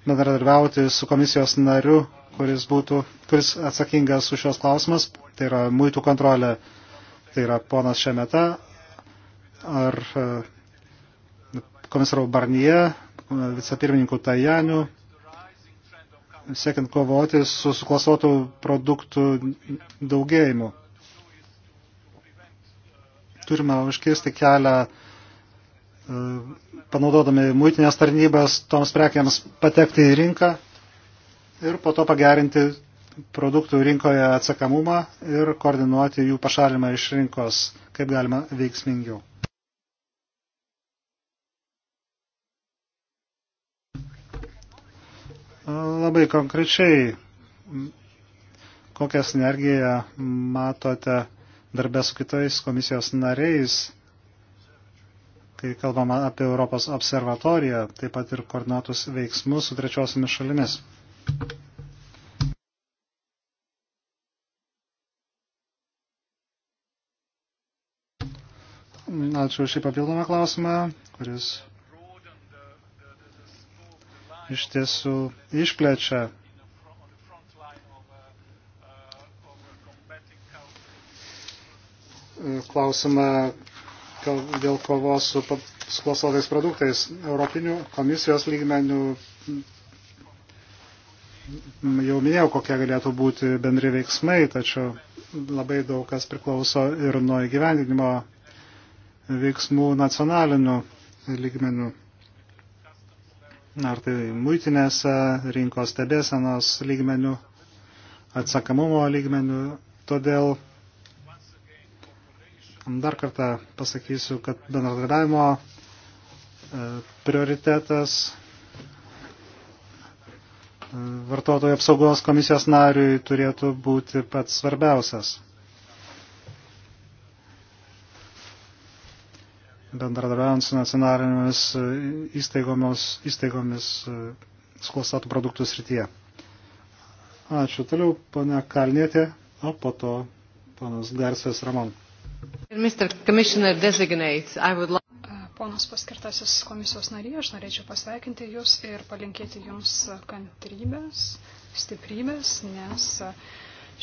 bendradarbiauti su komisijos nariu, kuris, būtų, kuris atsakingas už šios klausimas, tai yra muitų kontrolė, tai yra ponas Šemeta ar e, komisaro Barnie, e, vicepirmininkų Tajanių siekiant kovoti su suklastotų produktų daugėjimu. Turime užkirsti kelią e, panaudodami muitinės tarnybas toms prekiams patekti į rinką ir po to pagerinti produktų rinkoje atsakamumą ir koordinuoti jų pašalimą iš rinkos, kaip galima veiksmingiau. Labai konkrečiai, kokią sinergiją matote darbę su kitais komisijos nariais, kai kalbama apie Europos observatoriją, taip pat ir koordinatus veiksmus su trečiosiamis šalimis. Ačiū šį papildomą klausimą, kuris iš tiesų išplečia klausimą dėl kovos su suklastotais produktais. Europinių komisijos lygmenių jau minėjau, kokie galėtų būti bendri veiksmai, tačiau labai daug kas priklauso ir nuo įgyvendinimo veiksmų nacionalinių lygmenių ar tai muitinėse, rinkos stebėsenos lygmenių, atsakamumo lygmenių. Todėl dar kartą pasakysiu, kad bendradarbiavimo e, prioritetas e, vartotojų apsaugos komisijos nariui turėtų būti pats svarbiausias. bendradarbiavant su nacionalinėmis e, įstaigomis, įstaigomis e, sklastatų produktų srityje. Ačiū. Toliau pana Kalnėtė, o po to panas Garsės Ramon. E, ponas paskirtasis komisijos narys, aš norėčiau pasveikinti Jūs ir palinkėti Jums kantrybės, stiprybės, nes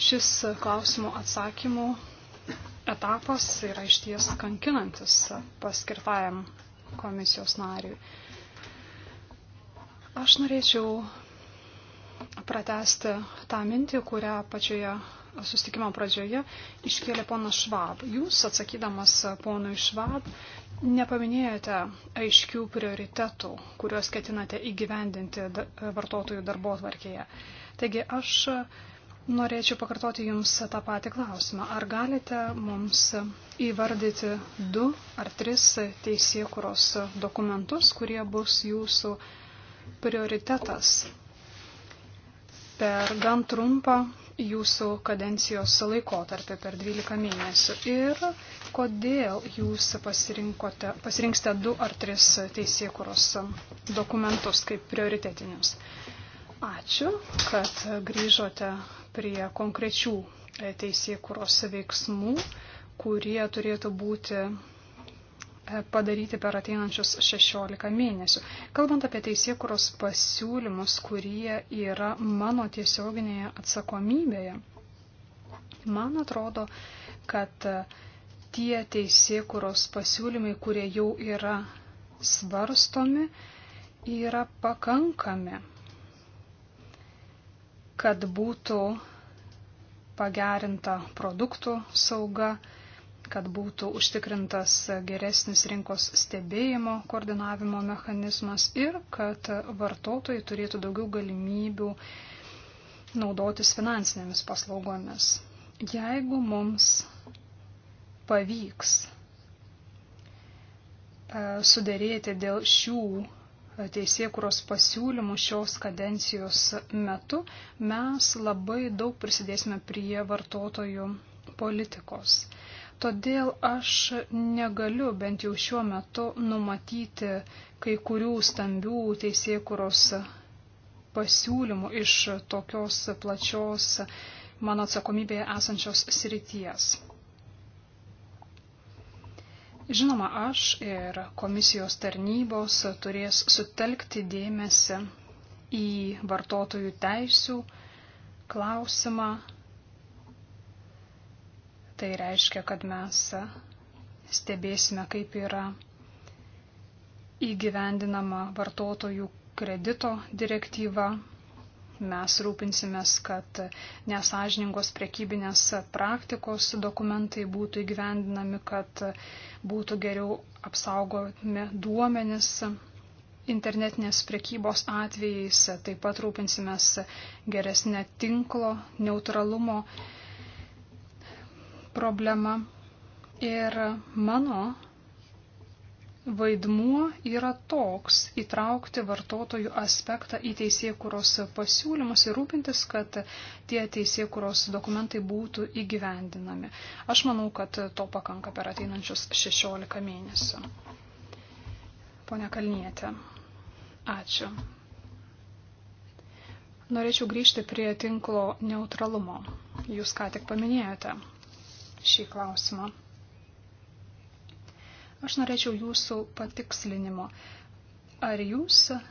šis klausimų atsakymų etapas yra išties kankinantis paskirtajam komisijos nariui. Aš norėčiau pratesti tą mintį, kurią pačioje susitikimo pradžioje iškėlė ponas Švab. Jūs, atsakydamas ponui Švab, nepaminėjote aiškių prioritetų, kuriuos ketinate įgyvendinti vartotojų darbo atvarkėje. Taigi aš Norėčiau pakartoti Jums tą patį klausimą. Ar galite mums įvardyti du ar tris teisėkuros dokumentus, kurie bus Jūsų prioritetas per gan trumpą Jūsų kadencijos laikotarpį per 12 mėnesių ir kodėl Jūs pasirinksite du ar tris teisėkuros dokumentus kaip prioritetinius? Ačiū, kad grįžote prie konkrečių e, teisėkuros veiksmų, kurie turėtų būti e, padaryti per ateinančius 16 mėnesių. Kalbant apie teisėkuros pasiūlymus, kurie yra mano tiesioginėje atsakomybėje, man atrodo, kad e, tie teisėkuros pasiūlymai, kurie jau yra svarstomi, yra pakankami kad būtų pagerinta produktų sauga, kad būtų užtikrintas geresnis rinkos stebėjimo koordinavimo mechanizmas ir kad vartotojai turėtų daugiau galimybių naudotis finansinėmis paslaugomis. Jeigu mums pavyks e, sudėrėti dėl šių teisėkuros pasiūlymų šios kadencijos metu mes labai daug prisidėsime prie vartotojų politikos. Todėl aš negaliu bent jau šiuo metu numatyti kai kurių stambių teisėkuros pasiūlymų iš tokios plačios mano atsakomybėje esančios srities. Žinoma, aš ir komisijos tarnybos turės sutelkti dėmesį į vartotojų teisų klausimą. Tai reiškia, kad mes stebėsime, kaip yra įgyvendinama vartotojų kredito direktyva Mes rūpinsimės, kad nesažiningos prekybinės praktikos dokumentai būtų įgyvendinami, kad būtų geriau apsaugomi duomenis internetinės prekybos atvejais. Taip pat rūpinsimės geresnė tinklo neutralumo problema. Ir mano vaidmuo yra toks - įtraukti vartotojų aspektą į teisėkuros pasiūlymus ir rūpintis, kad tie teisėkuros dokumentai būtų įgyvendinami. Aš manau, kad to pakanka per ateinančius 16 mėnesių. Pone Kalnietė, ačiū. Norėčiau grįžti prie tinklo neutralumo. Jūs ką tik paminėjote šį klausimą. Aš norėčiau jūsų patikslinimo. Ar jūs e,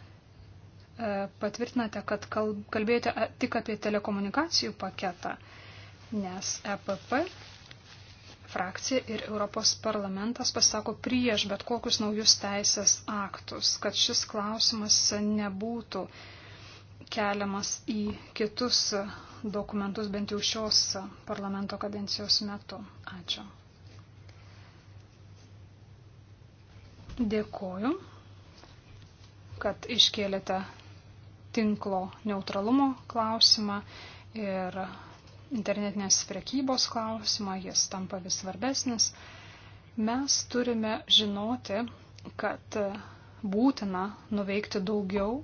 patvirtinate, kad kalbėjote tik apie telekomunikacijų paketą, nes EPP frakcija ir Europos parlamentas pasako prieš bet kokius naujus teisės aktus, kad šis klausimas nebūtų keliamas į kitus dokumentus bent jau šios parlamento kadencijos metu. Ačiū. Dėkoju, kad iškėlėte tinklo neutralumo klausimą ir internetinės prekybos klausimą, jis tampa vis svarbesnis. Mes turime žinoti, kad būtina nuveikti daugiau,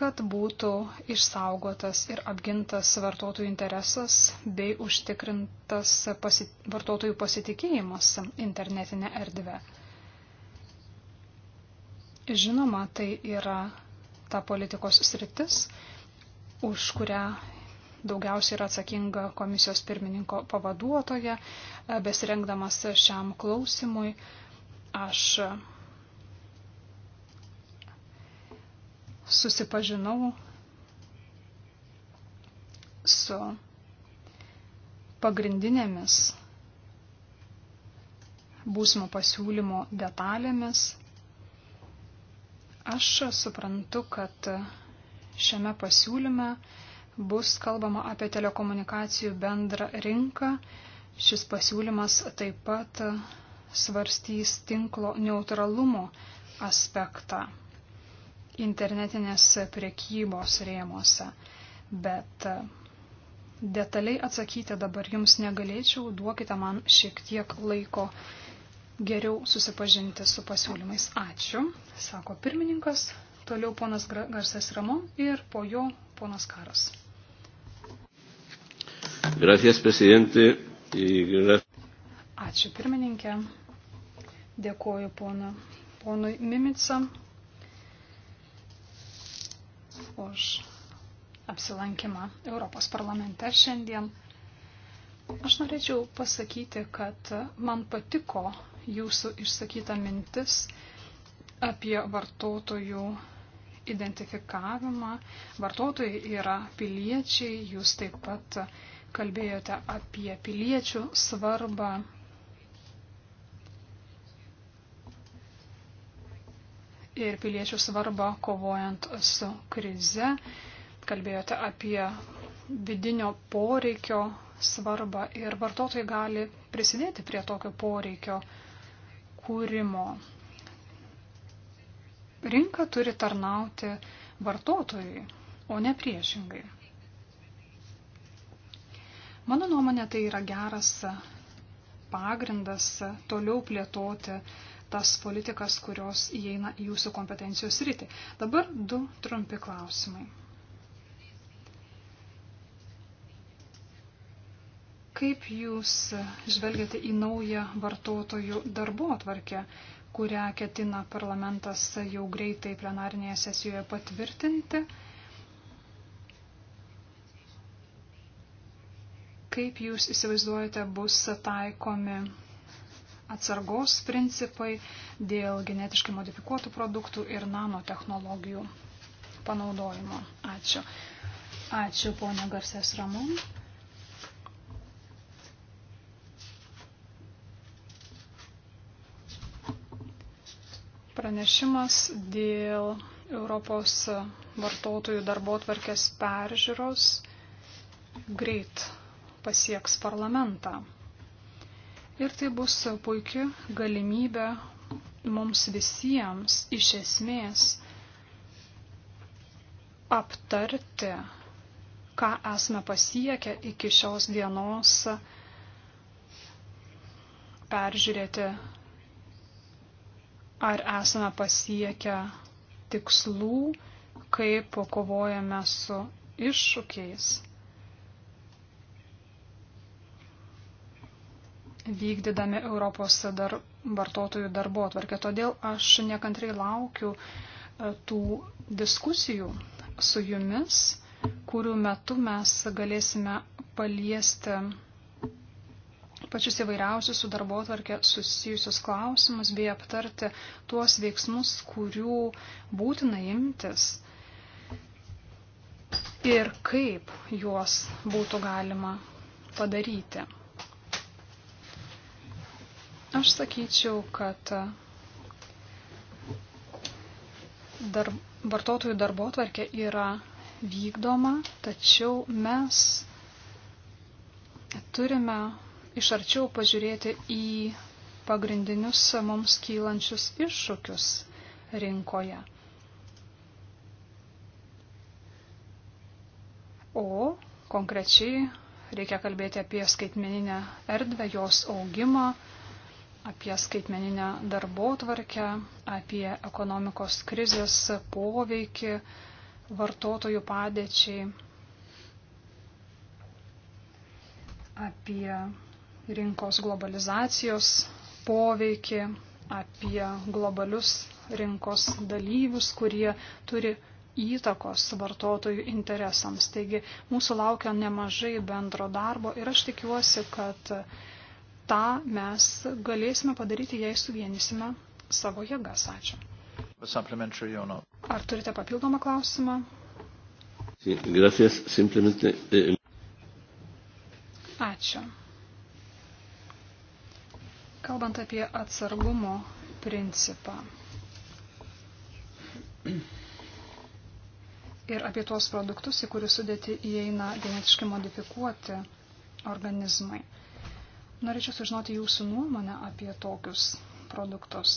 kad būtų išsaugotas ir apgintas vartotojų interesas bei užtikrintas pasi vartotojų pasitikėjimas internetinė erdvė. Žinoma, tai yra ta politikos sritis, už kurią daugiausiai yra atsakinga komisijos pirmininko pavaduotoja, besirengdamas šiam klausimui. Aš susipažinau su pagrindinėmis būsimo pasiūlymo detalėmis Aš suprantu, kad šiame pasiūlyme bus kalbama apie telekomunikacijų bendrą rinką. Šis pasiūlymas taip pat svarstys tinklo neutralumo aspektą internetinės priekybos rėmose, bet detaliai atsakyti dabar jums negalėčiau, duokite man šiek tiek laiko geriau susipažinti su pasiūlymais. Ačiū, sako pirmininkas, toliau ponas Garsas Ramon ir po jo ponas Karas. Gracias, presidente. Gra... Ačiū pirmininkė. Dėkoju pona, ponui Mimica už apsilankimą Europos parlamente šiandien. Aš norėčiau pasakyti, kad man patiko jūsų išsakytą mintis apie vartotojų identifikavimą. Vartotojai yra piliečiai, jūs taip pat kalbėjote apie piliečių svarbą. Ir piliečių svarbą kovojant su krize. Kalbėjote apie vidinio poreikio svarbą ir vartotojai gali prisidėti prie tokio poreikio kūrimo. Rinka turi tarnauti vartotojui, o ne priešingai. Mano nuomonė tai yra geras pagrindas toliau plėtoti tas politikas, kurios įeina į jūsų kompetencijos rytį. Dabar du trumpi klausimai. Kaip Jūs žvelgiate į naują vartotojų darbo atvarkę, kurią ketina parlamentas jau greitai plenarinėje sesijoje patvirtinti? Kaip Jūs įsivaizduojate bus taikomi atsargos principai dėl genetiškai modifikuotų produktų ir nanotehnologijų panaudojimo? Ačiū. Ačiū, ponia Garsės Ramon. Pranešimas dėl Europos vartotojų darbo tvarkės peržiūros greit pasieks parlamentą. Ir tai bus puikia galimybė mums visiems iš esmės aptarti, ką esame pasiekę iki šios dienos, peržiūrėti ar esame pasiekę tikslų, kaip kovojame su iššūkiais. vykdydami Europos dar, vartotojų darbo atvarkę. Todėl aš nekantrai laukiu e, tų diskusijų su jumis, kurių metu mes galėsime paliesti pačius įvairiausius su darbo atvarkė susijusius klausimus bei aptarti tuos veiksmus, kurių būtina imtis ir kaip juos būtų galima padaryti. Aš sakyčiau, kad dar, vartotojų darbo tvarkė yra vykdoma, tačiau mes turime iš arčiau pažiūrėti į pagrindinius mums kylančius iššūkius rinkoje. O konkrečiai reikia kalbėti apie skaitmeninę erdvę, jos augimą, apie skaitmeninę darbo tvarkę, apie ekonomikos krizės poveikį vartotojų padėčiai, apie rinkos globalizacijos poveikį, apie globalius rinkos dalyvius, kurie turi įtakos vartotojų interesams. Taigi mūsų laukia nemažai bendro darbo ir aš tikiuosi, kad tą mes galėsime padaryti, jei suvienysime savo jėgas. Ačiū. Ar turite papildomą klausimą? Eh, Ačiū. Kalbant apie atsargumo principą ir apie tuos produktus, į kurių sudėti įeina genetiškai modifikuoti organizmai. Norėčiau sužinoti jūsų nuomonę apie tokius produktus.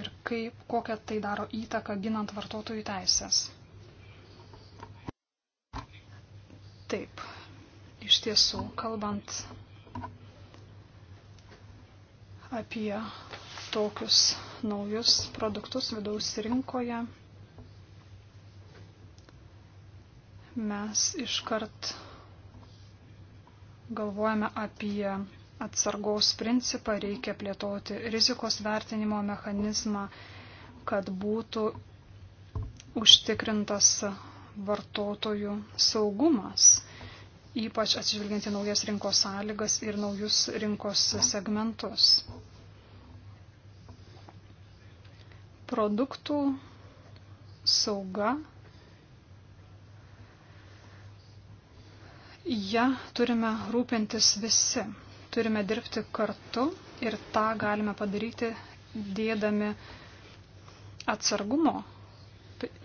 Ir kaip, kokią tai daro įtaką ginant vartotojų teisės. Taip, Iš tiesų, kalbant apie tokius naujus produktus vidaus rinkoje, mes iškart galvojame apie atsargaus principą, reikia plėtoti rizikos vertinimo mechanizmą, kad būtų užtikrintas vartotojų saugumas ypač atsižvelgiant į naujas rinkos sąlygas ir naujus rinkos segmentus. Produktų sauga. Ja turime rūpintis visi. Turime dirbti kartu ir tą galime padaryti dėdami atsargumo,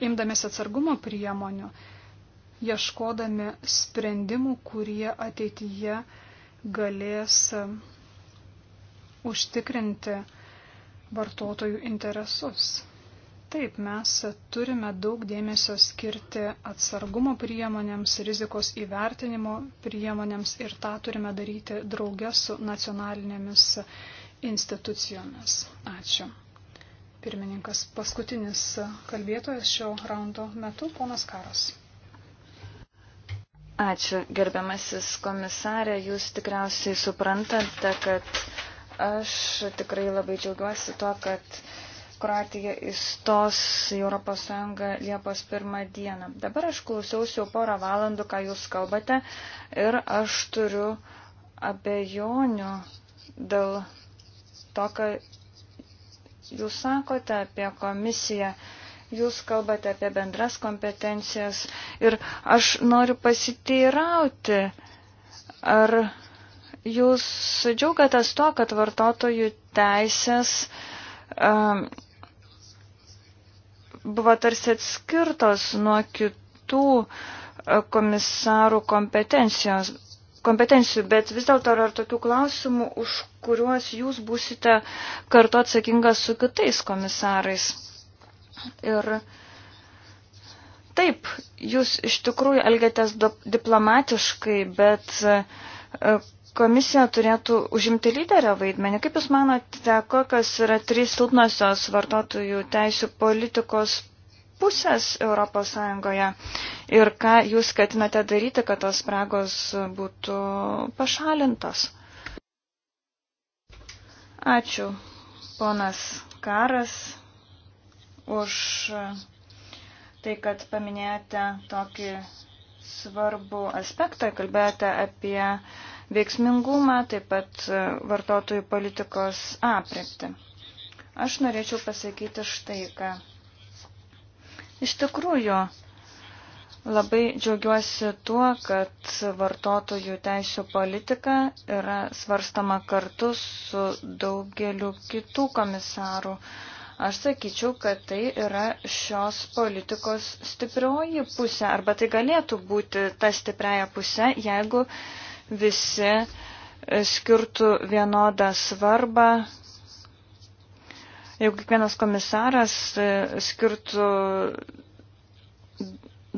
imdamės atsargumo priemonių ieškodami sprendimų, kurie ateityje galės e, užtikrinti vartotojų interesus. Taip, mes turime daug dėmesio skirti atsargumo priemonėms, rizikos įvertinimo priemonėms ir tą turime daryti draugę su nacionalinėmis institucijomis. Ačiū. Pirmininkas, paskutinis kalbėtojas šio raundo metu, ponas Karas. Ačiū, gerbiamasis komisarė. Jūs tikriausiai suprantate, kad aš tikrai labai džiaugiuosi tuo, kad Kroatija įstos į ES Liepos pirmą dieną. Dabar aš klausiausi jau porą valandų, ką jūs kalbate, ir aš turiu abejonių dėl to, ką jūs sakote apie komisiją. Jūs kalbate apie bendras kompetencijas ir aš noriu pasiteirauti, ar jūs džiaugiatės to, kad vartotojų teisės um, buvo tarsi atskirtos nuo kitų uh, komisarų kompetencijos, kompetencijų, bet vis dėlto yra tokių klausimų, už kuriuos jūs būsite kartu atsakingas su kitais komisarais. Ir taip, jūs iš tikrųjų elgiatės diplomatiškai, bet e, komisija turėtų užimti lyderio vaidmenį. Kaip Jūs manote, kokios yra trys silpnosios vartotojų teisų politikos pusės ES ir ką Jūs ketinate daryti, kad tos spragos būtų pašalintos? Ačiū, ponas Karas už tai, kad paminėjote tokį svarbų aspektą, kalbėjote apie veiksmingumą, taip pat vartotojų politikos aprepti. Aš norėčiau pasakyti štai ką. Iš tikrųjų, labai džiaugiuosi tuo, kad vartotojų teisų politika yra svarstama kartu su daugeliu kitų komisarų uh, Aš sakyčiau, kad tai yra šios politikos stiprioji pusė, arba tai galėtų būti ta stipriaja pusė, jeigu visi e, skirtų vienodą svarbą, jeigu kiekvienas komisaras e, skirtų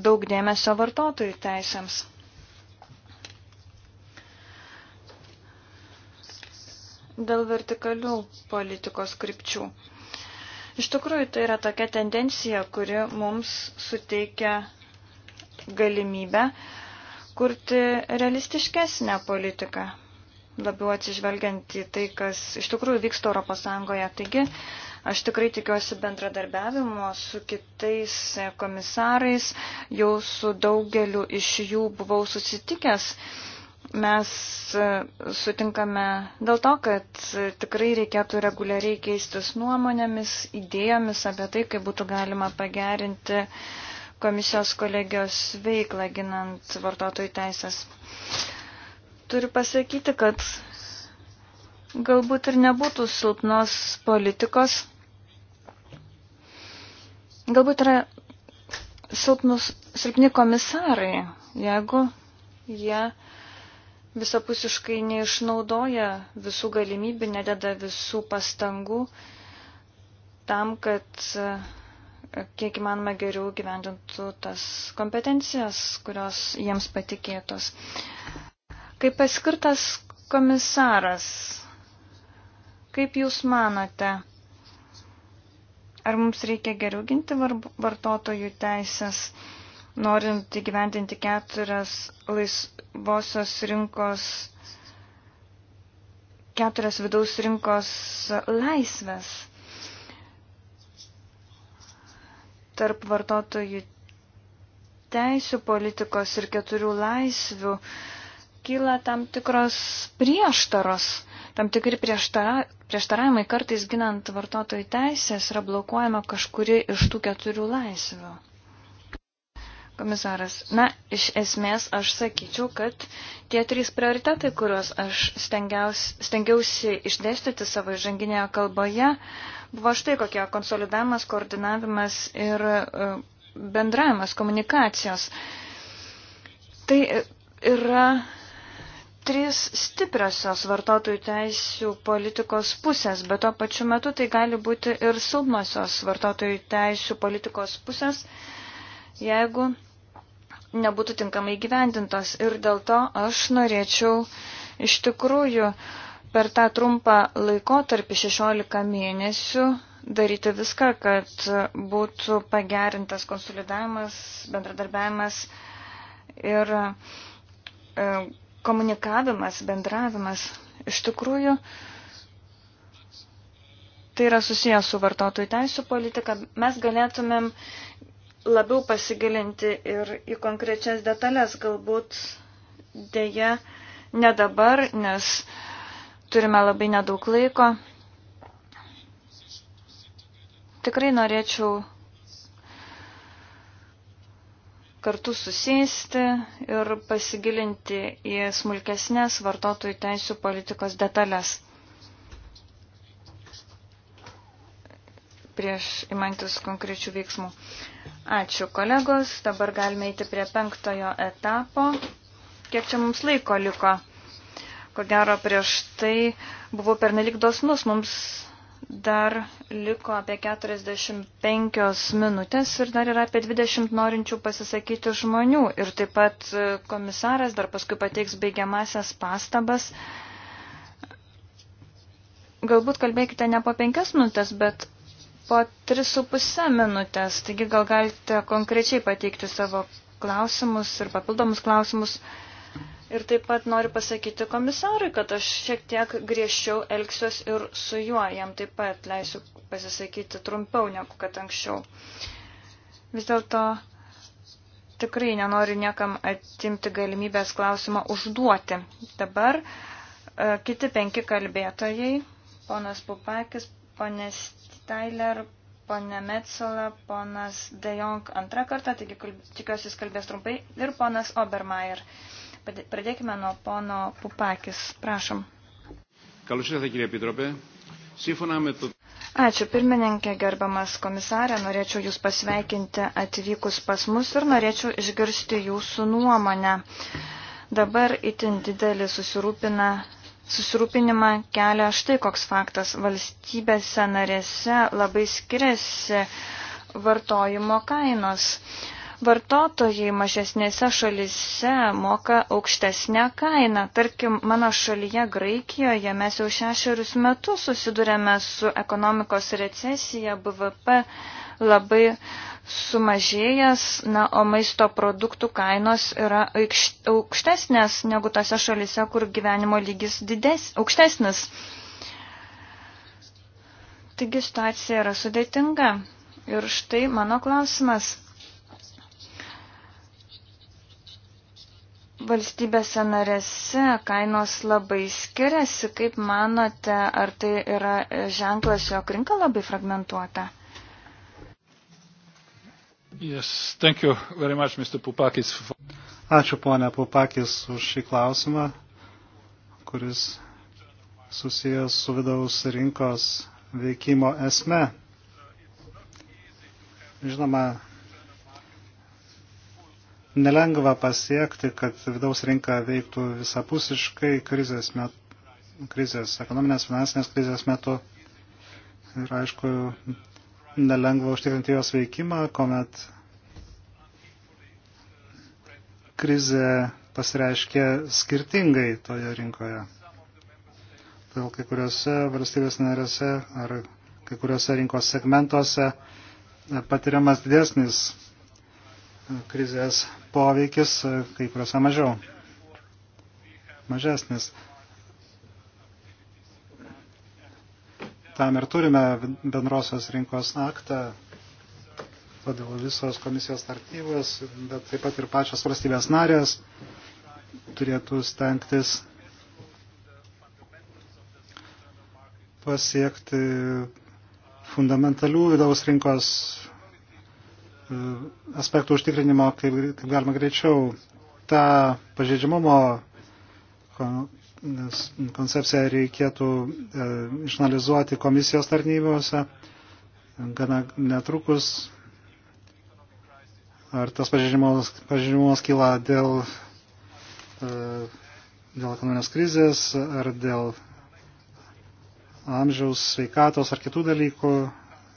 daug dėmesio vartotojų teisėms. Dėl vertikalių politikos krypčių. Iš tikrųjų, tai yra tokia tendencija, kuri mums suteikia galimybę kurti realistiškesnę politiką, labiau atsižvelgiant į tai, kas iš tikrųjų vyksta ES. Taigi, aš tikrai tikiuosi bendradarbiavimo su kitais komisarais, jau su daugeliu iš jų buvau susitikęs mes e, sutinkame dėl to, kad tikrai reikėtų reguliariai keistis nuomonėmis, idėjomis apie tai, kaip būtų galima pagerinti komisijos kolegijos veiklą ginant vartotojų teisės. Turiu pasakyti, kad galbūt ir nebūtų silpnos politikos. Galbūt yra silpnus, silpni komisarai, jeigu jie yeah visapusiškai neišnaudoja visų galimybių, nededa visų pastangų tam, kad e, kiek įmanoma geriau gyvendintų tas kompetencijas, kurios jiems patikėtos. Kaip paskirtas komisaras, kaip Jūs manote, ar mums reikia geriau ginti vartotojų teisės? norint įgyvendinti keturias laisvosios rinkos, keturias vidaus rinkos laisvės tarp vartotojų teisų politikos ir keturių laisvių kyla tam tikros prieštaros, tam tikri prieštara, prieštaravimai kartais ginant vartotojų teisės yra blokuojama kažkuri iš tų keturių laisvių komisaras. Na, iš esmės aš sakyčiau, kad tie trys prioritetai, kuriuos aš stengiausi išdėstyti savo žanginėje kalboje, buvo štai kokie konsolidavimas, koordinavimas ir e, bendravimas, komunikacijos. Tai e, yra trys stipriosios vartotojų teisių politikos pusės, bet tuo pačiu metu tai gali būti ir silpnosios vartotojų teisių politikos pusės, jeigu nebūtų tinkamai gyvendintos. Ir dėl to aš norėčiau iš tikrųjų per tą trumpą laikotarpį 16 mėnesių daryti viską, kad būtų pagerintas konsolidavimas, bendradarbiavimas ir e, komunikavimas, bendravimas. Iš tikrųjų, tai yra susijęs su vartotojų teisų politika. Mes galėtumėm labiau pasigilinti ir į konkrečias detalės, galbūt dėja ne dabar, nes turime labai nedaug laiko. Tikrai norėčiau kartu susėsti ir pasigilinti į smulkesnės vartotojų teisų politikos detalės. prieš imantis konkrečių veiksmų. Ačiū kolegos, dabar galime eiti prie penktojo etapo. Kiek čia mums laiko liko? Ko gero prieš tai buvo pernelik dosnus, mums dar liko apie 45 minutės ir dar yra apie 20 norinčių pasisakyti žmonių. Ir taip pat komisaras dar paskui pateiks baigiamasias pastabas. Galbūt kalbėkite ne po penkias minutės, bet po 3,5 minutės, taigi gal galite konkrečiai pateikti savo klausimus ir papildomus klausimus. Ir taip pat noriu pasakyti komisarui, kad aš šiek tiek griežčiau elgsiuos ir su juo. Jam taip pat leisiu pasisakyti trumpiau negu kad anksčiau. Vis dėlto tikrai nenoriu niekam atimti galimybės klausimą užduoti. Dabar e, kiti penki kalbėtojai, ponas Pupakis, ponės Tyler, ponė Metzola, ponas De Jong antrą kartą, taigi tikiuosi jis kalbės trumpai, ir ponas Obermeier. Pradėkime nuo pono Pupakis. Prašom. Καλώς ήρθατε κύριε Επίτροπε. Σύμφωνα με το... Ačiū pirmininkė, gerbamas komisarė, norėčiau Jūs pasveikinti atvykus pas mus ir norėčiau išgirsti Jūsų nuomonę. Dabar itin didelį susirūpina Susirūpinimą kelia štai koks faktas. Valstybėse narėse labai skiriasi vartojimo kainos. Vartotojai mažesnėse šalise moka aukštesnę kainą. Tarkim, mano šalyje Graikijoje mes jau šešerius metus susidurėme su ekonomikos recesija, BVP labai sumažėjęs, na, o maisto produktų kainos yra aukštesnės negu tose šalise, kur gyvenimo lygis didės, aukštesnis. Taigi situacija yra sudėtinga. Ir štai mano klausimas. Valstybėse narėse kainos labai skiriasi. Kaip manote, ar tai yra ženklas, jog rinka labai fragmentuota? Yes, thank you very much, Mr. Pupakis. Ačiū, ponia Pupakis, už šį klausimą, kuris susijęs su vidaus rinkos veikimo esme. Žinoma, nelengva pasiekti, kad vidaus rinka veiktų visapusiškai krizės, met, krizės ekonominės, finansinės krizės metu. Ir aišku, nelengva užtikrinti jos veikimą, kuomet krizė pasireiškia skirtingai toje rinkoje. Todėl kai kuriuose valstybės narėse ar kai kuriuose rinkos segmentuose patiriamas didesnis krizės poveikis, kai kuriuose mažiau. Mažesnis. Tam ir turime bendrosios rinkos aktą, todėl visos komisijos tarnybos, bet taip pat ir pačios valstybės narės turėtų stengtis pasiekti fundamentalių vidaus rinkos e, aspektų užtikrinimo, kaip, kaip galima greičiau. Ta pažeidžiamumo nes koncepciją reikėtų e, išanalizuoti komisijos tarnybose gana netrukus. Ar tas pažinimas kyla dėl, e, dėl ekonominės krizės, ar dėl amžiaus, sveikatos ar kitų dalykų.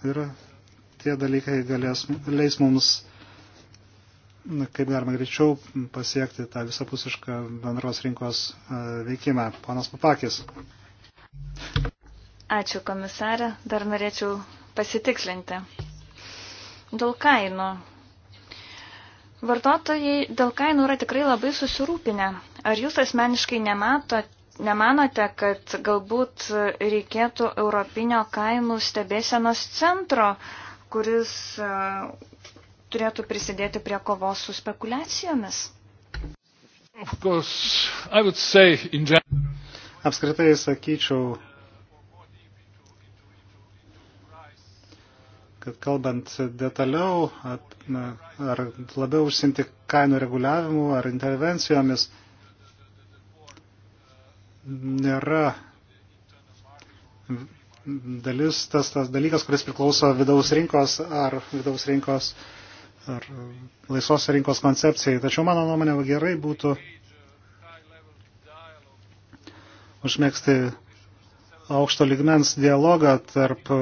Ir tie dalykai galės, leis mums kaip galima greičiau pasiekti tą visapusišką bendros rinkos e, veikimą. Ponas Papakis. Ačiū komisarė. Dar norėčiau pasitikslinti. Dėl kainų. Vartotojai dėl kainų yra tikrai labai susirūpinę. Ar jūs asmeniškai nemato, nemanote, kad galbūt reikėtų Europinio kainų stebėsenos centro, kuris e, turėtų prisidėti prie kovos su spekulacijomis? Apskritai sakyčiau, kad kalbant detaliau at, na, ar labiau užsimti kainų reguliavimu ar intervencijomis, nėra dalis, tas, tas dalykas, kuris priklauso vidaus rinkos ar vidaus rinkos uh, ar laisvos rinkos koncepcijai. Tačiau mano nuomonė gerai būtų užmėgsti aukšto ligmens dialogą tarp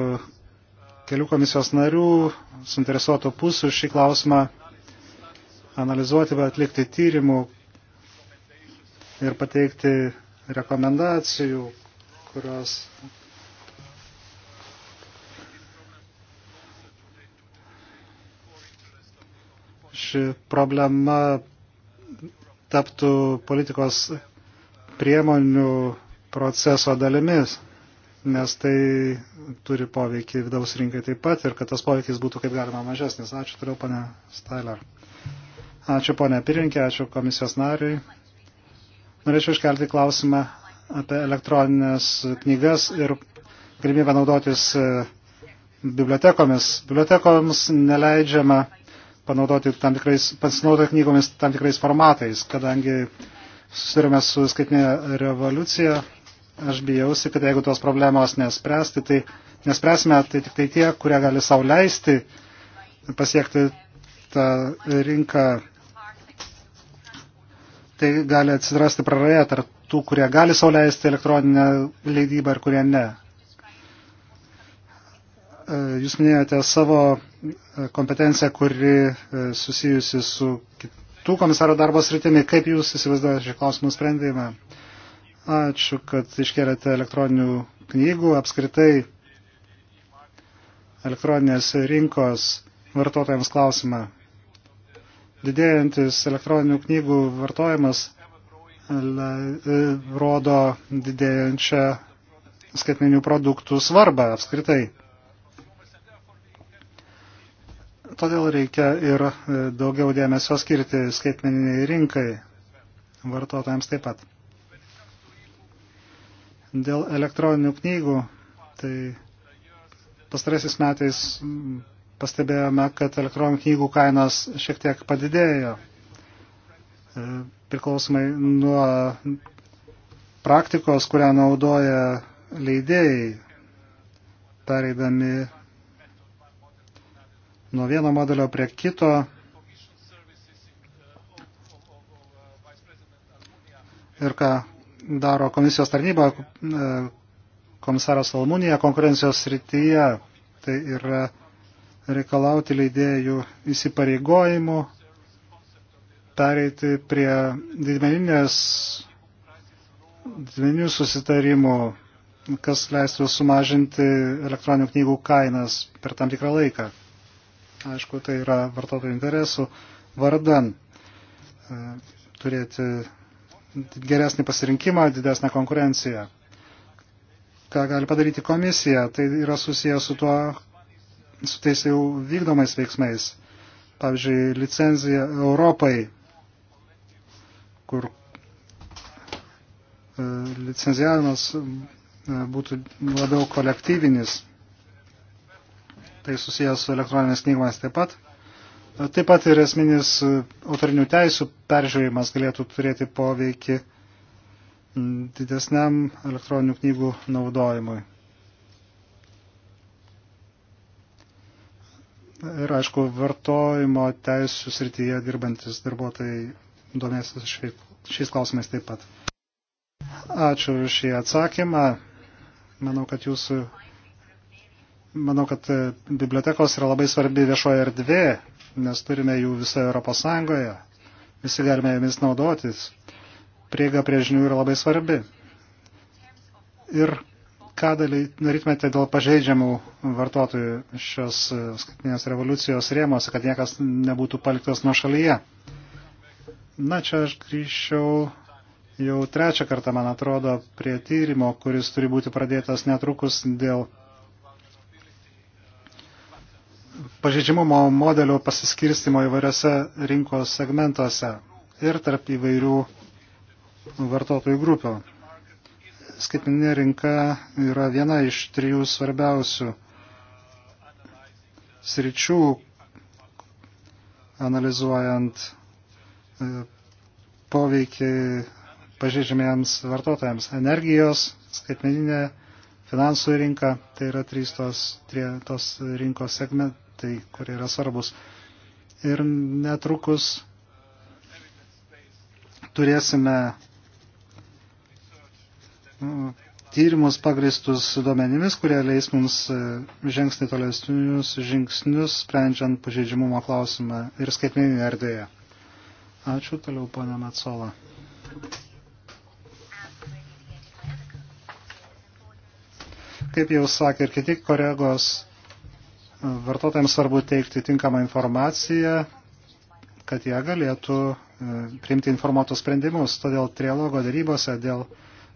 kelių komisijos narių, suinteresuotų pusių šį klausimą analizuoti, bet atlikti tyrimų ir pateikti rekomendacijų, kurios ši problema taptų politikos priemonių proceso dalimis, nes tai turi poveikį vidaus rinkai taip pat ir kad tas poveikis būtų kaip galima mažesnis. Ačiū toliau, pane Stailer. Ačiū, ponė Pirinkė, ačiū komisijos nariui. Norėčiau iškelti klausimą apie elektroninės knygas ir galimybę naudotis bibliotekomis. Bibliotekoms neleidžiama panaudoti tam tikrais, pasinaudoti knygomis tam tikrais formatais, kadangi susidurime su skaitinė revoliucija, aš bijausi, kad jeigu tos problemos nespręsti, tai nespręsime, tai tik tai tie, kurie gali sau leisti pasiekti tą rinką, tai gali atsirasti praraja tarp tų, kurie gali sau leisti elektroninę leidybą ir kurie ne. Jūs minėjote savo e, kompetenciją, kuri e, susijusi su kitų komisaro darbos rytimi. Kaip Jūs įsivaizduojate šį klausimų sprendimą? Ačiū, kad iškėlėte elektroninių knygų. Apskritai elektroninės rinkos vartotojams klausimą. Didėjantis elektroninių knygų vartojimas e, rodo didėjančią skaitmeninių produktų svarbą apskritai. Todėl reikia ir e, daugiau dėmesio skirti skaitmeniniai rinkai, vartotojams taip pat. Dėl elektroninių knygų, tai pastaraisiais metais pastebėjome, kad elektroninių knygų kainos šiek tiek padidėjo e, priklausomai nuo praktikos, kurią naudoja leidėjai, pereidami nuo vieno modelio prie kito. Ir ką daro komisijos tarnyba, e, komisaras Almunija konkurencijos srityje, tai yra reikalauti leidėjų įsipareigojimų, pereiti prie didmeninės didmeninių susitarimų, kas leistų sumažinti elektroninių knygų kainas per tam tikrą laiką. Aišku, tai yra vartotojų interesų vardan e, turėti geresnį pasirinkimą, didesnę konkurenciją. Ką gali padaryti komisija, tai yra susiję su tuo, su tais jau vykdomais veiksmais. Pavyzdžiui, licenzija Europai, kur e, licenzijavimas e, būtų labiau kolektyvinis tai susijęs su elektroninės knygomis taip pat. Taip pat ir esminis e, autorinių teisų peržiūrėjimas galėtų turėti poveikį didesniam elektroninių knygų naudojimui. Ir aišku, vartojimo teisų srityje dirbantis darbuotojai domėsis šiais klausimais taip pat. Ačiū už šį atsakymą. Manau, kad jūsų manau, kad e, bibliotekos yra labai svarbi viešoje erdvė, nes turime jų visoje Europos Sąjungoje. Visi galime jomis naudotis. Prieiga prie žinių yra labai svarbi. Ir ką darytumėte dėl pažeidžiamų vartotojų šios e, skaitinės revoliucijos rėmose, kad niekas nebūtų paliktas nuo šalyje? Na, čia aš grįžčiau jau trečią kartą, man atrodo, prie tyrimo, kuris turi būti pradėtas netrukus dėl pažeidžiamumo modelio pasiskirstimo įvairiose rinkos segmentuose ir tarp įvairių vartotojų grupių. Skaitmeninė rinka yra viena iš trijų svarbiausių sričių, analizuojant e, poveikį pažeidžiamiems vartotojams. Energijos, skaitmeninė, finansų rinka, tai yra trys tos, trie, tos rinkos segment, aspektai, kurie yra svarbus. Ir netrukus turėsime nu, tyrimus pagristus duomenimis, kurie leis mums e, žengsti tolesnius žingsnius, sprendžiant pažeidžiamumo klausimą ir skaitmeninėje erdvėje. Ačiū toliau, ponė Matsola. Kaip jau sakė ir kiti kolegos, vartotojams svarbu teikti tinkamą informaciją, kad jie galėtų e, priimti informuotus sprendimus. Todėl trialogo darybose dėl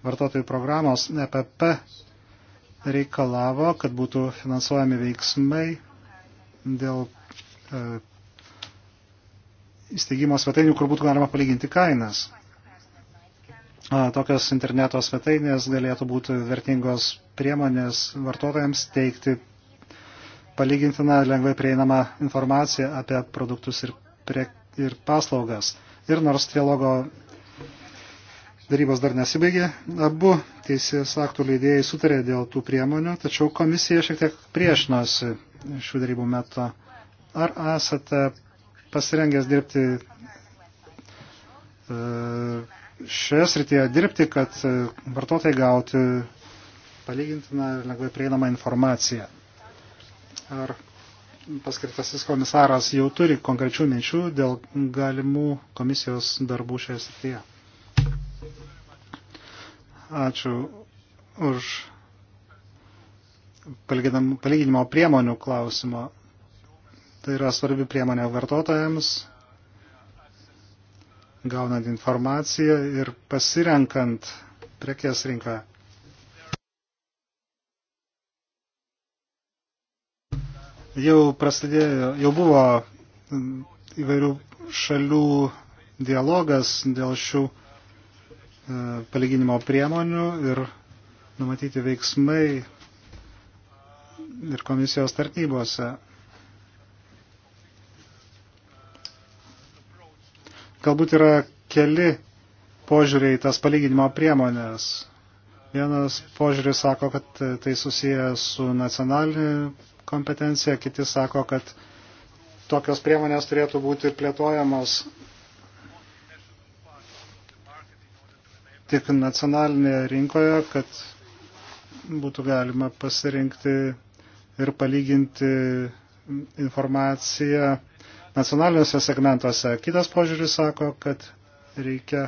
vartotojų programos EPP reikalavo, kad būtų finansuojami veiksmai dėl e, įsteigimo svetainių, kur būtų galima palyginti kainas. A, tokios interneto svetainės galėtų būti vertingos priemonės vartotojams teikti palygintiną lengvai prieinamą informaciją apie produktus ir, prie, ir paslaugas. Ir nors trilogo darybos dar nesibaigė, abu teisės aktų leidėjai sutarė dėl tų priemonių, tačiau komisija šiek tiek priešinosi šių darybų metu. Ar esate pasirengęs dirbti e, šioje srityje, dirbti, kad e, vartotojai gauti palygintiną lengvai prieinamą informaciją? ar paskirtasis komisaras jau turi konkrečių minčių dėl galimų komisijos darbų šioje srityje. Ačiū už palyginimo priemonių klausimo. Tai yra svarbi priemonė vartotojams, gaunant informaciją ir pasirenkant prekės rinką. Jau prasidėjo, jau buvo įvairių šalių dialogas dėl šių e, palyginimo priemonių ir numatyti veiksmai ir komisijos tarnybose. Galbūt yra keli požiūriai tas palyginimo priemonės. Vienas požiūris sako, kad tai susiję su nacionaliniu kompetencija, kiti sako, kad tokios priemonės turėtų būti plėtojamos tik nacionalinėje rinkoje, kad būtų galima pasirinkti ir palyginti informaciją nacionaliniuose segmentuose. Kitas požiūris sako, kad reikia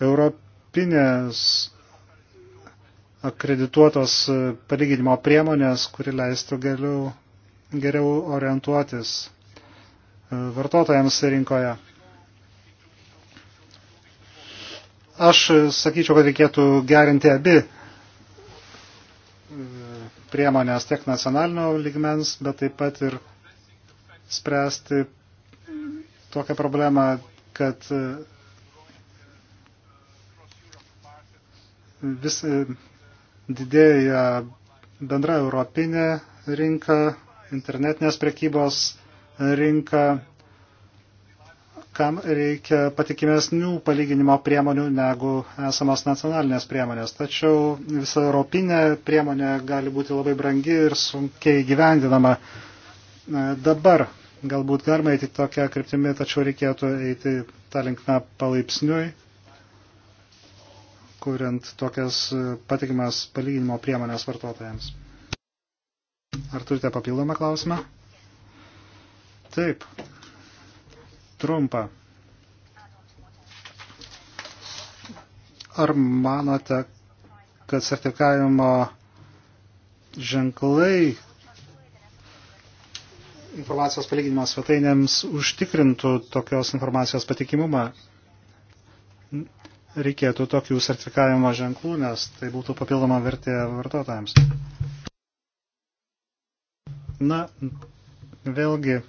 europinės akredituotos e, palyginimo priemonės, kuri leistų galiu, geriau orientuotis e, vartotojams rinkoje. Aš sakyčiau, kad reikėtų gerinti abi e, priemonės tiek nacionalinio ligmens, bet taip pat ir spręsti tokią problemą, kad vis, didėja bendra europinė rinka, internetinės prekybos rinka, kam reikia patikimesnių palyginimo priemonių negu esamos nacionalinės priemonės. Tačiau visa europinė priemonė gali būti labai brangi ir sunkiai gyvendinama. Dabar galbūt galima eiti tokią kryptimį, tačiau reikėtų eiti tą linkmę palaipsniui kuriant tokias e, patikimas palyginimo priemonės vartotojams. Ar turite papildomą klausimą? Taip. Trumpa. Ar manote, kad sertifikavimo ženklai informacijos palyginimo svetainėms užtikrintų tokios informacijos patikimumą? reikėtų tokių sertifikavimo ženklų, nes tai būtų papildoma vertė vartotojams. Na, vėlgi,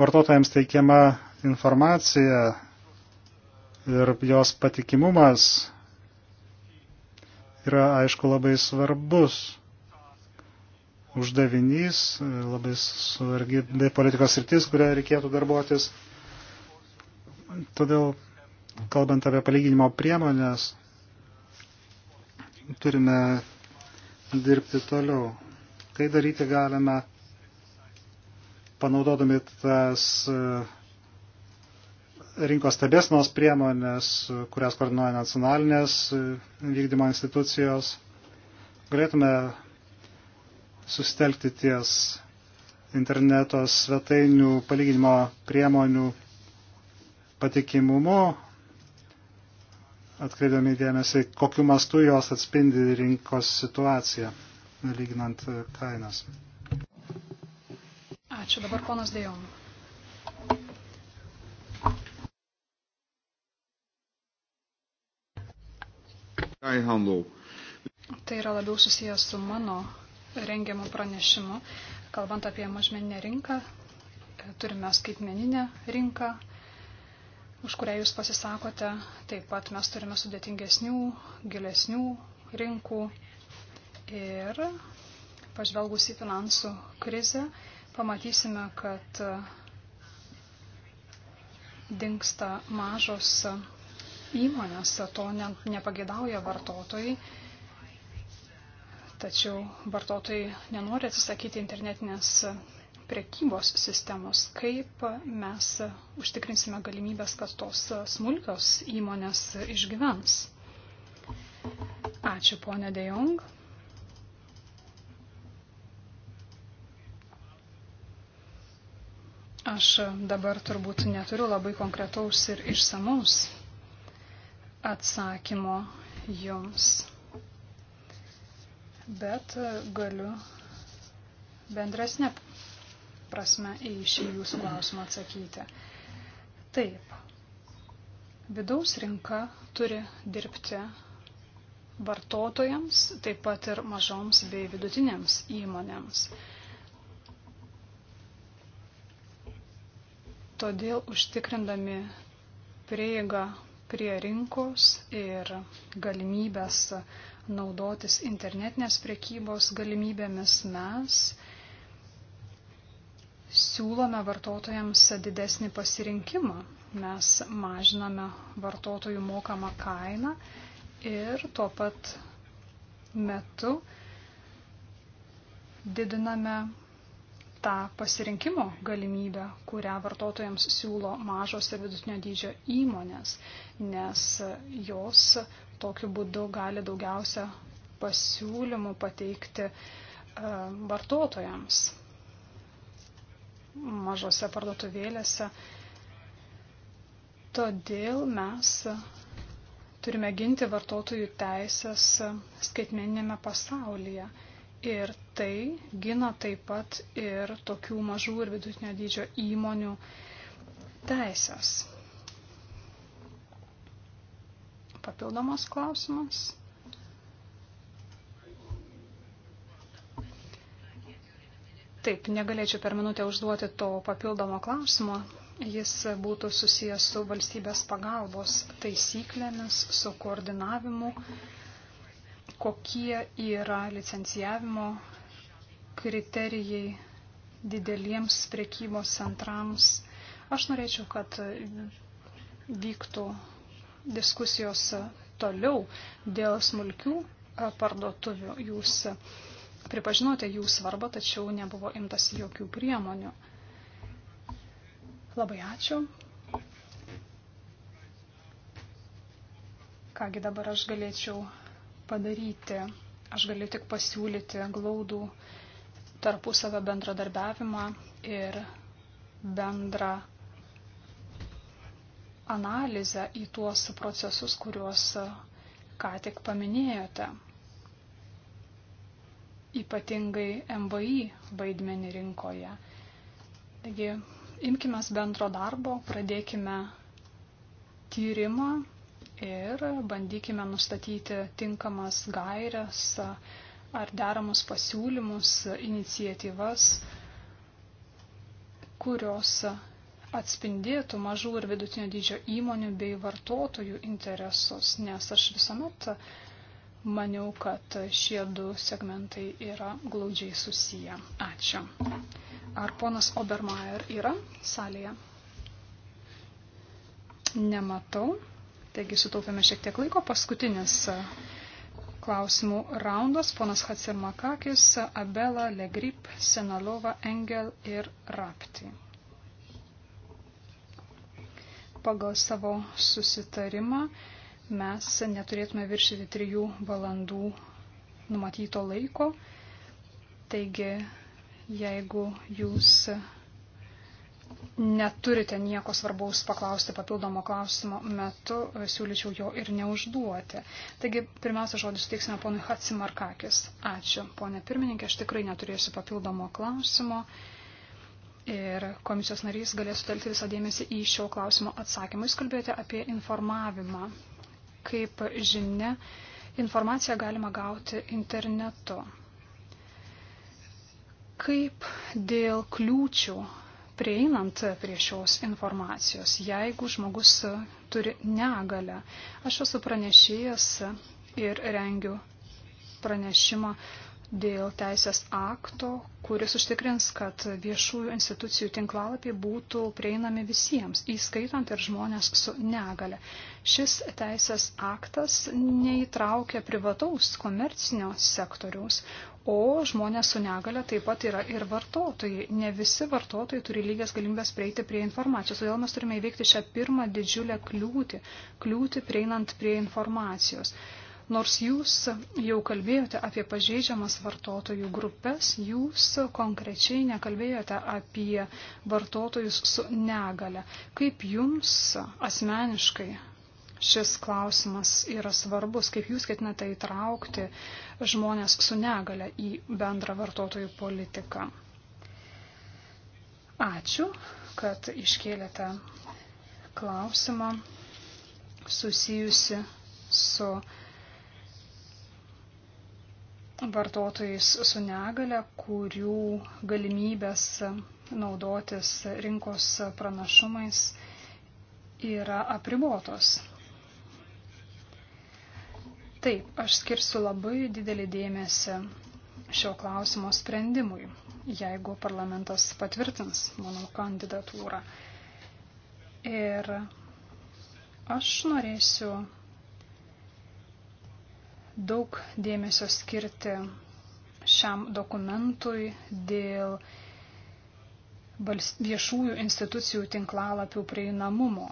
vartotojams teikiama informacija ir jos patikimumas yra, aišku, labai svarbus uždavinys, labai svarbi politikos sritis, kurią reikėtų darbuotis. Todėl, kalbant apie palyginimo priemonės, turime dirbti toliau. Tai daryti galime panaudodami tas e, rinkos stebėsnos priemonės, kurias koordinuoja nacionalinės e, vykdymo institucijos. Galėtume susitelkti ties interneto svetainių palyginimo priemonių patikimumu, atkreipdami dėmesį, kokiu mastu jos atspindi rinkos situaciją, lyginant e, kainas. Ačiū dabar ponas Dejom. Tai, tai yra labiau susijęs su mano rengiamu pranešimu. Kalbant apie mažmeninę rinką, turime skaitmeninę rinką, už kurią jūs pasisakote. Taip pat mes turime sudėtingesnių, gilesnių rinkų. Ir pažvelgus į finansų krizę, pamatysime, kad dinksta mažos įmonės, to ne, nepagėdauja vartotojai. Tačiau vartotojai nenori atsisakyti internetinės prekybos sistemos, kaip mes užtikrinsime galimybės, kad tos smulkios įmonės išgyvens. Ačiū, ponė Dejong. Aš dabar turbūt neturiu labai konkretaus ir išsamaus atsakymo jums. Bet galiu bendresnė prasme į šį jūsų klausimą atsakyti. Taip, vidaus rinka turi dirbti vartotojams, taip pat ir mažoms bei vidutinėms įmonėms. Todėl užtikrindami prieigą prie rinkos ir galimybės naudotis internetinės priekybos galimybėmis mes siūlome vartotojams didesnį pasirinkimą. Mes mažiname vartotojų mokamą kainą ir tuo pat metu didiname tą pasirinkimo galimybę, kurią vartotojams siūlo mažos ir vidutinio dydžio įmonės, nes jos tokiu būdu gali daugiausia pasiūlymų pateikti e, vartotojams mažose parduotuvėlėse. Todėl mes turime ginti vartotojų teisės skaitmeninėme pasaulyje. Ir tai gina taip pat ir tokių mažų ir vidutinio dydžio įmonių teisės. Papildomas klausimas. Taip, negalėčiau per minutę užduoti to papildomo klausimo. Jis būtų susijęs su valstybės pagalbos taisyklėmis, su koordinavimu, kokie yra licencijavimo kriterijai dideliems prekybos centrams. Aš norėčiau, kad vyktų diskusijos toliau dėl smulkių parduotuvių. Jūs Pripažinote jų svarbą, tačiau nebuvo imtas jokių priemonių. Labai ačiū. Kągi dabar aš galėčiau padaryti. Aš galiu tik pasiūlyti glaudų tarpusavę bendradarbiavimą ir bendrą analizę į tuos procesus, kuriuos ką tik paminėjote ypatingai MVI vaidmenį rinkoje. Taigi, imkime bendro darbo, pradėkime tyrimą ir bandykime nustatyti tinkamas gairias ar deramus pasiūlymus, iniciatyvas, kurios atspindėtų mažų ir vidutinio dydžio įmonių bei vartotojų interesus, nes aš visuomet maniau, kad šie du segmentai yra glaudžiai susiję. Ačiū. Ar ponas Obermeier yra salėje? Nematau. Taigi sutaupėme šiek tiek laiko. Paskutinis e, klausimų raundas. Ponas Hatsirmakakis, Abela, Legrip, Senalova, Engel ir Rapti. Pagal savo susitarimą mes neturėtume viršyti trijų valandų numatyto laiko. Taigi, jeigu jūs neturite nieko svarbaus paklausti papildomo klausimo metu, siūlyčiau jo ir neužduoti. Taigi, pirmiausia, žodį suteiksime ponui Hatsimarkakis. Ačiū, ponė pirmininkė, aš tikrai neturėsiu papildomo klausimo. Ir komisijos narys galės sutelkti visą dėmesį į šio klausimo atsakymą. Jūs kalbėjote apie informavimą. Kaip žinia, informaciją galima gauti internetu. Kaip dėl kliūčių prieinant prie šios informacijos, jeigu žmogus turi negalę. Aš esu pranešėjas ir rengiu pranešimą dėl teisės akto, kuris užtikrins, kad viešųjų institucijų tinklalapiai būtų prieinami visiems, įskaitant ir žmonės su negale. Šis teisės aktas neįtraukia privataus komercinio sektoriaus, o žmonės su negale taip pat yra ir vartotojai. Ne visi vartotojai turi lygias galimybės prieiti prie informacijos, todėl mes turime įveikti šią pirmą didžiulę kliūtį, kliūtį prieinant prie informacijos. Nors jūs jau kalbėjote apie pažeidžiamas vartotojų grupės, jūs konkrečiai nekalbėjote apie vartotojus su negale. Kaip jums asmeniškai šis klausimas yra svarbus, kaip jūs ketinate įtraukti žmonės su negale į bendrą vartotojų politiką? Ačiū, kad iškėlėte klausimą susijusi su vartotojais su negale, kurių galimybės naudotis rinkos pranašumais yra apribotos. Taip, aš skirsiu labai didelį dėmesį šio klausimo sprendimui, jeigu parlamentas patvirtins mano kandidatūrą. Ir aš norėsiu daug dėmesio skirti šiam dokumentui dėl viešųjų institucijų tinklalapių prieinamumo.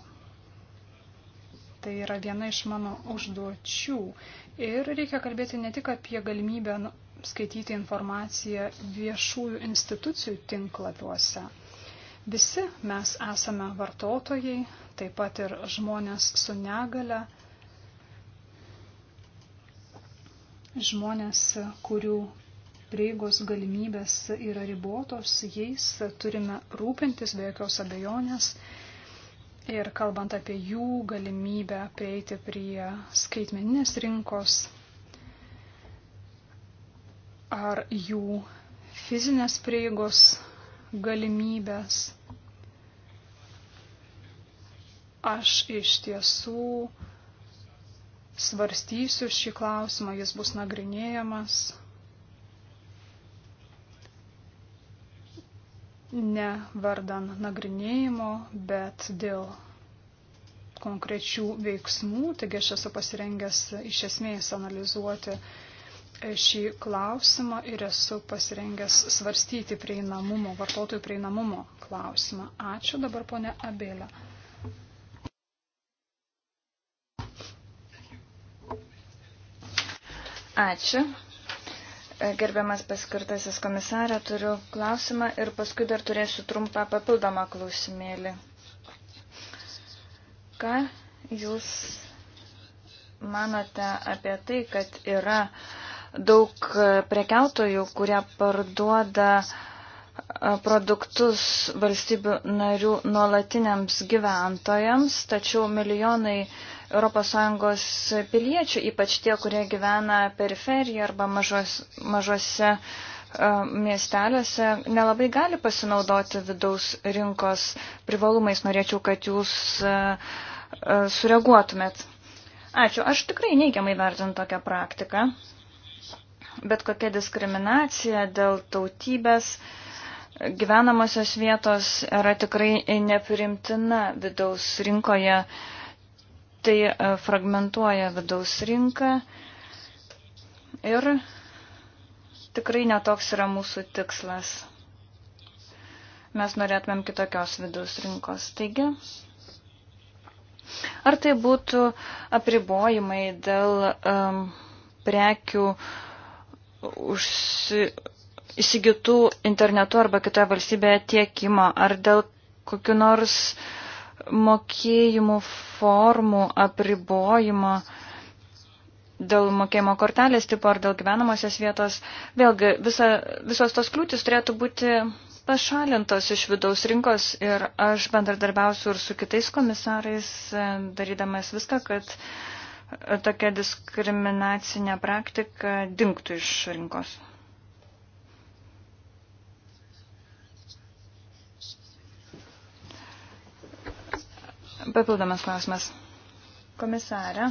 Tai yra viena iš mano užduočių. Ir reikia kalbėti ne tik apie galimybę skaityti informaciją viešųjų institucijų tinklapiuose. Visi mes esame vartotojai, taip pat ir žmonės su negale. žmonės, kurių prieigos galimybės yra ribotos, jais turime rūpintis be jokios abejonės. Ir kalbant apie jų galimybę prieiti prie skaitmeninės rinkos ar jų fizinės prieigos galimybės, aš iš tiesų svarstysiu šį klausimą, jis bus nagrinėjamas. Ne vardan nagrinėjimo, bet dėl konkrečių veiksmų, taigi aš esu pasirengęs iš esmės analizuoti šį klausimą ir esu pasirengęs svarstyti prieinamumo, vartotojų prieinamumo klausimą. Ačiū dabar ponė Abėlė. Ačiū. Gerbiamas paskirtasis komisarė, turiu klausimą ir paskui dar turėsiu trumpą papildomą klausimėlį. Ką jūs manote apie tai, kad yra daug prekiautojų, kurie parduoda produktus valstybių narių nuolatiniams gyventojams, tačiau milijonai uh, ES piliečių, ypač tie, kurie gyvena periferijoje arba mažos, mažose e, miesteliuose, nelabai gali pasinaudoti vidaus rinkos privalumais. Norėčiau, kad jūs e, e, sureaguotumėt. Ačiū. Aš tikrai neigiamai vertinu tokią praktiką. Bet kokia diskriminacija dėl tautybės gyvenamosios vietos yra tikrai neprimtina vidaus rinkoje Tai e, fragmentuoja vidaus rinką ir tikrai netoks yra mūsų tikslas. Mes norėtumėm kitokios vidaus rinkos. Taigi, ar tai būtų apribojimai dėl um, prekių užsi, įsigytų internetu arba kitoje valstybėje tiekimo, ar dėl kokiu nors uh, mokėjimų formų apribojimo dėl mokėjimo kortelės tipo ar dėl gyvenamosios vietos. Vėlgi, visa, visos tos kliūtis turėtų būti pašalintos iš vidaus rinkos ir aš bendradarbiausiu ir su kitais komisarais, darydamas viską, kad tokia diskriminacinė praktika dinktų iš rinkos. Papildomas klausimas. Komisarė,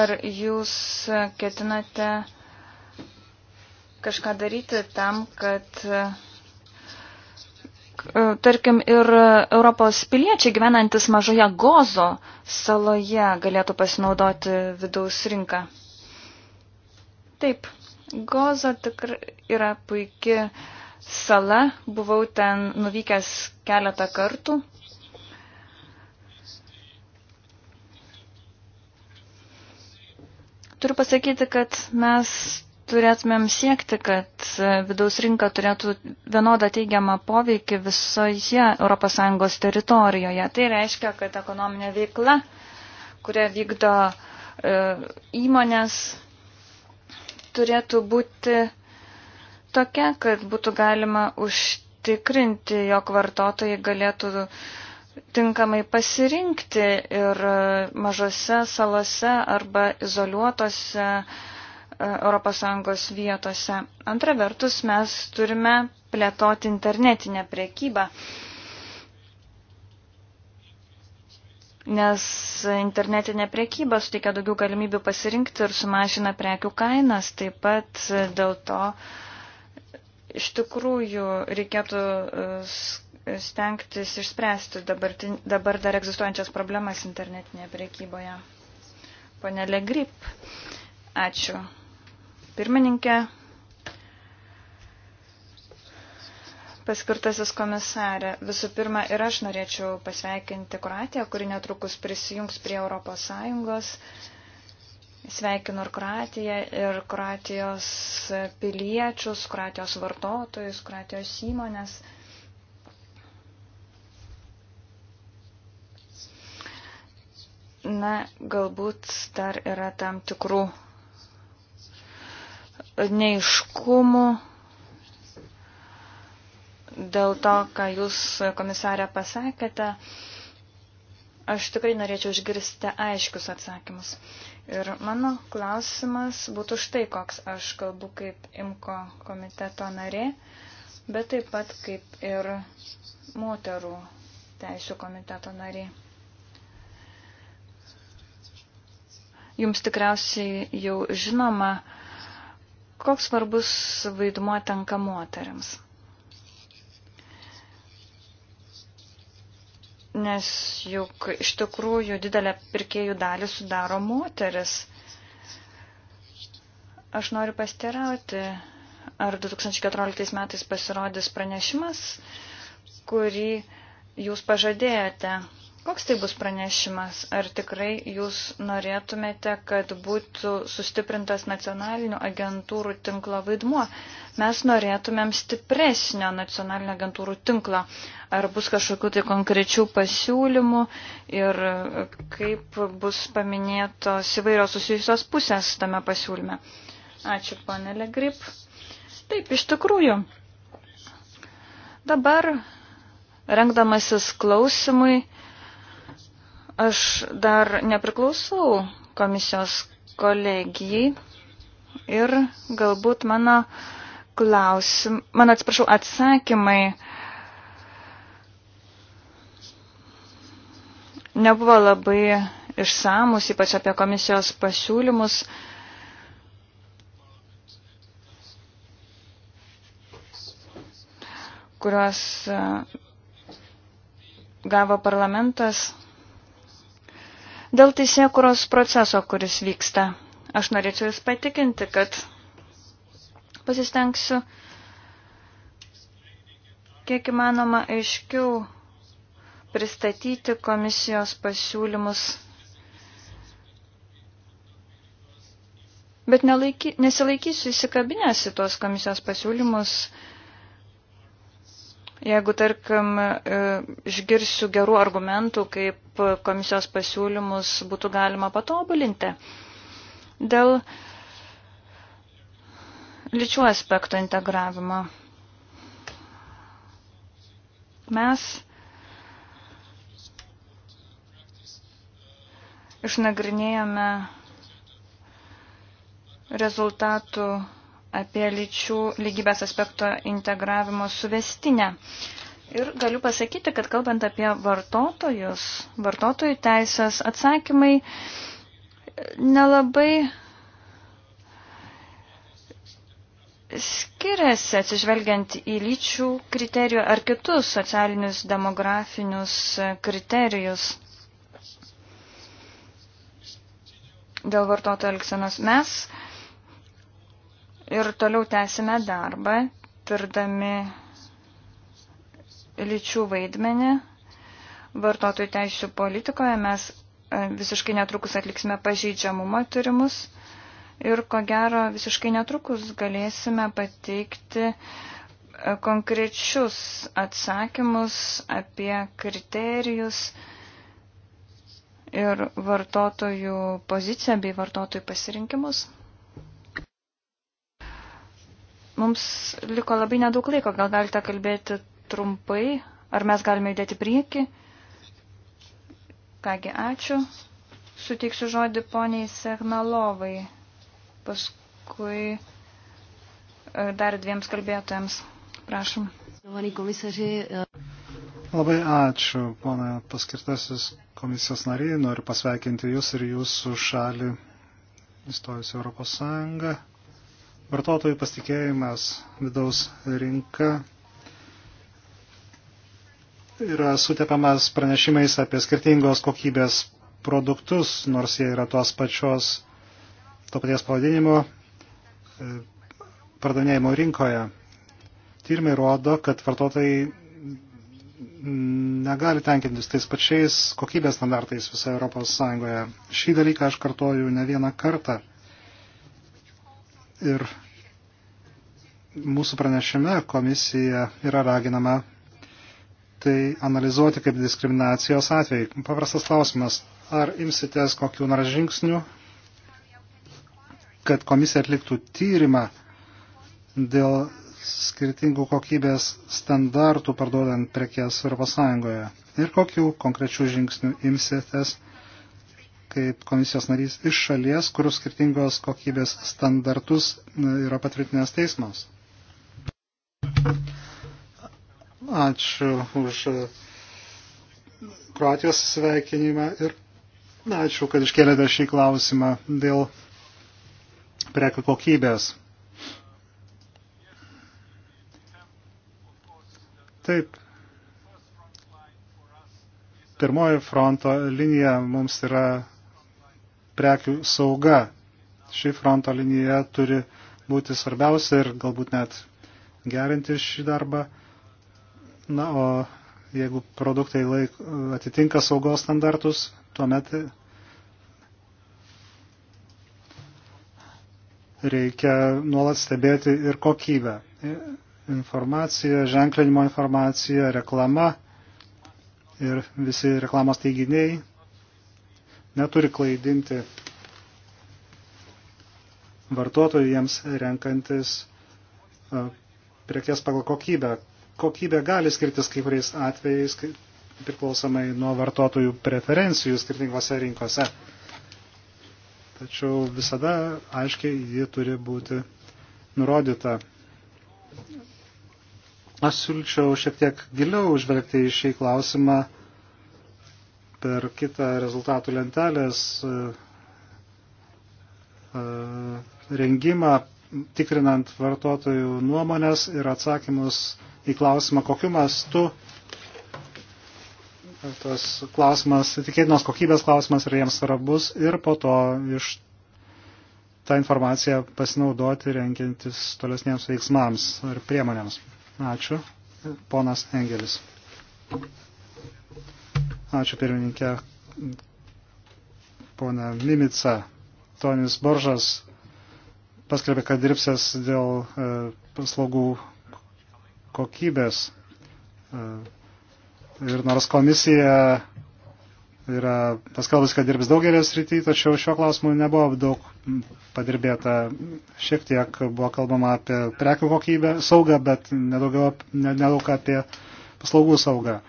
ar jūs ketinate kažką daryti tam, kad tarkim, ir Europos piliečiai gyvenantis mažoje Gozo saloje galėtų pasinaudoti vidaus rinką. Taip, Gozo tikrai yra puikia sala, buvau ten nuvykęs keletą kartų. Turiu pasakyti, kad mes turėtumėm siekti, kad e, vidaus rinka turėtų vienodą teigiamą poveikį visoje ES teritorijoje. Tai reiškia, kad ekonominė veikla, kurią vykdo e, įmonės, turėtų būti tokia, kad būtų galima užtikrinti, jog vartotojai galėtų uh, tinkamai pasirinkti ir mažose salose arba izoliuotose ES vietose. Antra vertus, mes turime plėtoti internetinę priekybą, nes internetinė priekyba suteikia daugiau galimybių pasirinkti ir sumažina prekių kainas, taip pat dėl to iš tikrųjų reikėtų skaičiuoti e, stengtis išspręsti dabar, dabar dar egzistuojančias problemas internetinėje priekyboje. Pone Legrip, ačiū. Pirmininkė, paskirtasis komisarė, visų pirma ir aš norėčiau pasveikinti Kroatiją, kuri netrukus prisijungs prie Europos Sąjungos. Sveikinu ir Kroatiją, ir Kroatijos piliečius, Kroatijos vartotojus, Kroatijos įmonės. Na, galbūt dar yra tam tikrų neiškumų dėl to, ką jūs, komisarė, pasakėte. Aš tikrai norėčiau išgirsti aiškius atsakymus. Ir mano klausimas būtų štai koks. Aš kalbu kaip IMKO komiteto narė, bet taip pat kaip ir moterų teisų komiteto narė. Jums tikriausiai jau žinoma, koks svarbus vaidmuo tenka moteriams. Nes juk iš tikrųjų didelę pirkėjų dalį sudaro moteris. Aš noriu pasteirauti, ar 2014 metais pasirodys pranešimas, kurį jūs pažadėjote Koks tai bus pranešimas? Ar tikrai jūs norėtumėte, kad būtų sustiprintas nacionalinių agentūrų tinklo vaidmuo? Mes norėtumėm stipresnio nacionalinio agentūrų tinklo. Ar bus kažkokių tai konkrečių pasiūlymų ir kaip bus paminėtos įvairios susijusios pusės tame pasiūlyme? Ačiū, panelė Grip. Taip, iš tikrųjų. Dabar, rengdamasis klausimui, Aš dar nepriklausau komisijos kolegijai ir galbūt mano klausim, mano atsiprašau, atsakymai nebuvo labai išsamus, ypač apie komisijos pasiūlymus. kuriuos e, gavo parlamentas Dėl teisėkuros proceso, kuris vyksta, aš norėčiau Jūs patikinti, kad pasistengsiu kiek įmanoma aiškiau pristatyti komisijos pasiūlymus, bet nelaiky, nesilaikysiu įsikabinęs į tuos komisijos pasiūlymus Jeigu, tarkim, e, išgirsiu gerų argumentų, kaip komisijos pasiūlymus būtų galima patobulinti. Dėl lyčių aspekto integravimo. Mes išnagrinėjome rezultatų apie lyčių lygybės aspekto integravimo suvestinę. Ir galiu pasakyti, kad kalbant apie vartotojus, vartotojų teisės atsakymai nelabai skiriasi atsižvelgiant į lyčių kriterijų ar kitus socialinius demografinius kriterijus dėl vartotojų elgsenos. Mes ir toliau tęsime darbą, tirdami lyčių vaidmenį vartotojų teisų politikoje. Mes e, visiškai netrukus atliksime pažeidžiamumo tyrimus ir ko gero visiškai netrukus galėsime pateikti e, konkrečius atsakymus apie kriterijus ir vartotojų poziciją bei vartotojų pasirinkimus. Mums liko labai nedaug laiko, gal galite kalbėti trumpai, ar mes galime judėti prieki. Kągi, ačiū. Suteiksiu žodį poniai Segnalovai, paskui e, dar dviems kalbėtojams. Prašom. E, labai ačiū, pana paskirtasis komisijos nariai. Noriu pasveikinti jūs ir jūsų šalį įstojus Europos Sąjungą. Vartotojų pasitikėjimas vidaus rinka yra sutepamas pranešimais apie skirtingos kokybės produktus, nors jie yra tos pačios, to paties pavadinimo e, pardavinėjimo rinkoje. Tyrimai rodo, kad vartotojai negali tenkintis tais pačiais kokybės standartais visoje Europos Sąjungoje. Šį dalyką aš kartoju ne vieną kartą. Ir mūsų pranešime komisija yra raginama tai analizuoti kaip diskriminacijos atvejai. Paprastas klausimas, ar imsitės kokių nors žingsnių, kad komisija atliktų tyrimą dėl skirtingų kokybės standartų parduodant prekes Europos Sąjungoje ir kokių konkrečių žingsnių imsitės, kaip komisijos narys iš šalies, kur skirtingos kokybės standartus yra patvirtinęs teismas. Ačiū už Kroatijos sveikinimą ir ačiū, kad iškėlėte šį klausimą dėl prekių kokybės. Taip, pirmoji fronto linija mums yra prekių sauga. Ši fronto linija turi būti svarbiausia ir galbūt net gerinti šį darbą. Na, o jeigu produktai laik, atitinka saugos standartus, tuomet reikia nuolat stebėti ir kokybę. Informacija, ženklinimo informacija, reklama ir visi reklamos teiginiai neturi klaidinti vartotojų jiems renkantis e, prekės pagal kokybę. Kokybė gali skirtis kai kuriais atvejais priklausomai nuo vartotojų preferencijų skirtingose rinkose. Tačiau visada aiškiai ji turi būti nurodyta. Aš siūlyčiau šiek tiek giliau žvelgti į šį klausimą per kitą rezultatų lentelės e, e, rengimą, tikrinant vartotojų nuomonės ir atsakymus į klausimą, kokiu mastu tas klausimas, tikėtinos kokybės klausimas yra jiems svarbus ir po to iš tą informaciją pasinaudoti renkintis tolesniems veiksmams ir priemonėms. Ačiū. Ponas Engelis. Thank you. Ačiū pirmininkė, pona Mimica. Tonis Boržas paskelbė, kad dirbsės dėl e, paslaugų kokybės. E, ir nors komisija yra paskelbus, kad dirbs daugelės rytį, tačiau šiuo klausimu nebuvo daug padirbėta. Šiek tiek buvo kalbama apie prekių kokybę, saugą, bet nedaug, nedaug apie paslaugų saugą.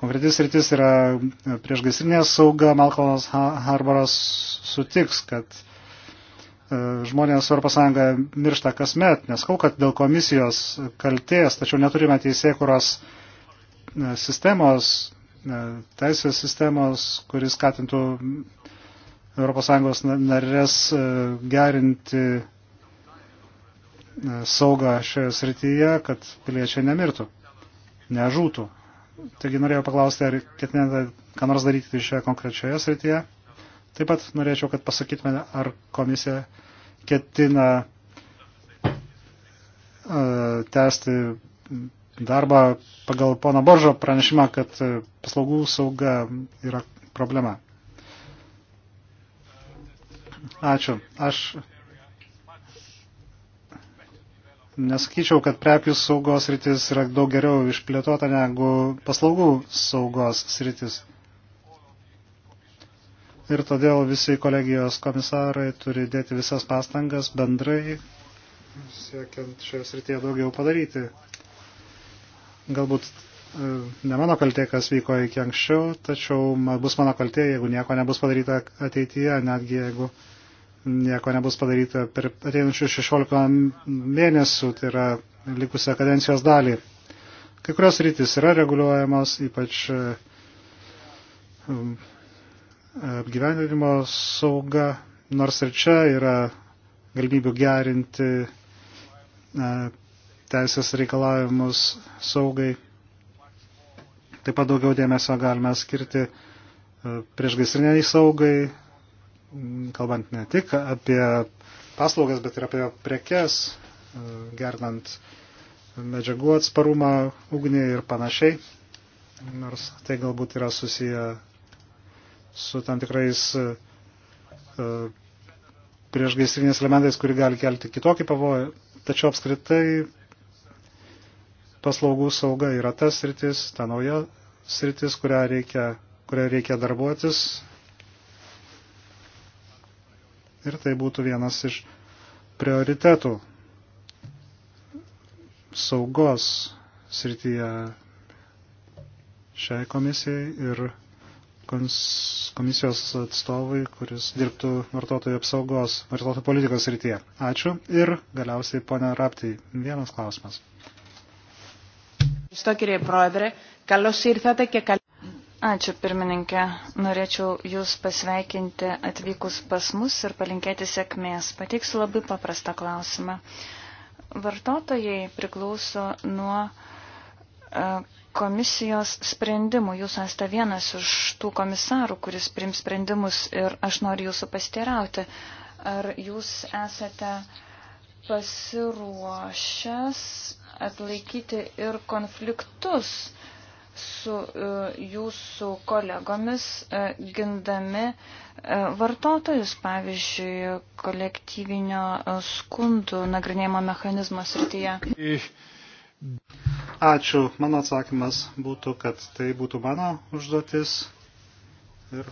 Konkretis rytis yra priešgaisrinė sauga. Malcolmas Harboras sutiks, kad e, žmonės Europos Sąjunga miršta kasmet, nes kol kad dėl komisijos kalties, tačiau neturime teisėkuros e, sistemos, e, teisės sistemos, kuris skatintų Europos Sąjungos narės gerinti saugą šioje srityje, kad piliečiai nemirtų, nežūtų. Taigi norėjau paklausti, ar ketinate ką nors daryti šioje konkrečioje srityje. Taip pat norėčiau, kad pasakytumėte, ar komisija ketina uh, tęsti darbą pagal pono Boržo pranešimą, kad e, paslaugų sauga yra problema. Ačiū. Aš nesakyčiau, kad prekių saugos rytis yra daug geriau išplėtota negu paslaugų saugos rytis. Ir todėl visi kolegijos komisarai turi dėti visas pastangas bendrai, siekiant šioje srityje daugiau padaryti. Galbūt e, ne mano kaltė, kas vyko iki anksčiau, tačiau bus mano kaltė, jeigu nieko nebus padaryta ateityje, netgi jeigu uh, nieko nebus padaryta per ateinančių 16 mėnesių, tai yra likusią kadencijos dalį. Kai kurios rytis yra reguliuojamos, ypač um, apgyvendinimo sauga, nors ir čia yra galimybių gerinti teisės reikalavimus saugai. Taip pat daugiau dėmesio galime skirti uh, priešgaisriniai saugai, kalbant ne tik apie paslaugas, bet ir apie prekes, e, gernant medžiagų atsparumą, ugnį ir panašiai. Nors tai galbūt yra susiję su tam tikrais e, e, priešgaisriniais elementais, kuri gali kelti kitokį pavojų. Tačiau apskritai paslaugų sauga yra tas sritis, ta nauja sritis, kurią reikia, kurią reikia darbuotis ir tai būtų vienas iš prioritetų saugos srityje šiai komisijai ir komisijos atstovui, kuris dirbtų vartotojų apsaugos, vartotojų politikos srityje. Ačiū. Ir galiausiai, ponia Raptai, vienas klausimas. Ευχαριστώ κύριε Πρόεδρε. Καλώς ήρθατε και καλή... Ačiū pirmininkė. Norėčiau Jūs pasveikinti atvykus pas mus ir palinkėti sėkmės. Pateiksiu labai paprastą klausimą. Vartotojai priklauso nuo e, komisijos sprendimų. Jūs esate vienas iš tų komisarų, kuris prim sprendimus ir aš noriu Jūsų pasiteirauti. Ar Jūs esate pasiruošęs atlaikyti ir konfliktus? su e, jūsų kolegomis e, gindami e, vartotojus, pavyzdžiui, kolektyvinio skundų nagrinėjimo mechanizmo srityje? Ačiū. Mano atsakymas būtų, kad tai būtų mano užduotis. Ir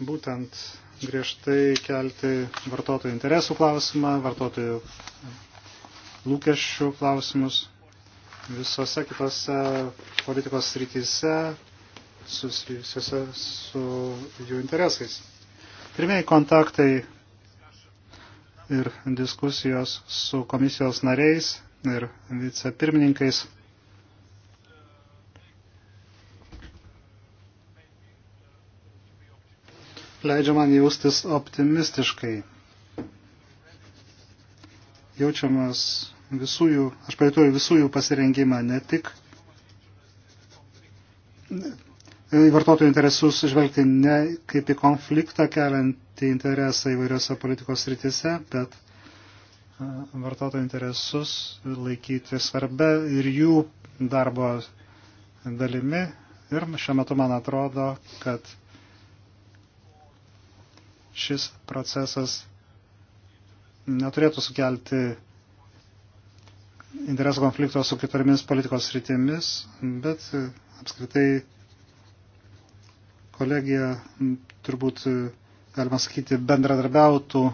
būtent griežtai kelti vartotojų interesų klausimą, vartotojų lūkesčių klausimus visose kitose politikos srityse susijusiuose su jų interesais. Pirmieji kontaktai ir diskusijos su komisijos nariais ir vicepirmininkais leidžia man jaustis optimistiškai. Jaučiamas visų jų, aš paėtuoju visų jų pasirengimą, ne tik į vartotojų interesus žvelgti ne kaip į konfliktą keliantį interesą įvairiose politikos rytise, bet vartotojų interesus laikyti svarbia ir jų darbo dalimi. Ir šiuo metu man atrodo, kad šis procesas neturėtų sukelti interesų konflikto su kitomis politikos rytimis, bet e, apskritai kolegija turbūt, e, galima sakyti, bendradarbiautų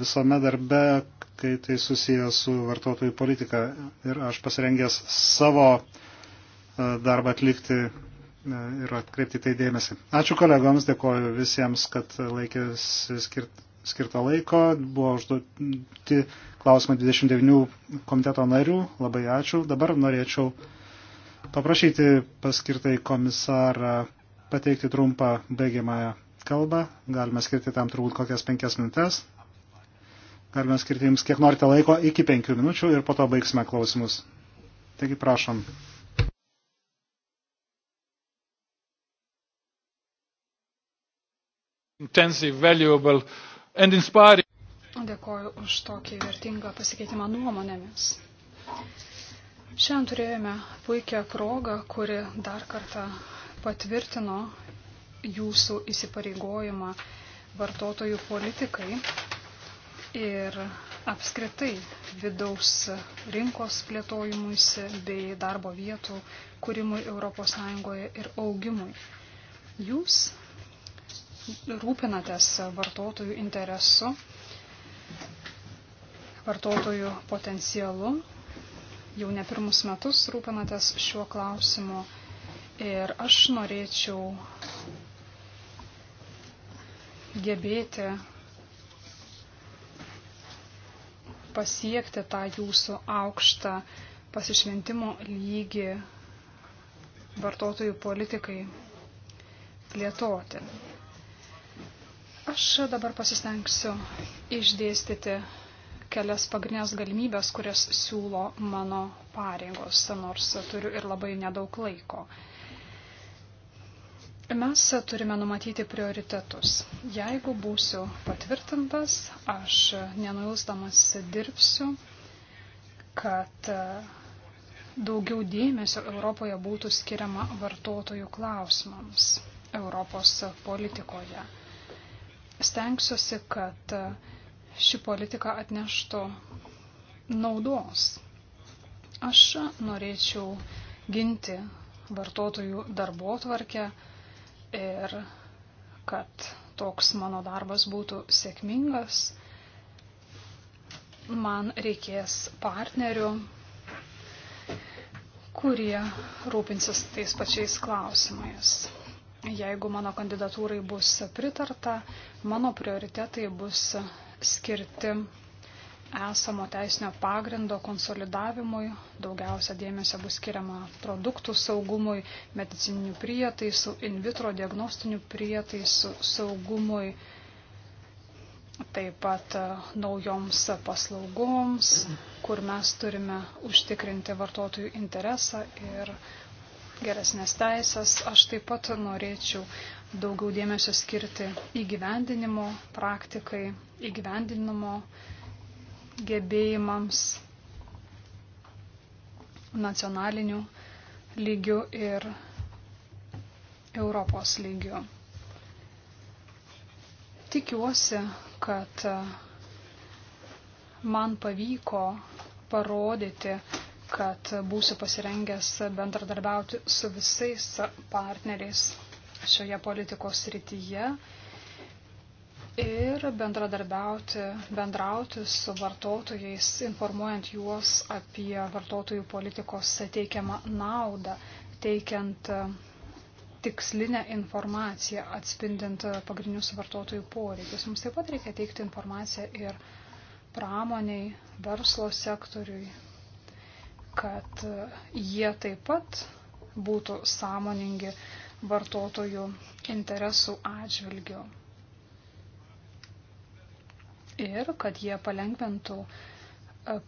visame darbe, kai tai susiję su vartotojų politika. Ir aš pasirengęs savo e, darbą atlikti ir atkreipti tai dėmesį. Ačiū kolegoms, dėkoju visiems, kad laikėsi skirti skirta laiko, buvo užduoti klausimą 29 komiteto narių, labai ačiū. Dabar norėčiau paprašyti paskirtai komisarą pateikti trumpą baigiamąją kalbą. Galime skirti tam turbūt kokias penkias minutės. Galime skirti jums kiek norite laiko iki penkių minučių ir po to baigsime klausimus. Taigi prašom. Intensive, valuable and inspiring. Dėkoju už tokį vertingą pasikeitimą nuomonėmis. Šiandien turėjome puikią progą, kuri dar kartą patvirtino jūsų įsipareigojimą vartotojų politikai ir apskritai vidaus rinkos plėtojimuisi bei darbo vietų kūrimui ES ir augimui. Jūs rūpinatės vartotojų interesu, vartotojų potencialu. Jau ne pirmus metus rūpinatės šiuo klausimu ir aš norėčiau gebėti pasiekti tą jūsų aukštą pasišventimo lygį vartotojų politikai plėtoti. Aš dabar pasistengsiu išdėstyti kelias pagrindinės galimybės, kurias siūlo mano pareigos, nors turiu ir labai nedaug laiko. Mes turime numatyti prioritetus. Jeigu būsiu patvirtintas, aš nenuilsdamas dirbsiu, kad daugiau dėmesio Europoje būtų skiriama vartotojų klausimams Europos politikoje stengsiuosi, kad ši politika atneštų naudos. Aš norėčiau ginti vartotojų darbo tvarkę ir kad toks mano darbas būtų sėkmingas, man reikės partnerių, kurie rūpinsis tais pačiais klausimais. Jeigu mano kandidatūrai bus pritarta, mano prioritetai bus skirti esamo teisinio pagrindo konsolidavimui, daugiausia dėmesio bus skiriama produktų saugumui, medicininių prietaisų, in vitro diagnostinių prietaisų saugumui, taip pat e, naujoms paslaugoms, kur mes turime užtikrinti vartotojų interesą ir interesą geresnės teisės. Aš taip pat norėčiau daugiau dėmesio skirti įgyvendinimo praktikai, įgyvendinimo gebėjimams nacionalinių lygių ir Europos lygių. Tikiuosi, kad man pavyko parodyti, kad būsiu pasirengęs bendradarbiauti su visais partneriais šioje politikos srityje ir bendradarbiauti, bendrauti su vartotojais, informuojant juos apie vartotojų politikos teikiamą naudą, teikiant e, tikslinę informaciją atspindint pagrindinius vartotojų poreikius. Mums taip pat reikia teikti informaciją ir pramoniai, verslo sektoriui, kad jie taip pat būtų sąmoningi vartotojų interesų atžvilgių. Ir kad jie palengventų e,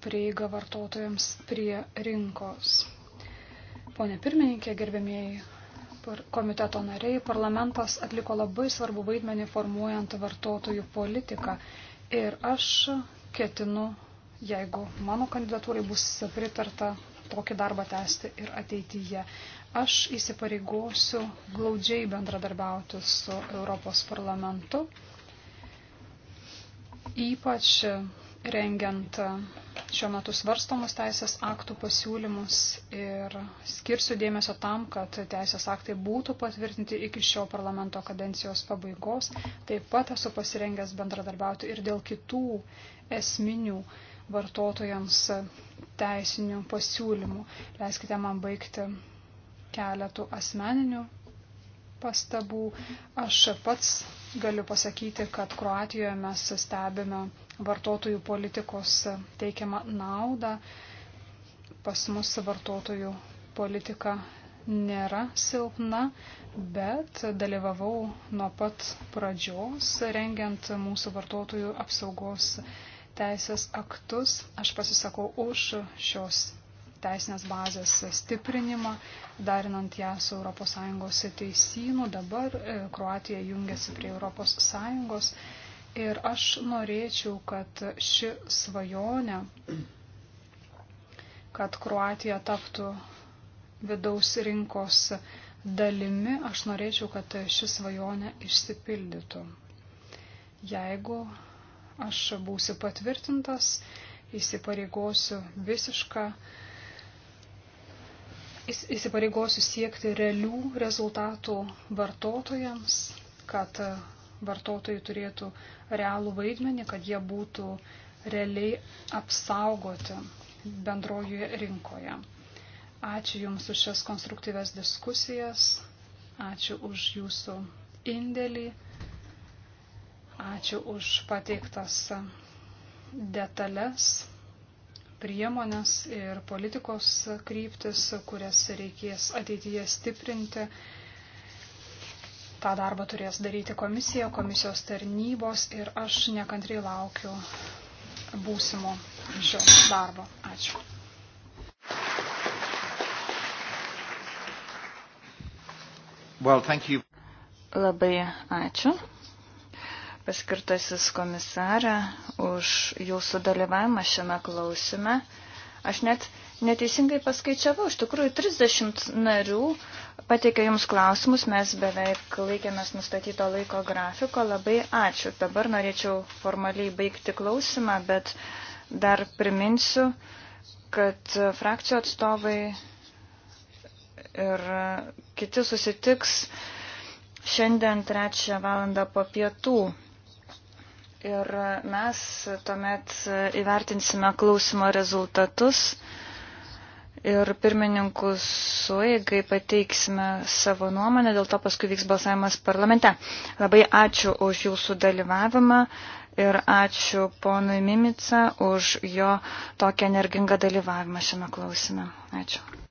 prieigą vartotojams prie rinkos. Pone pirmininkė, gerbėmėjai komiteto nariai, parlamentas atliko labai svarbu vaidmenį formuojant vartotojų politiką. Ir aš ketinu jeigu mano kandidatūrai bus pritarta tokį darbą tęsti ir ateityje. Aš įsipareigosiu glaudžiai bendradarbiauti su Europos parlamentu, ypač rengiant šiuo metu svarstomus teisės aktų pasiūlymus ir skirsiu dėmesio tam, kad teisės aktai būtų patvirtinti iki šio parlamento kadencijos pabaigos. Taip pat esu pasirengęs bendradarbiauti ir dėl kitų esminių uh, vartotojams teisinių pasiūlymų. Leiskite man baigti keletų asmeninių pastabų. Aš pats galiu pasakyti, kad Kroatijoje mes stebime vartotojų politikos teikiamą naudą. Pas mus vartotojų politika nėra silpna, bet dalyvavau nuo pat pradžios rengiant mūsų vartotojų apsaugos teisės aktus. Aš pasisakau už šios teisinės bazės stiprinimą, darinant ją su ES teisynu. Dabar e, Kroatija jungiasi prie ES ir aš norėčiau, kad ši svajonė, kad Kroatija taptų vidaus rinkos dalimi, aš norėčiau, kad ši svajonė išsipildytų. Jeigu aš būsiu patvirtintas, įsipareigosiu visišką, įsipareigosiu siekti realių rezultatų vartotojams, kad vartotojai turėtų realų vaidmenį, kad jie būtų realiai apsaugoti bendrojoje rinkoje. Ačiū Jums už šias konstruktyves diskusijas, ačiū už Jūsų indėlį. Ačiū už pateiktas detalės, priemonės ir politikos kryptis, kurias reikės ateityje stiprinti. Ta darba turės daryti komisija, komisijos tarnybos ir aš nekantriai laukiu būsimo šio darbo. Ačiū. Well, Labai ačiū paskirtasis komisarė, už jūsų dalyvavimą šiame klausime. Aš net neteisingai paskaičiavau, iš tikrųjų 30 narių pateikė jums klausimus, mes beveik laikėmės nustatyto laiko grafiko, labai ačiū. Dabar norėčiau formaliai baigti klausimą, bet dar priminsiu, kad frakcijų atstovai ir kiti susitiks šiandien trečią valandą po pietų. Ir mes tuomet įvertinsime klausimo rezultatus ir pirmininkų suėgai pateiksime savo nuomonę, dėl to paskui vyks balsavimas parlamente. Labai ačiū už jūsų dalyvavimą ir ačiū ponui Mimica už jo tokią energingą dalyvavimą šiame klausime. Ačiū.